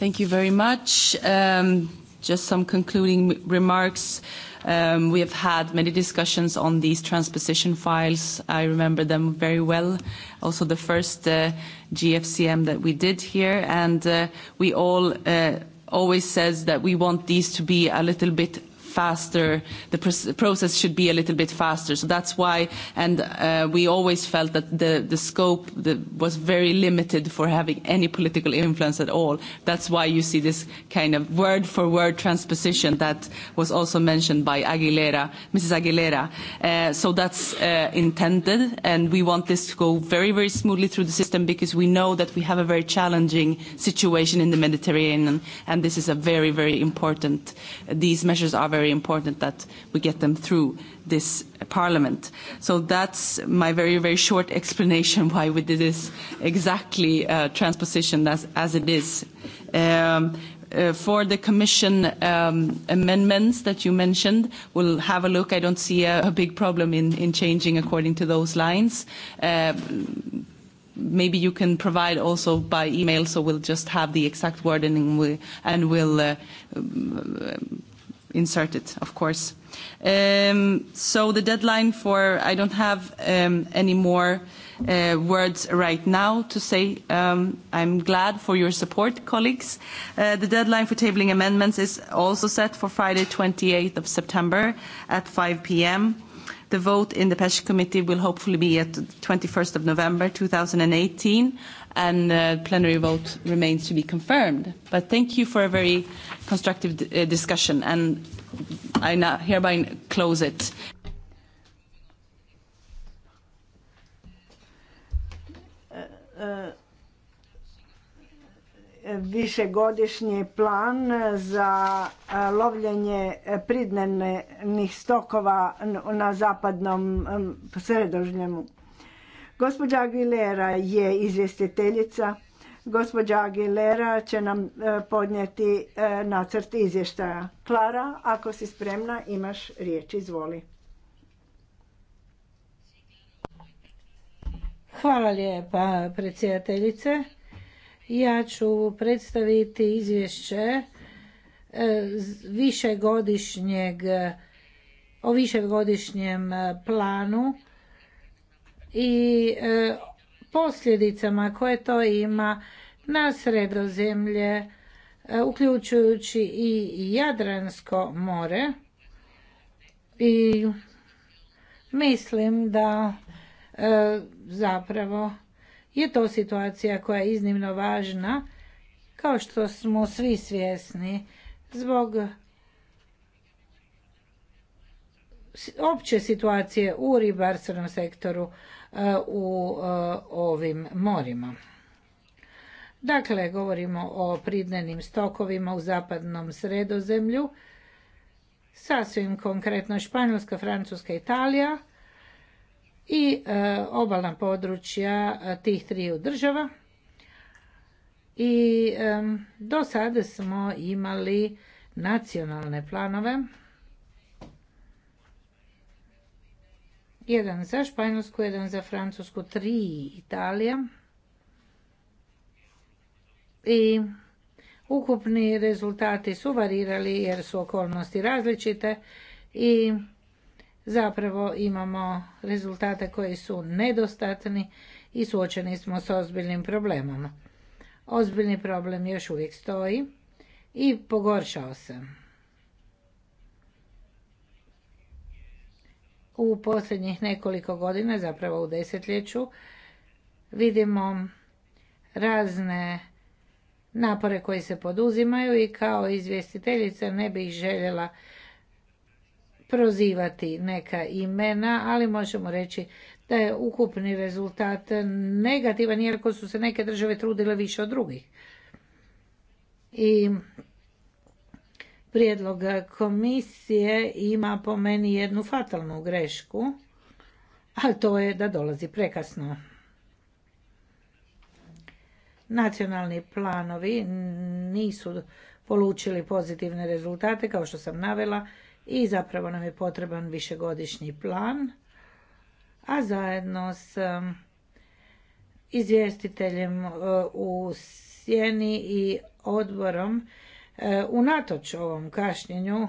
Thank you very much. Um, just some concluding remarks. Um, we have had many discussions on these transposition files. I remember them very well. Also the first uh, GFCM that we did here. And uh, we all uh, always says that we want these to be a little bit faster the process should be a little bit faster so that's why and uh, we always felt that the the scope the, was very limited for having any political influence at all that's why you see this kind of word for word transposition that was also mentioned by Aguilera Mrs Aguilera uh, so that's uh, intended and we want this to go very very smoothly through the system because we know that we have a very challenging situation in the Mediterranean and this is a very very important uh, these measures are very very important that we get them through this parliament. So that's my very, very short explanation why we did this exactly uh, transposition as, as it is. Um, uh, for the commission um, amendments that you mentioned we'll have a look i don't see a, big problem in in changing according to those lines um, maybe you can provide also by email so we'll just have the exact wording and, we'll uh, inserted, of course. Um, so the deadline for, I don't have um, any more uh, words right now to say um, I'm glad for your support, colleagues. Uh, the deadline for tabling amendments is also set for Friday 28th of September at 5 p.m. The vote in the PESH committee will hopefully be at 21st of November 2018 and the plenary vote remains to be confirmed. But thank you for a very constructive uh, discussion, and I now hereby close it. Uh, uh, višegodišnji plan za lovljenje pridnenih stokova na zapadnom um, sredožnjemu Gospođa Aguilera je izvjestiteljica. Gospođa Aguilera će nam e, podnijeti e, nacrt izvještaja. Klara, ako si spremna, imaš riječ, izvoli. Hvala lijepa, predsjedateljice. Ja ću predstaviti izvješće e, višegodišnjeg o višegodišnjem planu i e, posljedicama koje to ima na sredozemlje, e, uključujući i Jadransko more. I mislim da e, zapravo je to situacija koja je iznimno važna, kao što smo svi svjesni, zbog opće situacije u ribarstvenom sektoru u e, ovim morima. Dakle, govorimo o pridnenim stokovima u zapadnom sredozemlju, sasvim konkretno Španjolska, Francuska, Italija i e, obalna područja tih triju država. I e, do sada smo imali nacionalne planove Jedan za Španjolsku, jedan za Francusku, tri Italija. I ukupni rezultati su varirali jer su okolnosti različite i zapravo imamo rezultate koji su nedostatni i suočeni smo s ozbiljnim problemom. Ozbiljni problem još uvijek stoji i pogoršao se. u posljednjih nekoliko godina, zapravo u desetljeću, vidimo razne napore koje se poduzimaju i kao izvjestiteljica ne bih željela prozivati neka imena, ali možemo reći da je ukupni rezultat negativan, iako su se neke države trudile više od drugih. I Prijedlog komisije ima po meni jednu fatalnu grešku, ali to je da dolazi prekasno. Nacionalni planovi nisu polučili pozitivne rezultate, kao što sam navela, i zapravo nam je potreban višegodišnji plan, a zajedno s um, izvjestiteljem uh, u Sjeni i odborom E, unatoč ovom kašnjenju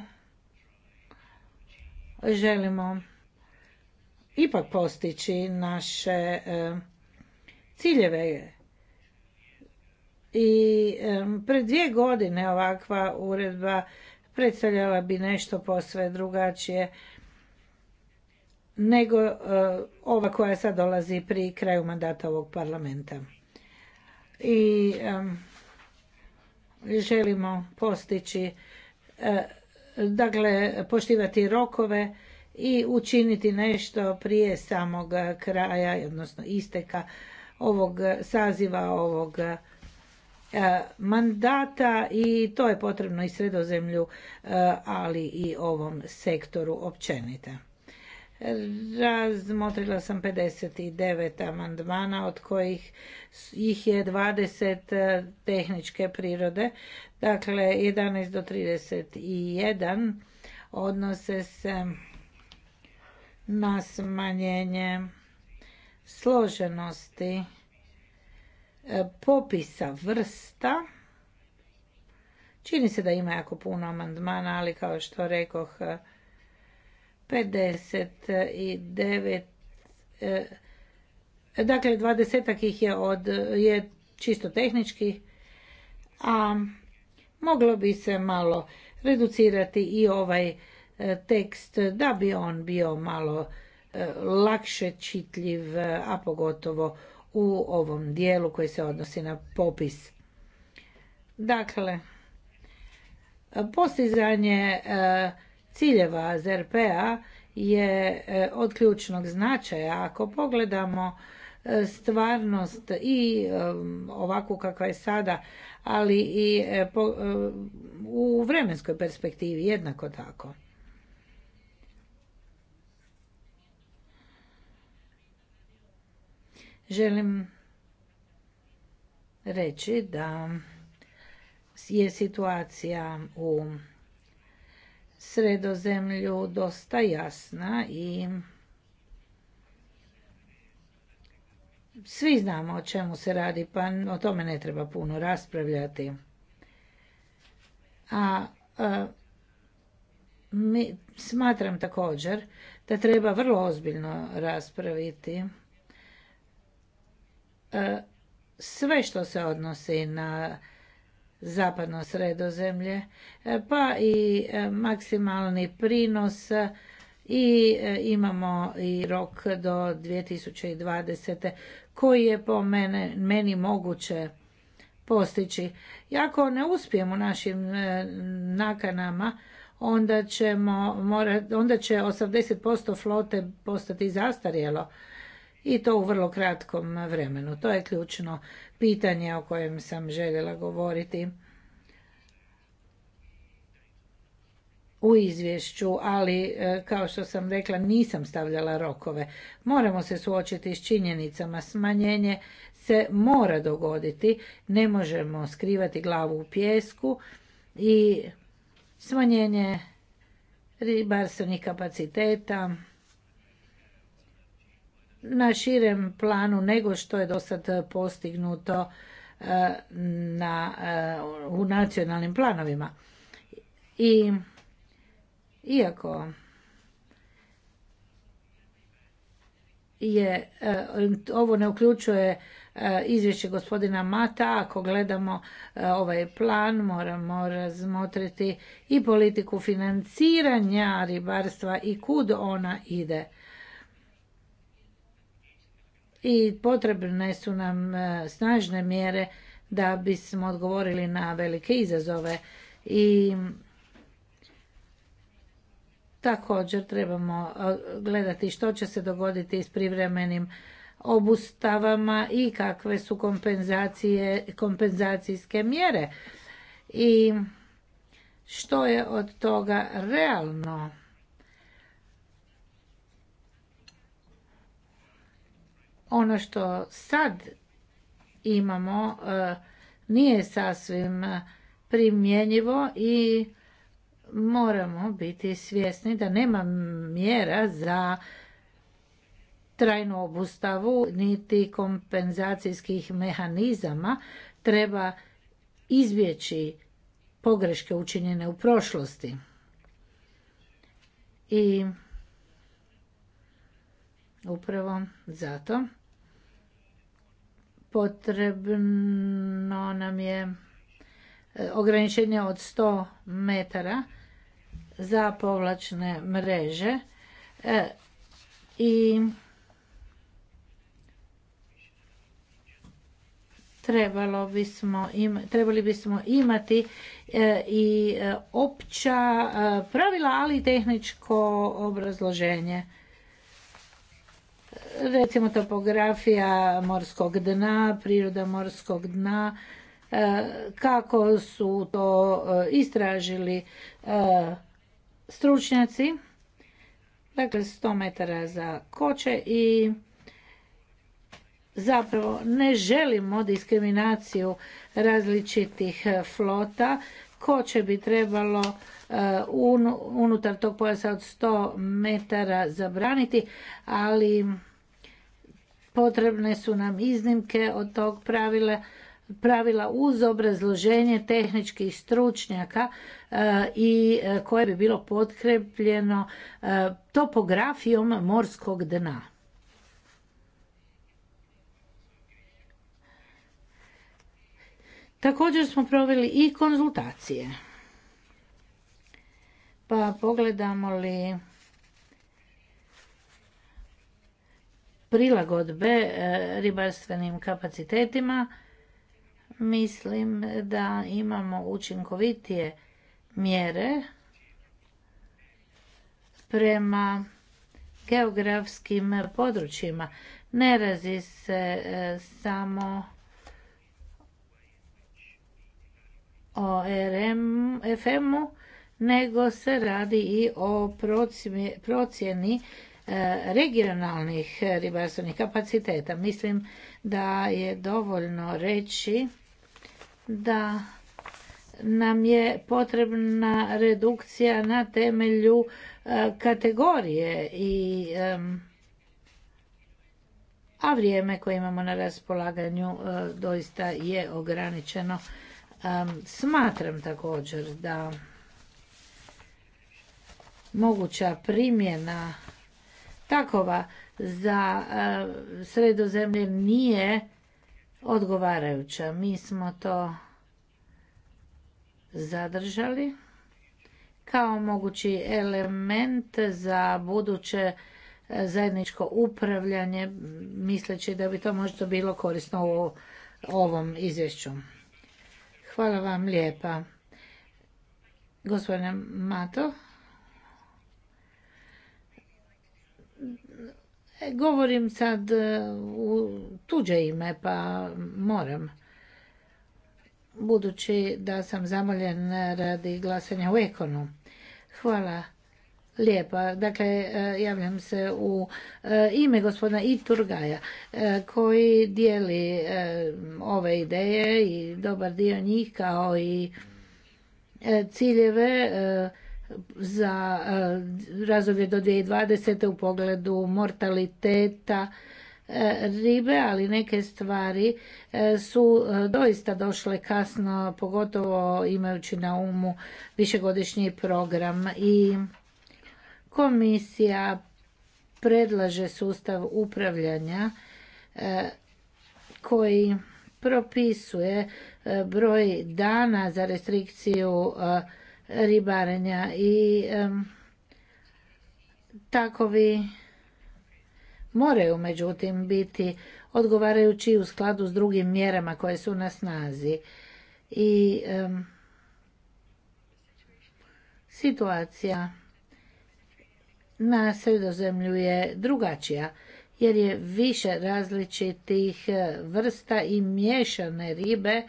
želimo ipak postići naše e, ciljeve i e, pred dvije godine ovakva uredba predstavljala bi nešto posve drugačije nego ova koja sad dolazi pri kraju mandata ovog parlamenta. I želimo postići e, dakle poštivati rokove i učiniti nešto prije samog kraja odnosno isteka ovog saziva ovog e, mandata i to je potrebno i sredozemlju e, ali i ovom sektoru općenite Razmotrila sam 59 amandmana, od kojih ih je 20 e, tehničke prirode. Dakle, 11 do 31 odnose se na smanjenje složenosti e, popisa vrsta. Čini se da ima jako puno amandmana, ali kao što rekoh, 59 e, dakle dvadesetak ih je od je čisto tehnički a moglo bi se malo reducirati i ovaj e, tekst da bi on bio malo e, lakše čitljiv a pogotovo u ovom dijelu koji se odnosi na popis dakle postizanje ciljeva ZRP-a je e, od ključnog značaja. Ako pogledamo e, stvarnost i e, ovakvu kakva je sada, ali i u vremenskoj perspektivi jednako tako. Želim reći da je situacija u sredozemlju dosta jasna i svi znamo o čemu se radi, pa o tome ne treba puno raspravljati. A, smatram također da treba vrlo ozbiljno raspraviti sve što se odnosi na zapadno sredozemlje, e, pa i e, maksimalni prinos e, i imamo i rok do 2020. koji je po mene, meni moguće postići. ako ne uspijemo našim nakanama, onda, ćemo, onda će 80% flote postati zastarjelo i to u vrlo kratkom vremenu. To je ključno pitanje o kojem sam željela govoriti u izvješću, ali e, kao što sam rekla nisam stavljala rokove. Moramo se suočiti s činjenicama. Smanjenje se mora dogoditi, ne možemo skrivati glavu u pjesku i smanjenje ribarstvenih kapaciteta na širem planu nego što je do sad postignuto e, na, e, u nacionalnim planovima. I iako je e, ovo ne uključuje izvješće gospodina Mata, ako gledamo ovaj plan moramo razmotriti i politiku financiranja ribarstva i kud ona ide i potrebne su nam e, snažne mjere da bismo odgovorili na velike izazove i također trebamo e, gledati što će se dogoditi s privremenim obustavama i kakve su kompenzacije, kompenzacijske mjere i što je od toga realno ono što sad imamo e, nije sasvim primjenjivo i moramo biti svjesni da nema mjera za trajnu obustavu niti kompenzacijskih mehanizama treba izbjeći pogreške učinjene u prošlosti. I upravo zato potrebno nam je e, ograničenje od 100 metara za povlačne mreže e, i trebali bismo imati e, i opća pravila, ali i tehničko obrazloženje recimo topografija morskog dna, priroda morskog dna, e, kako su to e, istražili e, stručnjaci. Dakle, 100 metara za koče i zapravo ne želimo diskriminaciju različitih flota. Koče bi trebalo unutar tog pojasa od 100 metara zabraniti, ali potrebne su nam iznimke od tog pravila pravila uz obrazloženje tehničkih stručnjaka e, i e, koje bi bilo potkrepljeno e, topografijom morskog dna. Također smo proveli i konzultacije. Pa pogledamo li prilagodbe e, ribarstvenim kapacitetima, mislim da imamo učinkovitije mjere prema geografskim područjima. Ne razi se e, samo o FM-u, nego se radi i o procjeni E, regionalnih e, ribarstvenih kapaciteta. Mislim da je dovoljno reći da nam je potrebna redukcija na temelju e, kategorije i a vrijeme koje imamo na raspolaganju doista je ograničeno. Smatram također da moguća primjena takova za e, sredozemlje nije odgovarajuća. Mi smo to zadržali kao mogući element za buduće e, zajedničko upravljanje, misleći da bi to možda bilo korisno u ovom izvješću. Hvala vam lijepa. Gospodine Mato. Govorim sad e, u tuđe ime, pa moram. Budući da sam zamoljen radi glasanja u Ekonu. Hvala lijepa. Dakle, e, javljam se u e, ime gospodina Iturgaja koji dijeli ove ideje i dobar dio njih kao i ciljeve za eh, razdoblje do 2020. u pogledu mortaliteta eh, ribe, ali neke stvari eh, su doista došle kasno, pogotovo imajući na umu višegodišnji program i komisija predlaže sustav upravljanja koji propisuje broj dana za restrikciju ribarenja i takovi moraju međutim biti odgovarajući u skladu s drugim mjerama koje su na snazi i situacija na sredozemlju je drugačija jer je više različitih e, vrsta i miješane ribe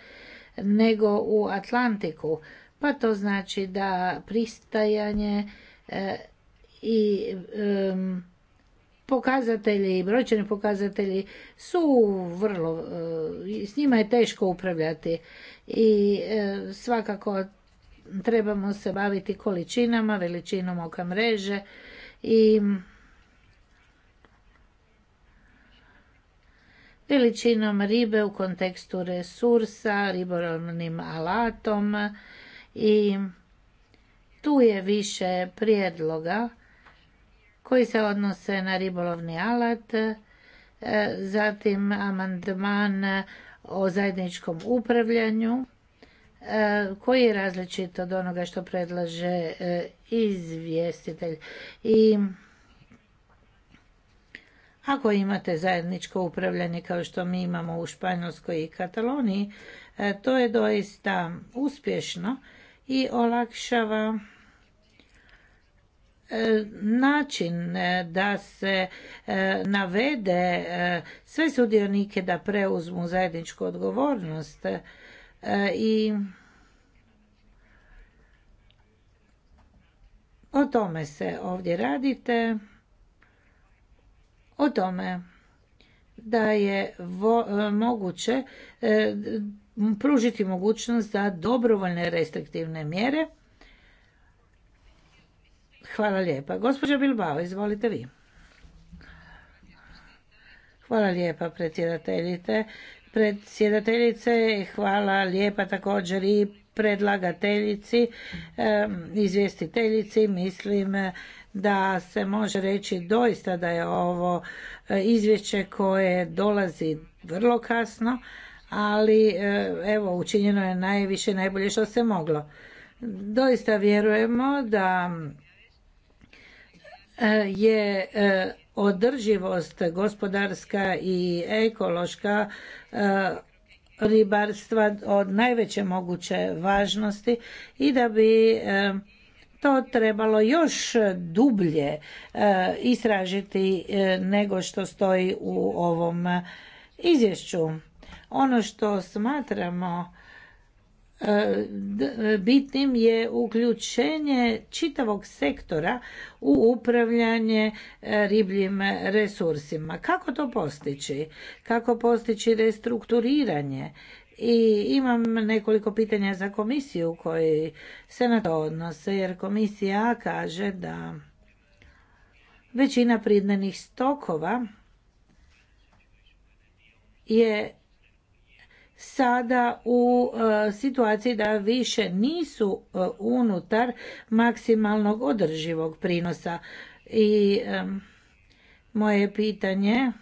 nego u Atlantiku pa to znači da pristajanje e, i pokazatelji, brojčani pokazatelji su vrlo, e, s njima je teško upravljati i e, svakako trebamo se baviti količinama, veličinom oka mreže i veličinom ribe u kontekstu resursa, ribolovnim alatom i tu je više prijedloga koji se odnose na ribolovni alat, e, zatim amandman o zajedničkom upravljanju e, koji je različit od onoga što predlaže e, izvjestitelj. I ako imate zajedničko upravljanje kao što mi imamo u Španjolskoj i Kataloniji, to je doista uspješno i olakšava e, način e, da se e, navede sve sudionike da preuzmu zajedničku odgovornost i o tome se ovdje radite o tome da je moguće pružiti mogućnost za dobrovoljne restriktivne mjere. Hvala lijepa. Gospođa Bilbao, izvolite vi. Hvala lijepa predsjedateljice Predsjedateljice, hvala lijepa također i predlagateljici, izvjestiteljici. Mislim eh, da se može reći doista da je ovo eh, izvješće koje dolazi vrlo kasno, ali e, evo učinjeno je najviše najbolje što se moglo. Doista vjerujemo da e, je e, održivost gospodarska i ekološka ribarstva od najveće moguće važnosti i da bi to trebalo još dublje istražiti nego što stoji u ovom izvješću. Ono što smatramo e, bitnim je uključenje čitavog sektora u upravljanje e, ribljim resursima. Kako to postići? Kako postići restrukturiranje? I imam nekoliko pitanja za komisiju koji se na to odnose, jer komisija kaže da većina pridnenih stokova je sada u e, situaciji da više nisu e, unutar maksimalnog održivog prinosa. I e, moje pitanje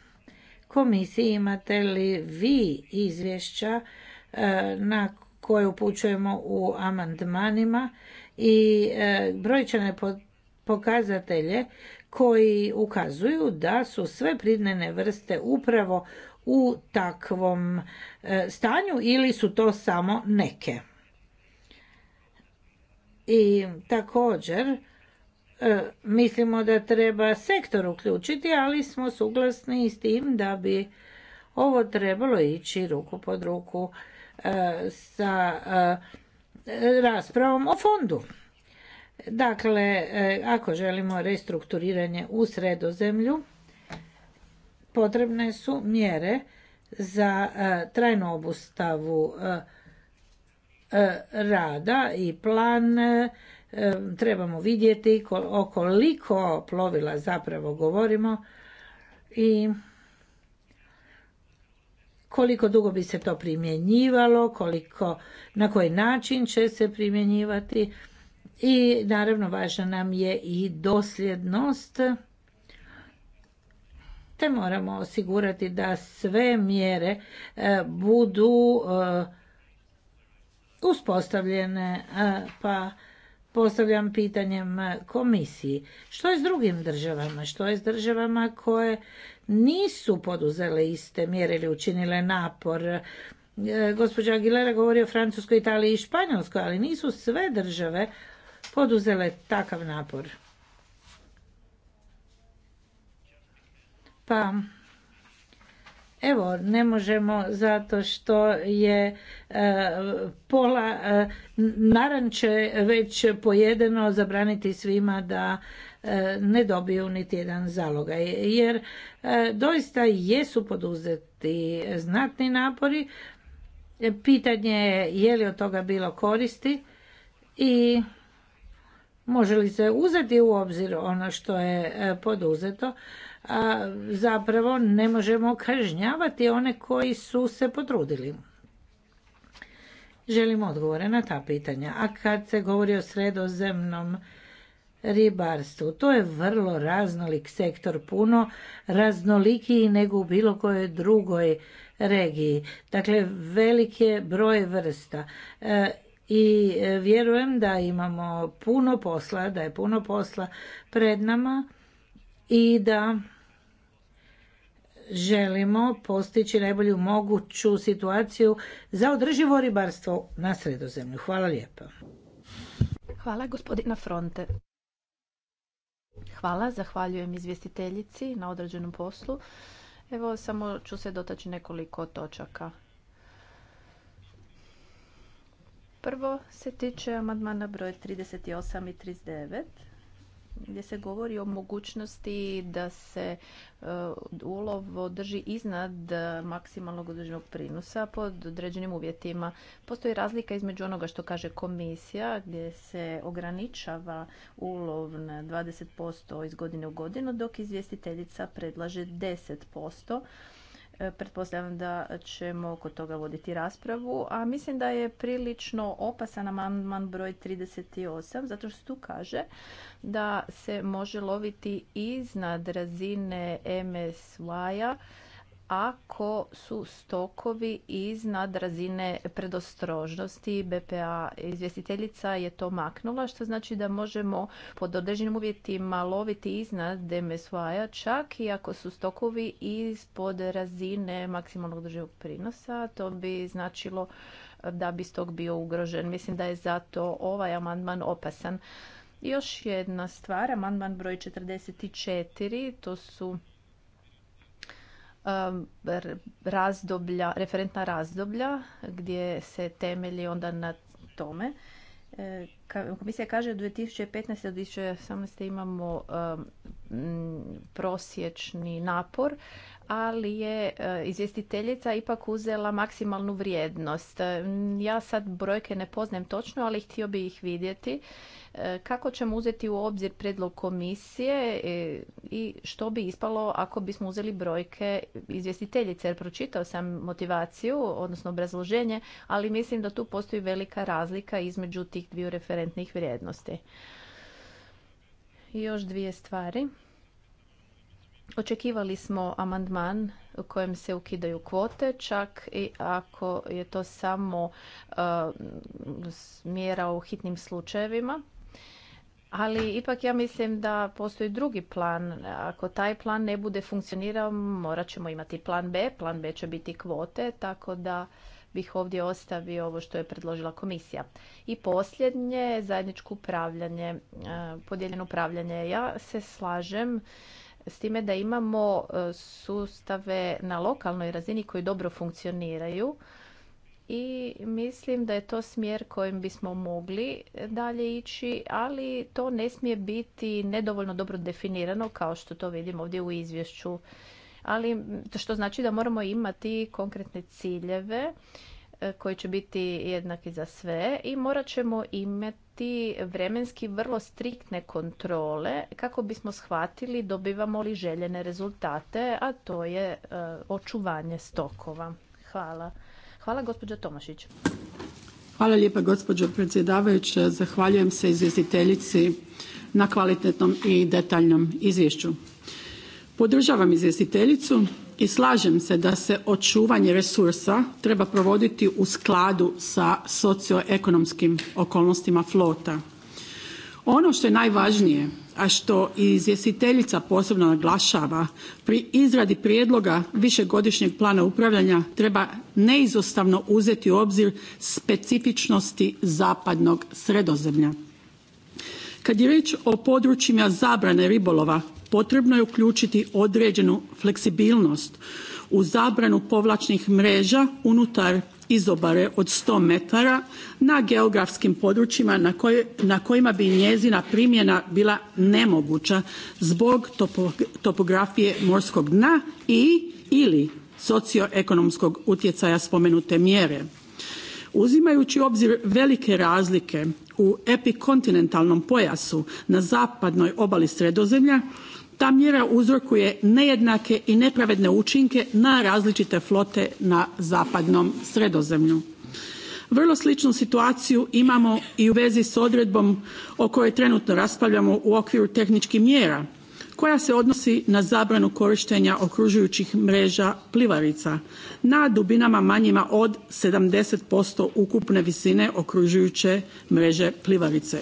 komisiji imate li vi izvješća na koje upućujemo u amandmanima i brojčane pokazatelje koji ukazuju da su sve pridnene vrste upravo u takvom e, stanju ili su to samo neke. I također e, mislimo da treba sektor uključiti, ali smo suglasni s tim da bi ovo trebalo ići ruku pod ruku e, sa raspravom o fondu. Dakle, ako želimo restrukturiranje u sredozemlju, potrebne su mjere za e, trajnu obustavu e, e, rada i plan trebamo vidjeti o koliko plovila zapravo govorimo i koliko dugo bi se to primjenjivalo, koliko, na koji način će se primjenjivati i naravno važna nam je i dosljednost moramo osigurati da sve mjere e, budu e, uspostavljene e, pa postavljam pitanjem komisiji što je s drugim državama što je s državama koje nisu poduzele iste mjere ili učinile napor gospođa Aguilera govori o Francuskoj, Italiji i Španjolskoj ali nisu sve države poduzele takav napor Pa evo ne možemo zato što je e, pola e, naranče već pojedeno zabraniti svima da e, ne dobiju niti jedan zalogaj jer e, doista jesu poduzeti znatni napori pitanje je je li od toga bilo koristi i može li se uzeti u obzir ono što je poduzeto a zapravo ne možemo kažnjavati one koji su se potrudili. Želim odgovore na ta pitanja. A kad se govori o sredozemnom ribarstvu, to je vrlo raznolik sektor, puno raznolikiji nego u bilo kojoj drugoj regiji. Dakle, velike broje vrsta. E, I vjerujem da imamo puno posla, da je puno posla pred nama i da želimo postići najbolju moguću situaciju za održivo ribarstvo na sredozemlju. Hvala lijepa. Hvala gospodina Fronte. Hvala, zahvaljujem izvjestiteljici na određenom poslu. Evo, samo ću se dotaći nekoliko točaka. Prvo se tiče amandmana broj 38 i 39 gdje se govori o mogućnosti da se e, ulov drži iznad maksimalnog određenog prinosa pod određenim uvjetima. Postoji razlika između onoga što kaže komisija gdje se ograničava ulov na 20% iz godine u godinu dok izvjestiteljica predlaže 10% E, pretpostavljam da ćemo oko toga voditi raspravu, a mislim da je prilično opasan amandman broj 38, zato što tu kaže da se može loviti iznad razine MSY-a ako su stokovi iznad razine predostrožnosti BPA izvjestiteljica je to maknula, što znači da možemo pod određenim uvjetima loviti iznad DMSY-a čak i ako su stokovi ispod razine maksimalnog održivog prinosa, to bi značilo da bi stok bio ugrožen. Mislim da je zato ovaj amandman opasan. Još jedna stvar, amandman broj 44, to su razdoblja, referentna razdoblja gdje se temelji onda na tome. E, komisija kaže od 2015. do 2018. imamo prosječni napor, ali je e, izvjestiteljica ipak uzela maksimalnu vrijednost. Ja sad brojke ne poznajem točno, ali htio bi ih vidjeti kako ćemo uzeti u obzir predlog komisije e, i što bi ispalo ako bismo uzeli brojke izvjestiteljice? Jer pročitao sam motivaciju, odnosno obrazloženje, ali mislim da tu postoji velika razlika između tih dviju referentnih vrijednosti. I još dvije stvari. Očekivali smo amandman u kojem se ukidaju kvote, čak i ako je to samo e, mjera u hitnim slučajevima ali ipak ja mislim da postoji drugi plan. Ako taj plan ne bude funkcionirao, morat ćemo imati plan B. Plan B će biti kvote, tako da bih ovdje ostavio ovo što je predložila komisija. I posljednje, zajedničko upravljanje, e, podijeljeno upravljanje. Ja se slažem s time da imamo e, sustave na lokalnoj razini koji dobro funkcioniraju, i mislim da je to smjer kojim bismo mogli dalje ići, ali to ne smije biti nedovoljno dobro definirano kao što to vidimo ovdje u izvješću. Ali što znači da moramo imati konkretne ciljeve e, koji će biti jednaki za sve i morat ćemo imati vremenski vrlo striktne kontrole kako bismo shvatili dobivamo li željene rezultate, a to je e, očuvanje stokova. Hvala. Hvala, gospođa Tomašić. Hvala lijepa, gospođo predsjedavajuća. Zahvaljujem se izvjestiteljici na kvalitetnom i detaljnom izvješću. Podržavam izvjestiteljicu i slažem se da se očuvanje resursa treba provoditi u skladu sa socioekonomskim okolnostima flota. Ono što je najvažnije a što i izvjestiteljica posebno naglašava pri izradi prijedloga višegodišnjeg plana upravljanja treba neizostavno uzeti u obzir specifičnosti zapadnog Sredozemlja. Kad je riječ o područjima zabrane ribolova potrebno je uključiti određenu fleksibilnost u zabranu povlačnih mreža unutar izobare od 100 metara na geografskim područjima na kojima bi njezina primjena bila nemoguća zbog topografije morskog dna i ili socioekonomskog utjecaja spomenute mjere. Uzimajući u obzir velike razlike u epikontinentalnom pojasu na zapadnoj obali Sredozemlja ta mjera uzrokuje nejednake i nepravedne učinke na različite flote na zapadnom sredozemlju. Vrlo sličnu situaciju imamo i u vezi s odredbom o kojoj trenutno raspravljamo u okviru tehničkih mjera koja se odnosi na zabranu korištenja okružujućih mreža plivarica na dubinama manjima od 70% ukupne visine okružujuće mreže plivarice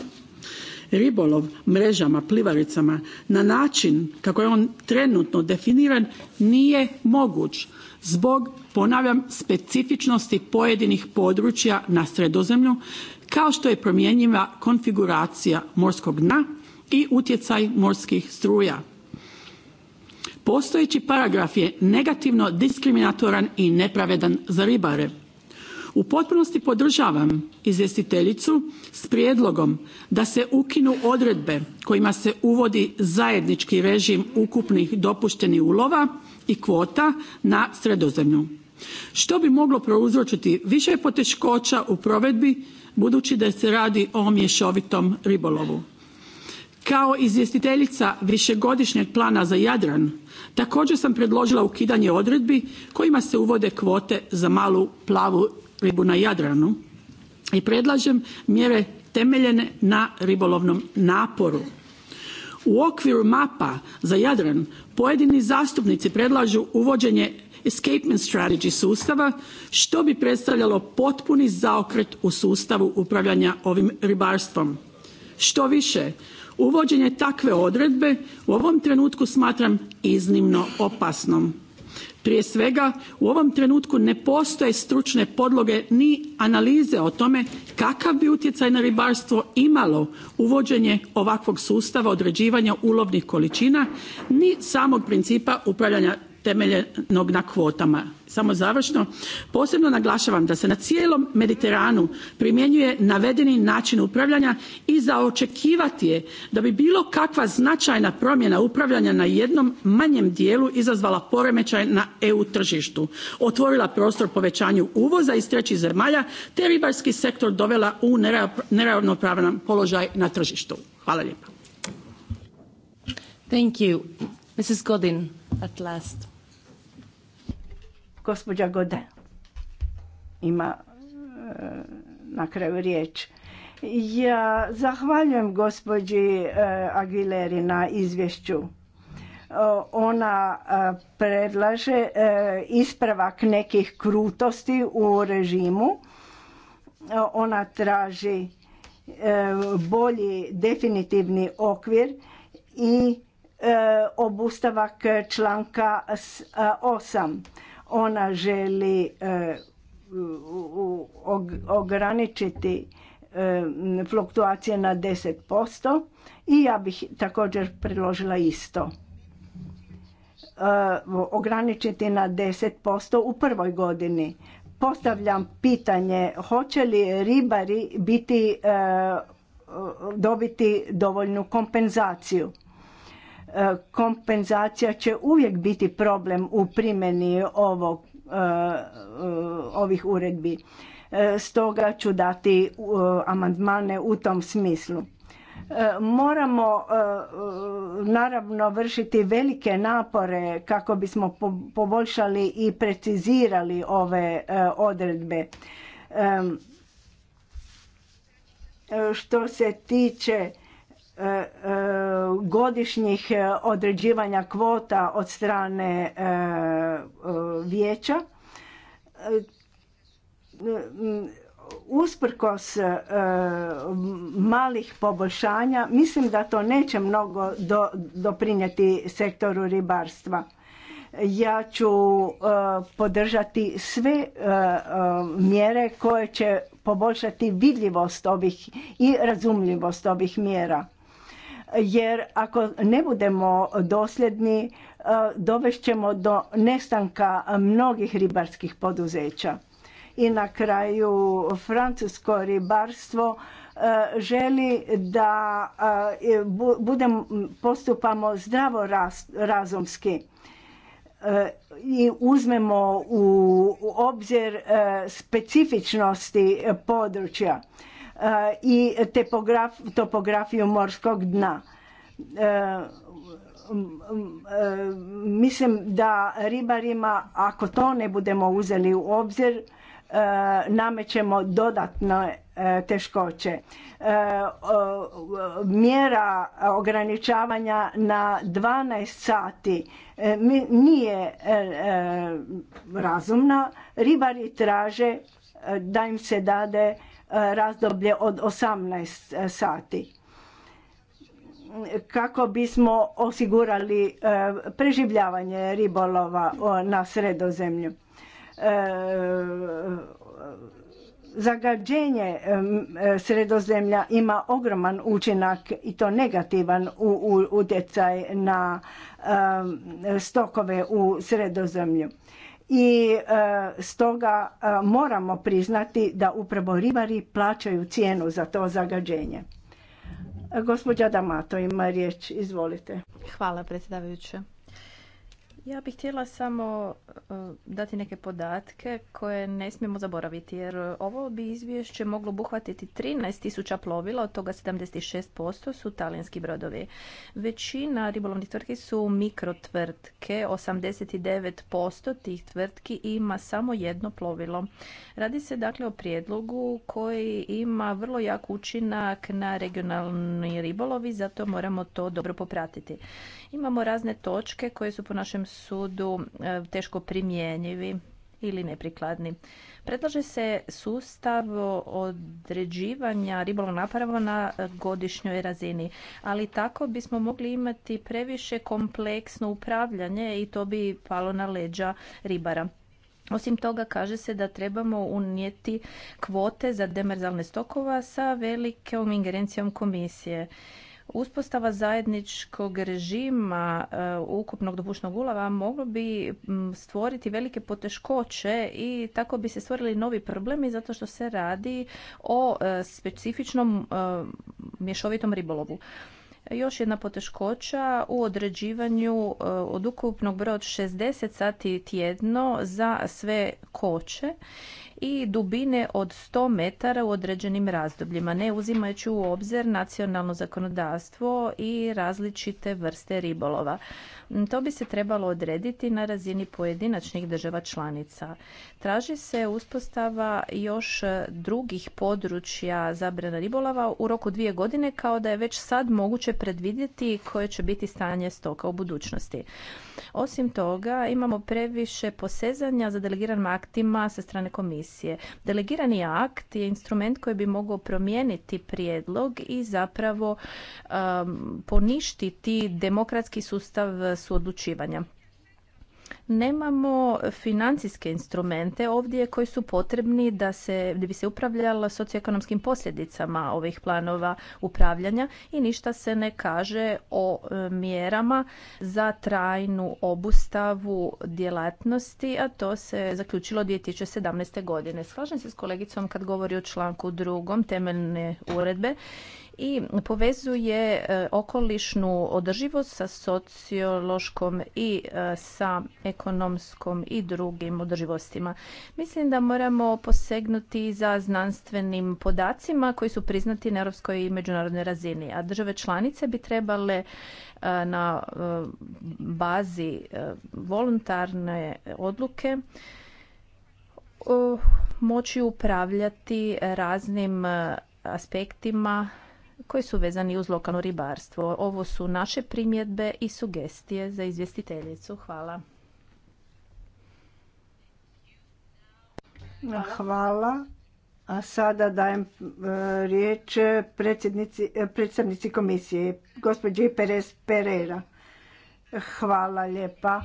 ribolov mrežama plivaricama na način kako je on trenutno definiran nije moguć zbog ponavljam specifičnosti pojedinih područja na sredozemlju kao što je promjenjiva konfiguracija morskog dna i utjecaj morskih struja. Postojeći paragraf je negativno diskriminatoran i nepravedan za ribare u potpunosti podržavam izvjestiteljicu s prijedlogom da se ukinu odredbe kojima se uvodi zajednički režim ukupnih dopuštenih ulova i kvota na sredozemlju što bi moglo prouzročiti više poteškoća u provedbi budući da se radi o mješovitom ribolovu. Kao izvjestiteljica višegodišnjeg plana za Jadran također sam predložila ukidanje odredbi kojima se uvode kvote za malu plavu ribu na Jadranu i predlažem mjere temeljene na ribolovnom naporu. U okviru mapa za Jadran pojedini zastupnici predlažu uvođenje escapement strategy sustava što bi predstavljalo potpuni zaokret u sustavu upravljanja ovim ribarstvom. Štoviše, uvođenje takve odredbe u ovom trenutku smatram iznimno opasnom prije svega u ovom trenutku ne postoje stručne podloge ni analize o tome kakav bi utjecaj na ribarstvo imalo uvođenje ovakvog sustava određivanja ulovnih količina ni samog principa upravljanja temeljenog na kvotama. samo završno posebno naglašavam da se na cijelom mediteranu primjenjuje navedeni način upravljanja i za očekivati je da bi bilo kakva značajna promjena upravljanja na jednom manjem dijelu izazvala poremećaj na eu tržištu otvorila prostor povećanju uvoza iz trećih zemalja te ribarski sektor dovela u neravnopravan položaj na tržištu. hvala lijepa. Thank you. Mrs. Godin, at last. Gospođa Gode ima e, na kraju riječ. Ja zahvaljujem gospođi e, Aguileri na izvješću. Ona e, predlaže ispravak nekih krutosti u režimu. Ona traži bolji definitivni okvir i obustavak članka 8 ona želi e, ograničiti e, fluktuacije na 10% i ja bih također predložila isto. E, ograničiti na 10% u prvoj godini. Postavljam pitanje hoće li ribari biti dobiti dovoljnu kompenzaciju kompenzacija će uvijek biti problem u primjeni ovog, e, e, ovih uredbi. E, stoga ću dati amandmane u tom smislu. Moramo naravno vršiti velike napore kako bismo poboljšali i precizirali ove odredbe. Što se tiče E, e, godišnjih e, određivanja kvota od strane vijeća usprkos malih poboljšanja mislim da to neće mnogo doprinijeti sektoru ribarstva ja ću podržati sve mjere koje će poboljšati vidljivost ovih i razumljivost ovih mjera jer ako ne budemo dosljedni e, dovešćemo do nestanka mnogih ribarskih poduzeća. I na kraju francusko ribarstvo e, želi da e, budem, postupamo zdravo razumski i uzmemo u obzir specifičnosti područja Eh, i topografiju morskog dna. Eh, mm, mm, eh, mislim da ribarima, ako to ne budemo uzeli u obzir, namećemo dodatno teškoće. Mjera ograničavanja na 12 sati nije razumna. Ribari traže da im se dade razdoblje od 18 e, sati kako bismo osigurali e, preživljavanje ribolova na sredozemlju. E, zagađenje sredozemlja ima ogroman učinak i to negativan utjecaj na stokove u sredozemlju i e, stoga e, moramo priznati da upravo ribari plaćaju cijenu za to zagađenje. E, gospođa Damato ima riječ, izvolite. Hvala predsjedavajuće. Ja bih htjela samo e, dati neke podatke koje ne smijemo zaboraviti, jer ovo bi izvješće moglo obuhvatiti 13.000 plovila, od toga 76% su talijanski brodovi. Većina ribolovnih tvrtki su mikrotvrtke, 89% tih tvrtki ima samo jedno plovilo. Radi se dakle o prijedlogu koji ima vrlo jak učinak na regionalni ribolovi, zato moramo to dobro popratiti. Imamo razne točke koje su po našem sudu e, teško primjenjivi ili neprikladni. Predlaže se sustav određivanja ribolovnog naprava na godišnjoj razini, ali tako bismo mogli imati previše kompleksno upravljanje i to bi palo na leđa ribara. Osim toga kaže se da trebamo unijeti kvote za demerzalne stokova sa velikom ingerencijom komisije. Uspostava zajedničkog režima e, ukupnog dopušnog ulova moglo bi stvoriti velike poteškoće i tako bi se stvorili novi problemi zato što se radi o e, specifičnom e, mješovitom ribolovu. Još jedna poteškoća u određivanju od ukupnog broja od 60 sati tjedno za sve koće i dubine od 100 metara u određenim razdobljima, ne uzimajući u obzir nacionalno zakonodavstvo i različite vrste ribolova. To bi se trebalo odrediti na razini pojedinačnih država članica. Traži se uspostava još drugih područja zabrana ribolova u roku dvije godine kao da je već sad moguće predvidjeti koje će biti stanje stoka u budućnosti. Osim toga, imamo previše posezanja za delegiranim aktima sa strane komisije komisije. Delegirani akt je instrument koji bi mogao promijeniti prijedlog i zapravo um, poništiti demokratski sustav suodlučivanja nemamo financijske instrumente ovdje koji su potrebni da se, da bi se upravljalo socioekonomskim posljedicama ovih planova upravljanja i ništa se ne kaže o e, mjerama za trajnu obustavu djelatnosti, a to se zaključilo 2017. godine. Slažem se s kolegicom kad govori o članku drugom temeljne uredbe i povezuje e, okolišnu održivost sa sociološkom i e, sa ekonomskom i drugim održivostima. Mislim da moramo posegnuti za znanstvenim podacima koji su priznati na europskoj i međunarodnoj razini, a države članice bi trebale e, na bazi volontarne odluke moći upravljati raznim aspektima koji su vezani uz lokalno ribarstvo. Ovo su naše primjedbe i sugestije za izvjestiteljicu. Hvala. Hvala. A sada dajem e, riječ e, predsjednici, e, predstavnici komisije, gospođi Perez Pereira. Hvala lijepa.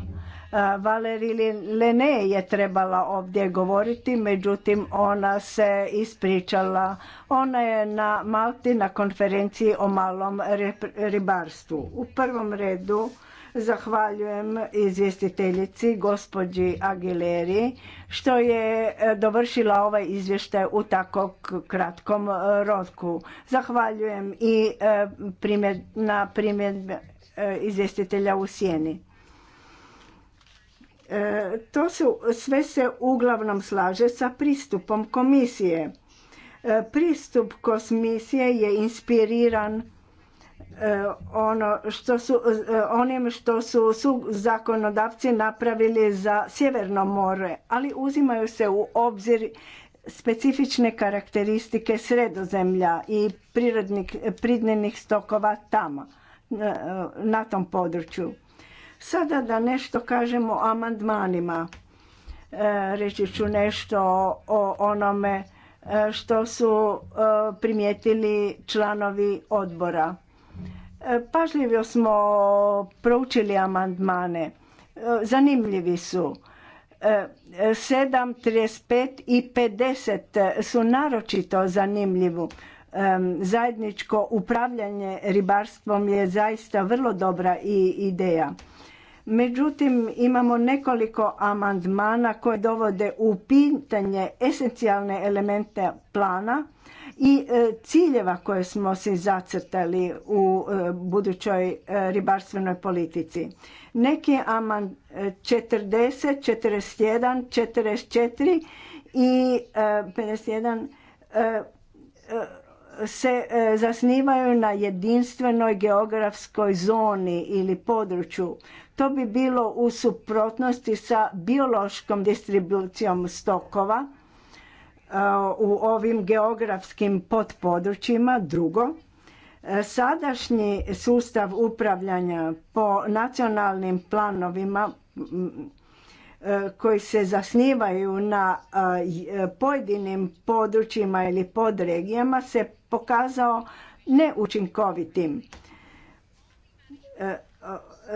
E, Valeri Lene je trebala ovdje govoriti, međutim ona se ispričala. Ona je na Malti na konferenciji o malom ribarstvu. U prvom redu zahvaljujem izvjestiteljici gospođi Aguileri što je e, dovršila ovaj izvještaj u tako kratkom e, roku. Zahvaljujem i na primjedbe E, izvjestitelja u sjeni. E, to su, sve se uglavnom slaže sa pristupom komisije. E, pristup komisije je inspiriran ono što su, onim što su, su zakonodavci napravili za Sjeverno more, ali uzimaju se u obzir specifične karakteristike sredozemlja i prirodnih, pridnenih stokova tamo na tom području. Sada da nešto kažemo o amandmanima. E, reći ću nešto o onome e, što su e, primijetili članovi odbora. Pažljivo smo proučili amandmane. Zanimljivi su. 7, 35 i 50 su naročito zanimljivi zajedničko upravljanje ribarstvom je zaista vrlo dobra ideja. Međutim, imamo nekoliko amandmana koje dovode u pitanje esencijalne elemente plana i e, ciljeva koje smo se zacrtali u e, budućoj e, ribarstvenoj politici. Neki amand 40, 41, 44 i 51 se e, zasnivaju na jedinstvenoj geografskoj zoni ili području. To bi bilo u suprotnosti sa biološkom distribucijom stokova e, u ovim geografskim podpodručjima. Drugo, e, sadašnji sustav upravljanja po nacionalnim planovima koji se zasnivaju na pojedinim područjima ili podregijama se pokazao neučinkovitim. E, e,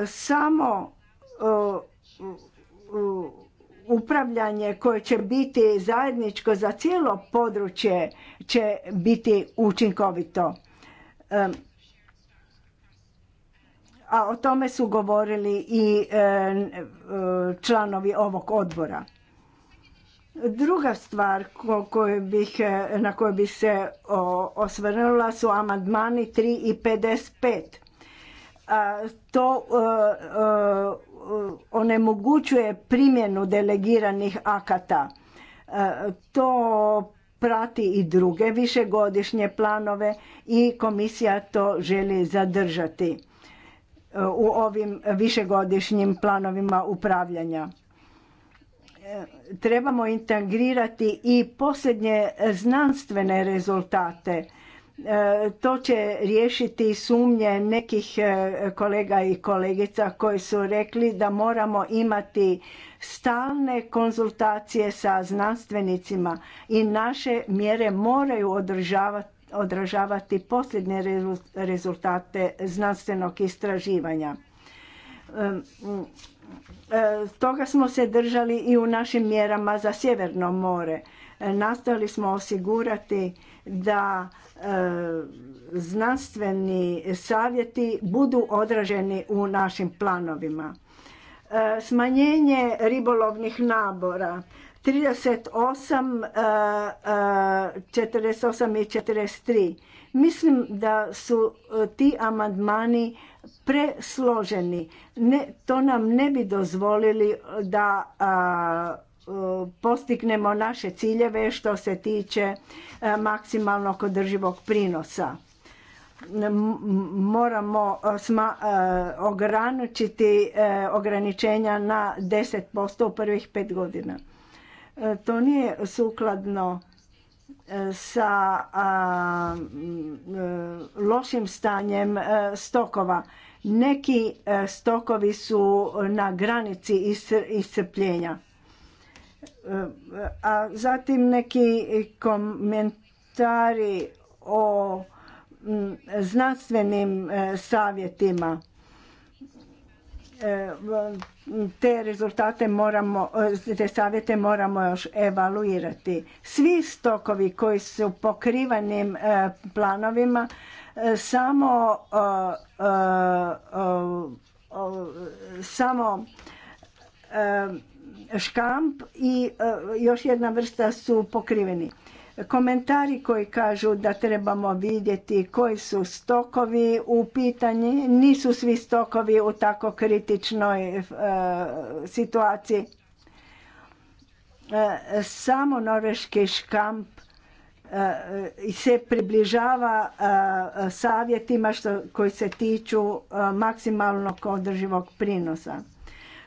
samo e, upravljanje koje će biti zajedničko za cijelo područje će biti učinkovito. A o tome su govorili i članovi ovog odbora. Druga stvar e, na koju bi se osvrnula su amandmani 3 i 55. To e, e, onemogućuje primjenu delegiranih akata. To prati i druge višegodišnje planove i komisija to želi zadržati u ovim višegodišnjim planovima upravljanja trebamo integrirati i posljednje znanstvene rezultate. E, to će riješiti sumnje nekih e, kolega i kolegica koji su rekli da moramo imati stalne konzultacije sa znanstvenicima i naše mjere moraju odražavati posljednje rezultate znanstvenog istraživanja e, E, Toga smo se držali i u našim mjerama za Sjeverno more. E, nastojali smo osigurati da e, znanstveni savjeti budu odraženi u našim planovima. Smanjenje ribolovnih nabora 38, 48 i 43 Mislim da su e, ti amandmani presloženi. Ne, to nam ne bi dozvolili da e, postignemo naše ciljeve što se tiče e, maksimalnog održivog prinosa. Moramo ograničiti ograničenja na 10% u prvih pet godina. To nije sukladno sa e, lošim stanjem e, stokova. Neki e, stokovi su na granici iscrpljenja. A zatim neki komentari o znanstvenim savjetima te rezultate moramo, te savjete moramo još evaluirati. Svi stokovi koji su pokrivanim e, planovima e, samo e, samo škamp i još jedna vrsta su pokriveni. Komentari koji kažu da trebamo vidjeti koji su stokovi u pitanju, nisu svi stokovi u tako kritičnoj e, situaciji. E, samo norveški škamp e, se približava savjetima koji se tiču maksimalnog održivog prinosa.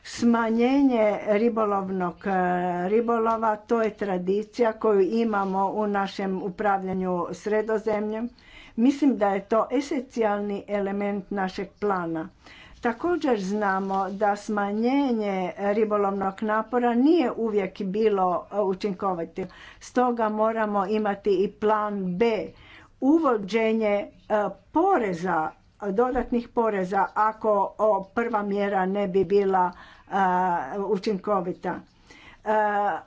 Smanjenje ribolovnog e, ribolova, to je tradicija koju imamo u našem upravljanju sredozemljem. Mislim da je to esencijalni element našeg plana. Također znamo da smanjenje ribolovnog napora nije uvijek bilo e, učinkovito. Stoga moramo imati i plan B, uvođenje e, poreza, dodatnih poreza ako prva mjera ne bi bila učinkovita.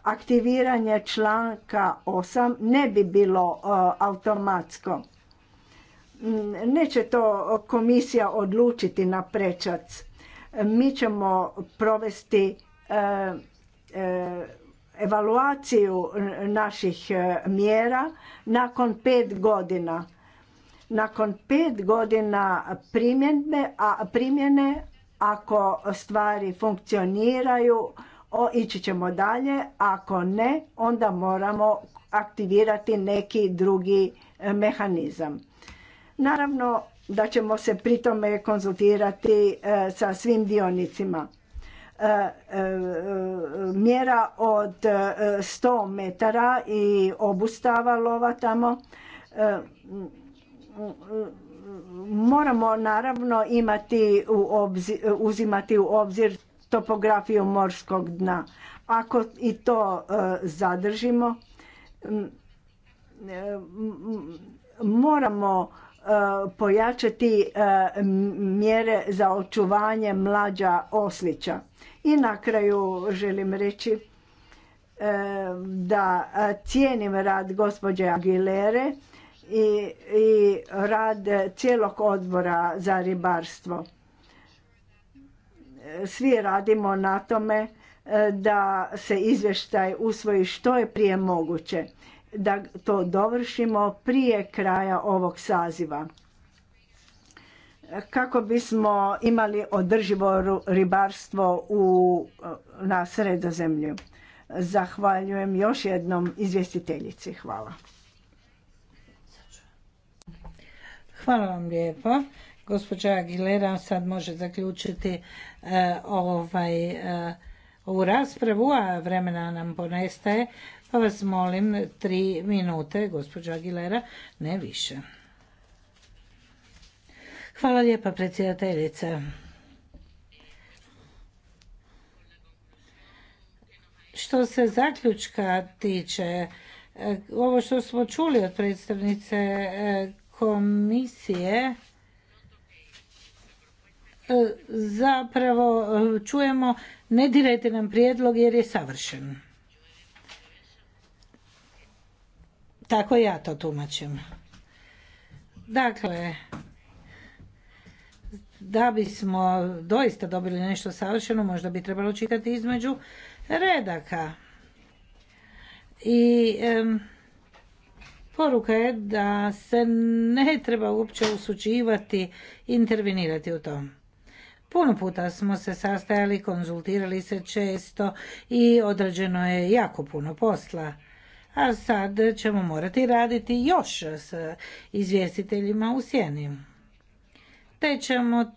Aktiviranje članka 8 ne bi bilo automatsko. Mm, neće to komisija odlučiti na prečac. Mi ćemo provesti evaluaciju naših mjera nakon pet godina. Nakon pet godina primjene, primjene, ako stvari funkcioniraju, ići ćemo dalje, ako ne, onda moramo aktivirati neki drugi e, mehanizam. Naravno da ćemo se pri tome konzultirati e, sa svim dionicima. E, mjera od 100 metara i obustava lova tamo moramo naravno imati u uzimati u obzir topografiju morskog dna. Ako i to e, zadržimo, moramo e, pojačati e, mjere za očuvanje mlađa oslića. I na kraju želim reći da cijenim rad gospođe Aguilere i, rad cijelog odbora za ribarstvo. Svi radimo na tome e, da se izvještaj usvoji što je prije moguće, da to dovršimo prije kraja ovog saziva. Kako bismo imali održivo ribarstvo u, na sredozemlju. Zahvaljujem još jednom izvjestiteljici. Hvala. Hvala vam lijepo. Gospođa Aguilera sad može zaključiti e, ovaj, e, ovu raspravu, a vremena nam ponestaje. Pa vas molim, tri minute, gospođa Aguilera, ne više. Hvala lijepa, predsjedateljice. Što se zaključka tiče, e, ovo što smo čuli od predstavnice komisije e, zapravo e, čujemo ne dirajte nam prijedlog jer je savršen. Tako ja to tumačim. Dakle, da bismo doista dobili nešto savršeno, možda bi trebalo čitati između redaka. I... Poruka je da se ne treba uopće usučivati, intervenirati u tom. Puno puta smo se sastajali, konzultirali se često i odrađeno je jako puno posla. A sad ćemo morati raditi još s izvjestiteljima u sjeni. Te ćemo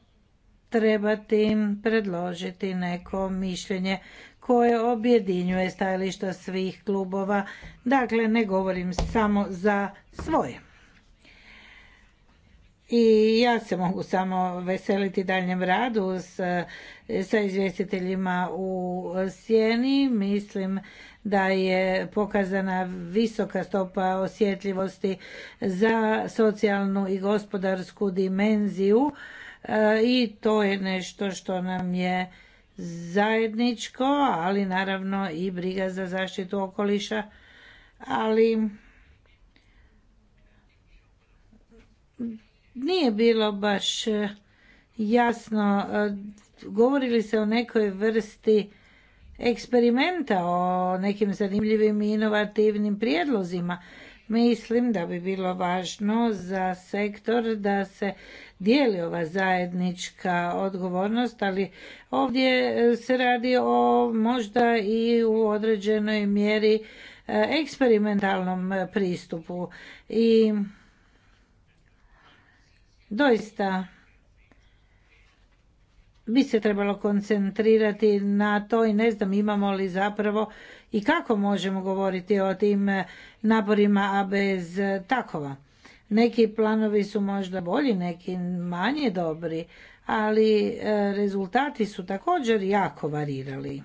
trebati predložiti neko mišljenje koje objedinjuje stajališta svih klubova. Dakle, ne govorim samo za svoje. I ja se mogu samo veseliti daljem radu s, sa izvjestiteljima u sjeni. Mislim da je pokazana visoka stopa osjetljivosti za socijalnu i gospodarsku dimenziju e, i to je nešto što nam je zajedničko, ali naravno i briga za zaštitu okoliša, ali nije bilo baš jasno govorili se o nekoj vrsti eksperimenta, o nekim zanimljivim i inovativnim prijedlozima. Mislim da bi bilo važno za sektor da se dijeli ova zajednička odgovornost, ali ovdje e, se radi o možda i u određenoj mjeri e, eksperimentalnom e, pristupu i doista bi se trebalo koncentrirati na to i ne znam imamo li zapravo i kako možemo govoriti o tim naborima, a bez takova. Neki planovi su možda bolji, neki manje dobri, ali e, rezultati su također jako varirali.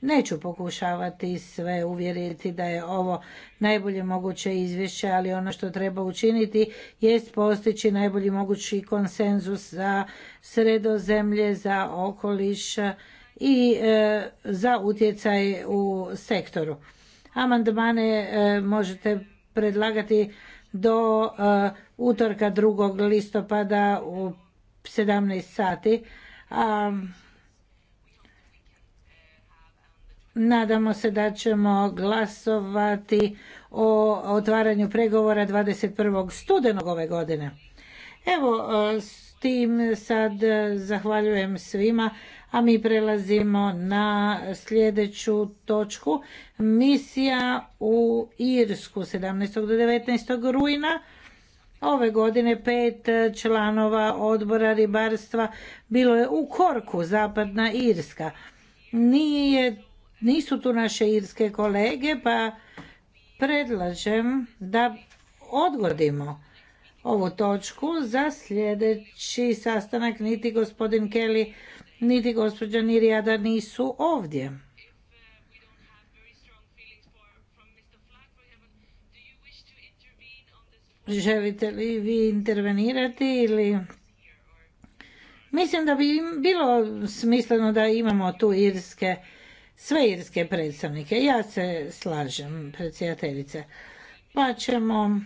Neću pokušavati sve uvjeriti da je ovo najbolje moguće izvješće, ali ono što treba učiniti jest postići najbolji mogući konsenzus za sredozemlje, za okoliš i e, za utjecaj u sektoru. Amandmane e, možete predlagati do e, utorka 2. listopada u 17 sati. Nadamo se da ćemo glasovati o otvaranju pregovora 21. studenog ove godine. Evo, e, s tim sad zahvaljujem svima a mi prelazimo na sljedeću točku. Misija u Irsku 17. do 19. rujna. Ove godine pet članova odbora ribarstva bilo je u Korku, zapadna Irska. Nije, nisu tu naše irske kolege, pa predlažem da odgodimo ovu točku za sljedeći sastanak niti gospodin Kelly niti gospođa Nirijada nisu ovdje. Želite li vi intervenirati ili... Mislim da bi bilo smisleno da imamo tu irske, sve irske predstavnike. Ja se slažem, predsjedateljice. Pa ćemo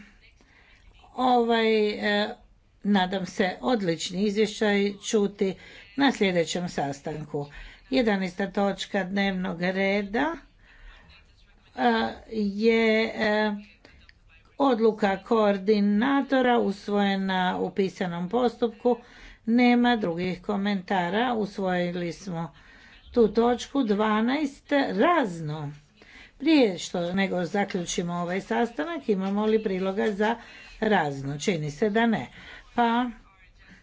ovaj, eh, nadam se, odlični izvještaj čuti na sljedećem sastanku. 11. točka dnevnog reda e, je e, odluka koordinatora usvojena u pisanom postupku. Nema drugih komentara. Usvojili smo tu točku 12. razno. Prije što nego zaključimo ovaj sastanak, imamo li priloga za razno? Čini se da ne. Pa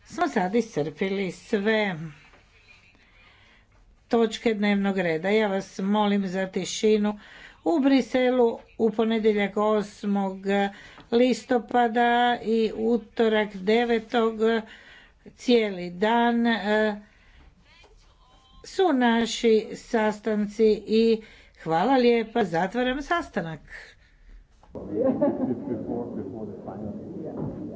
smo sad iscrpili sve točke dnevnog reda. Ja vas molim za tišinu. U Briselu u ponedjeljak 8. listopada i utorak 9. cijeli dan e, su naši sastanci i hvala lijepa, zatvaram sastanak.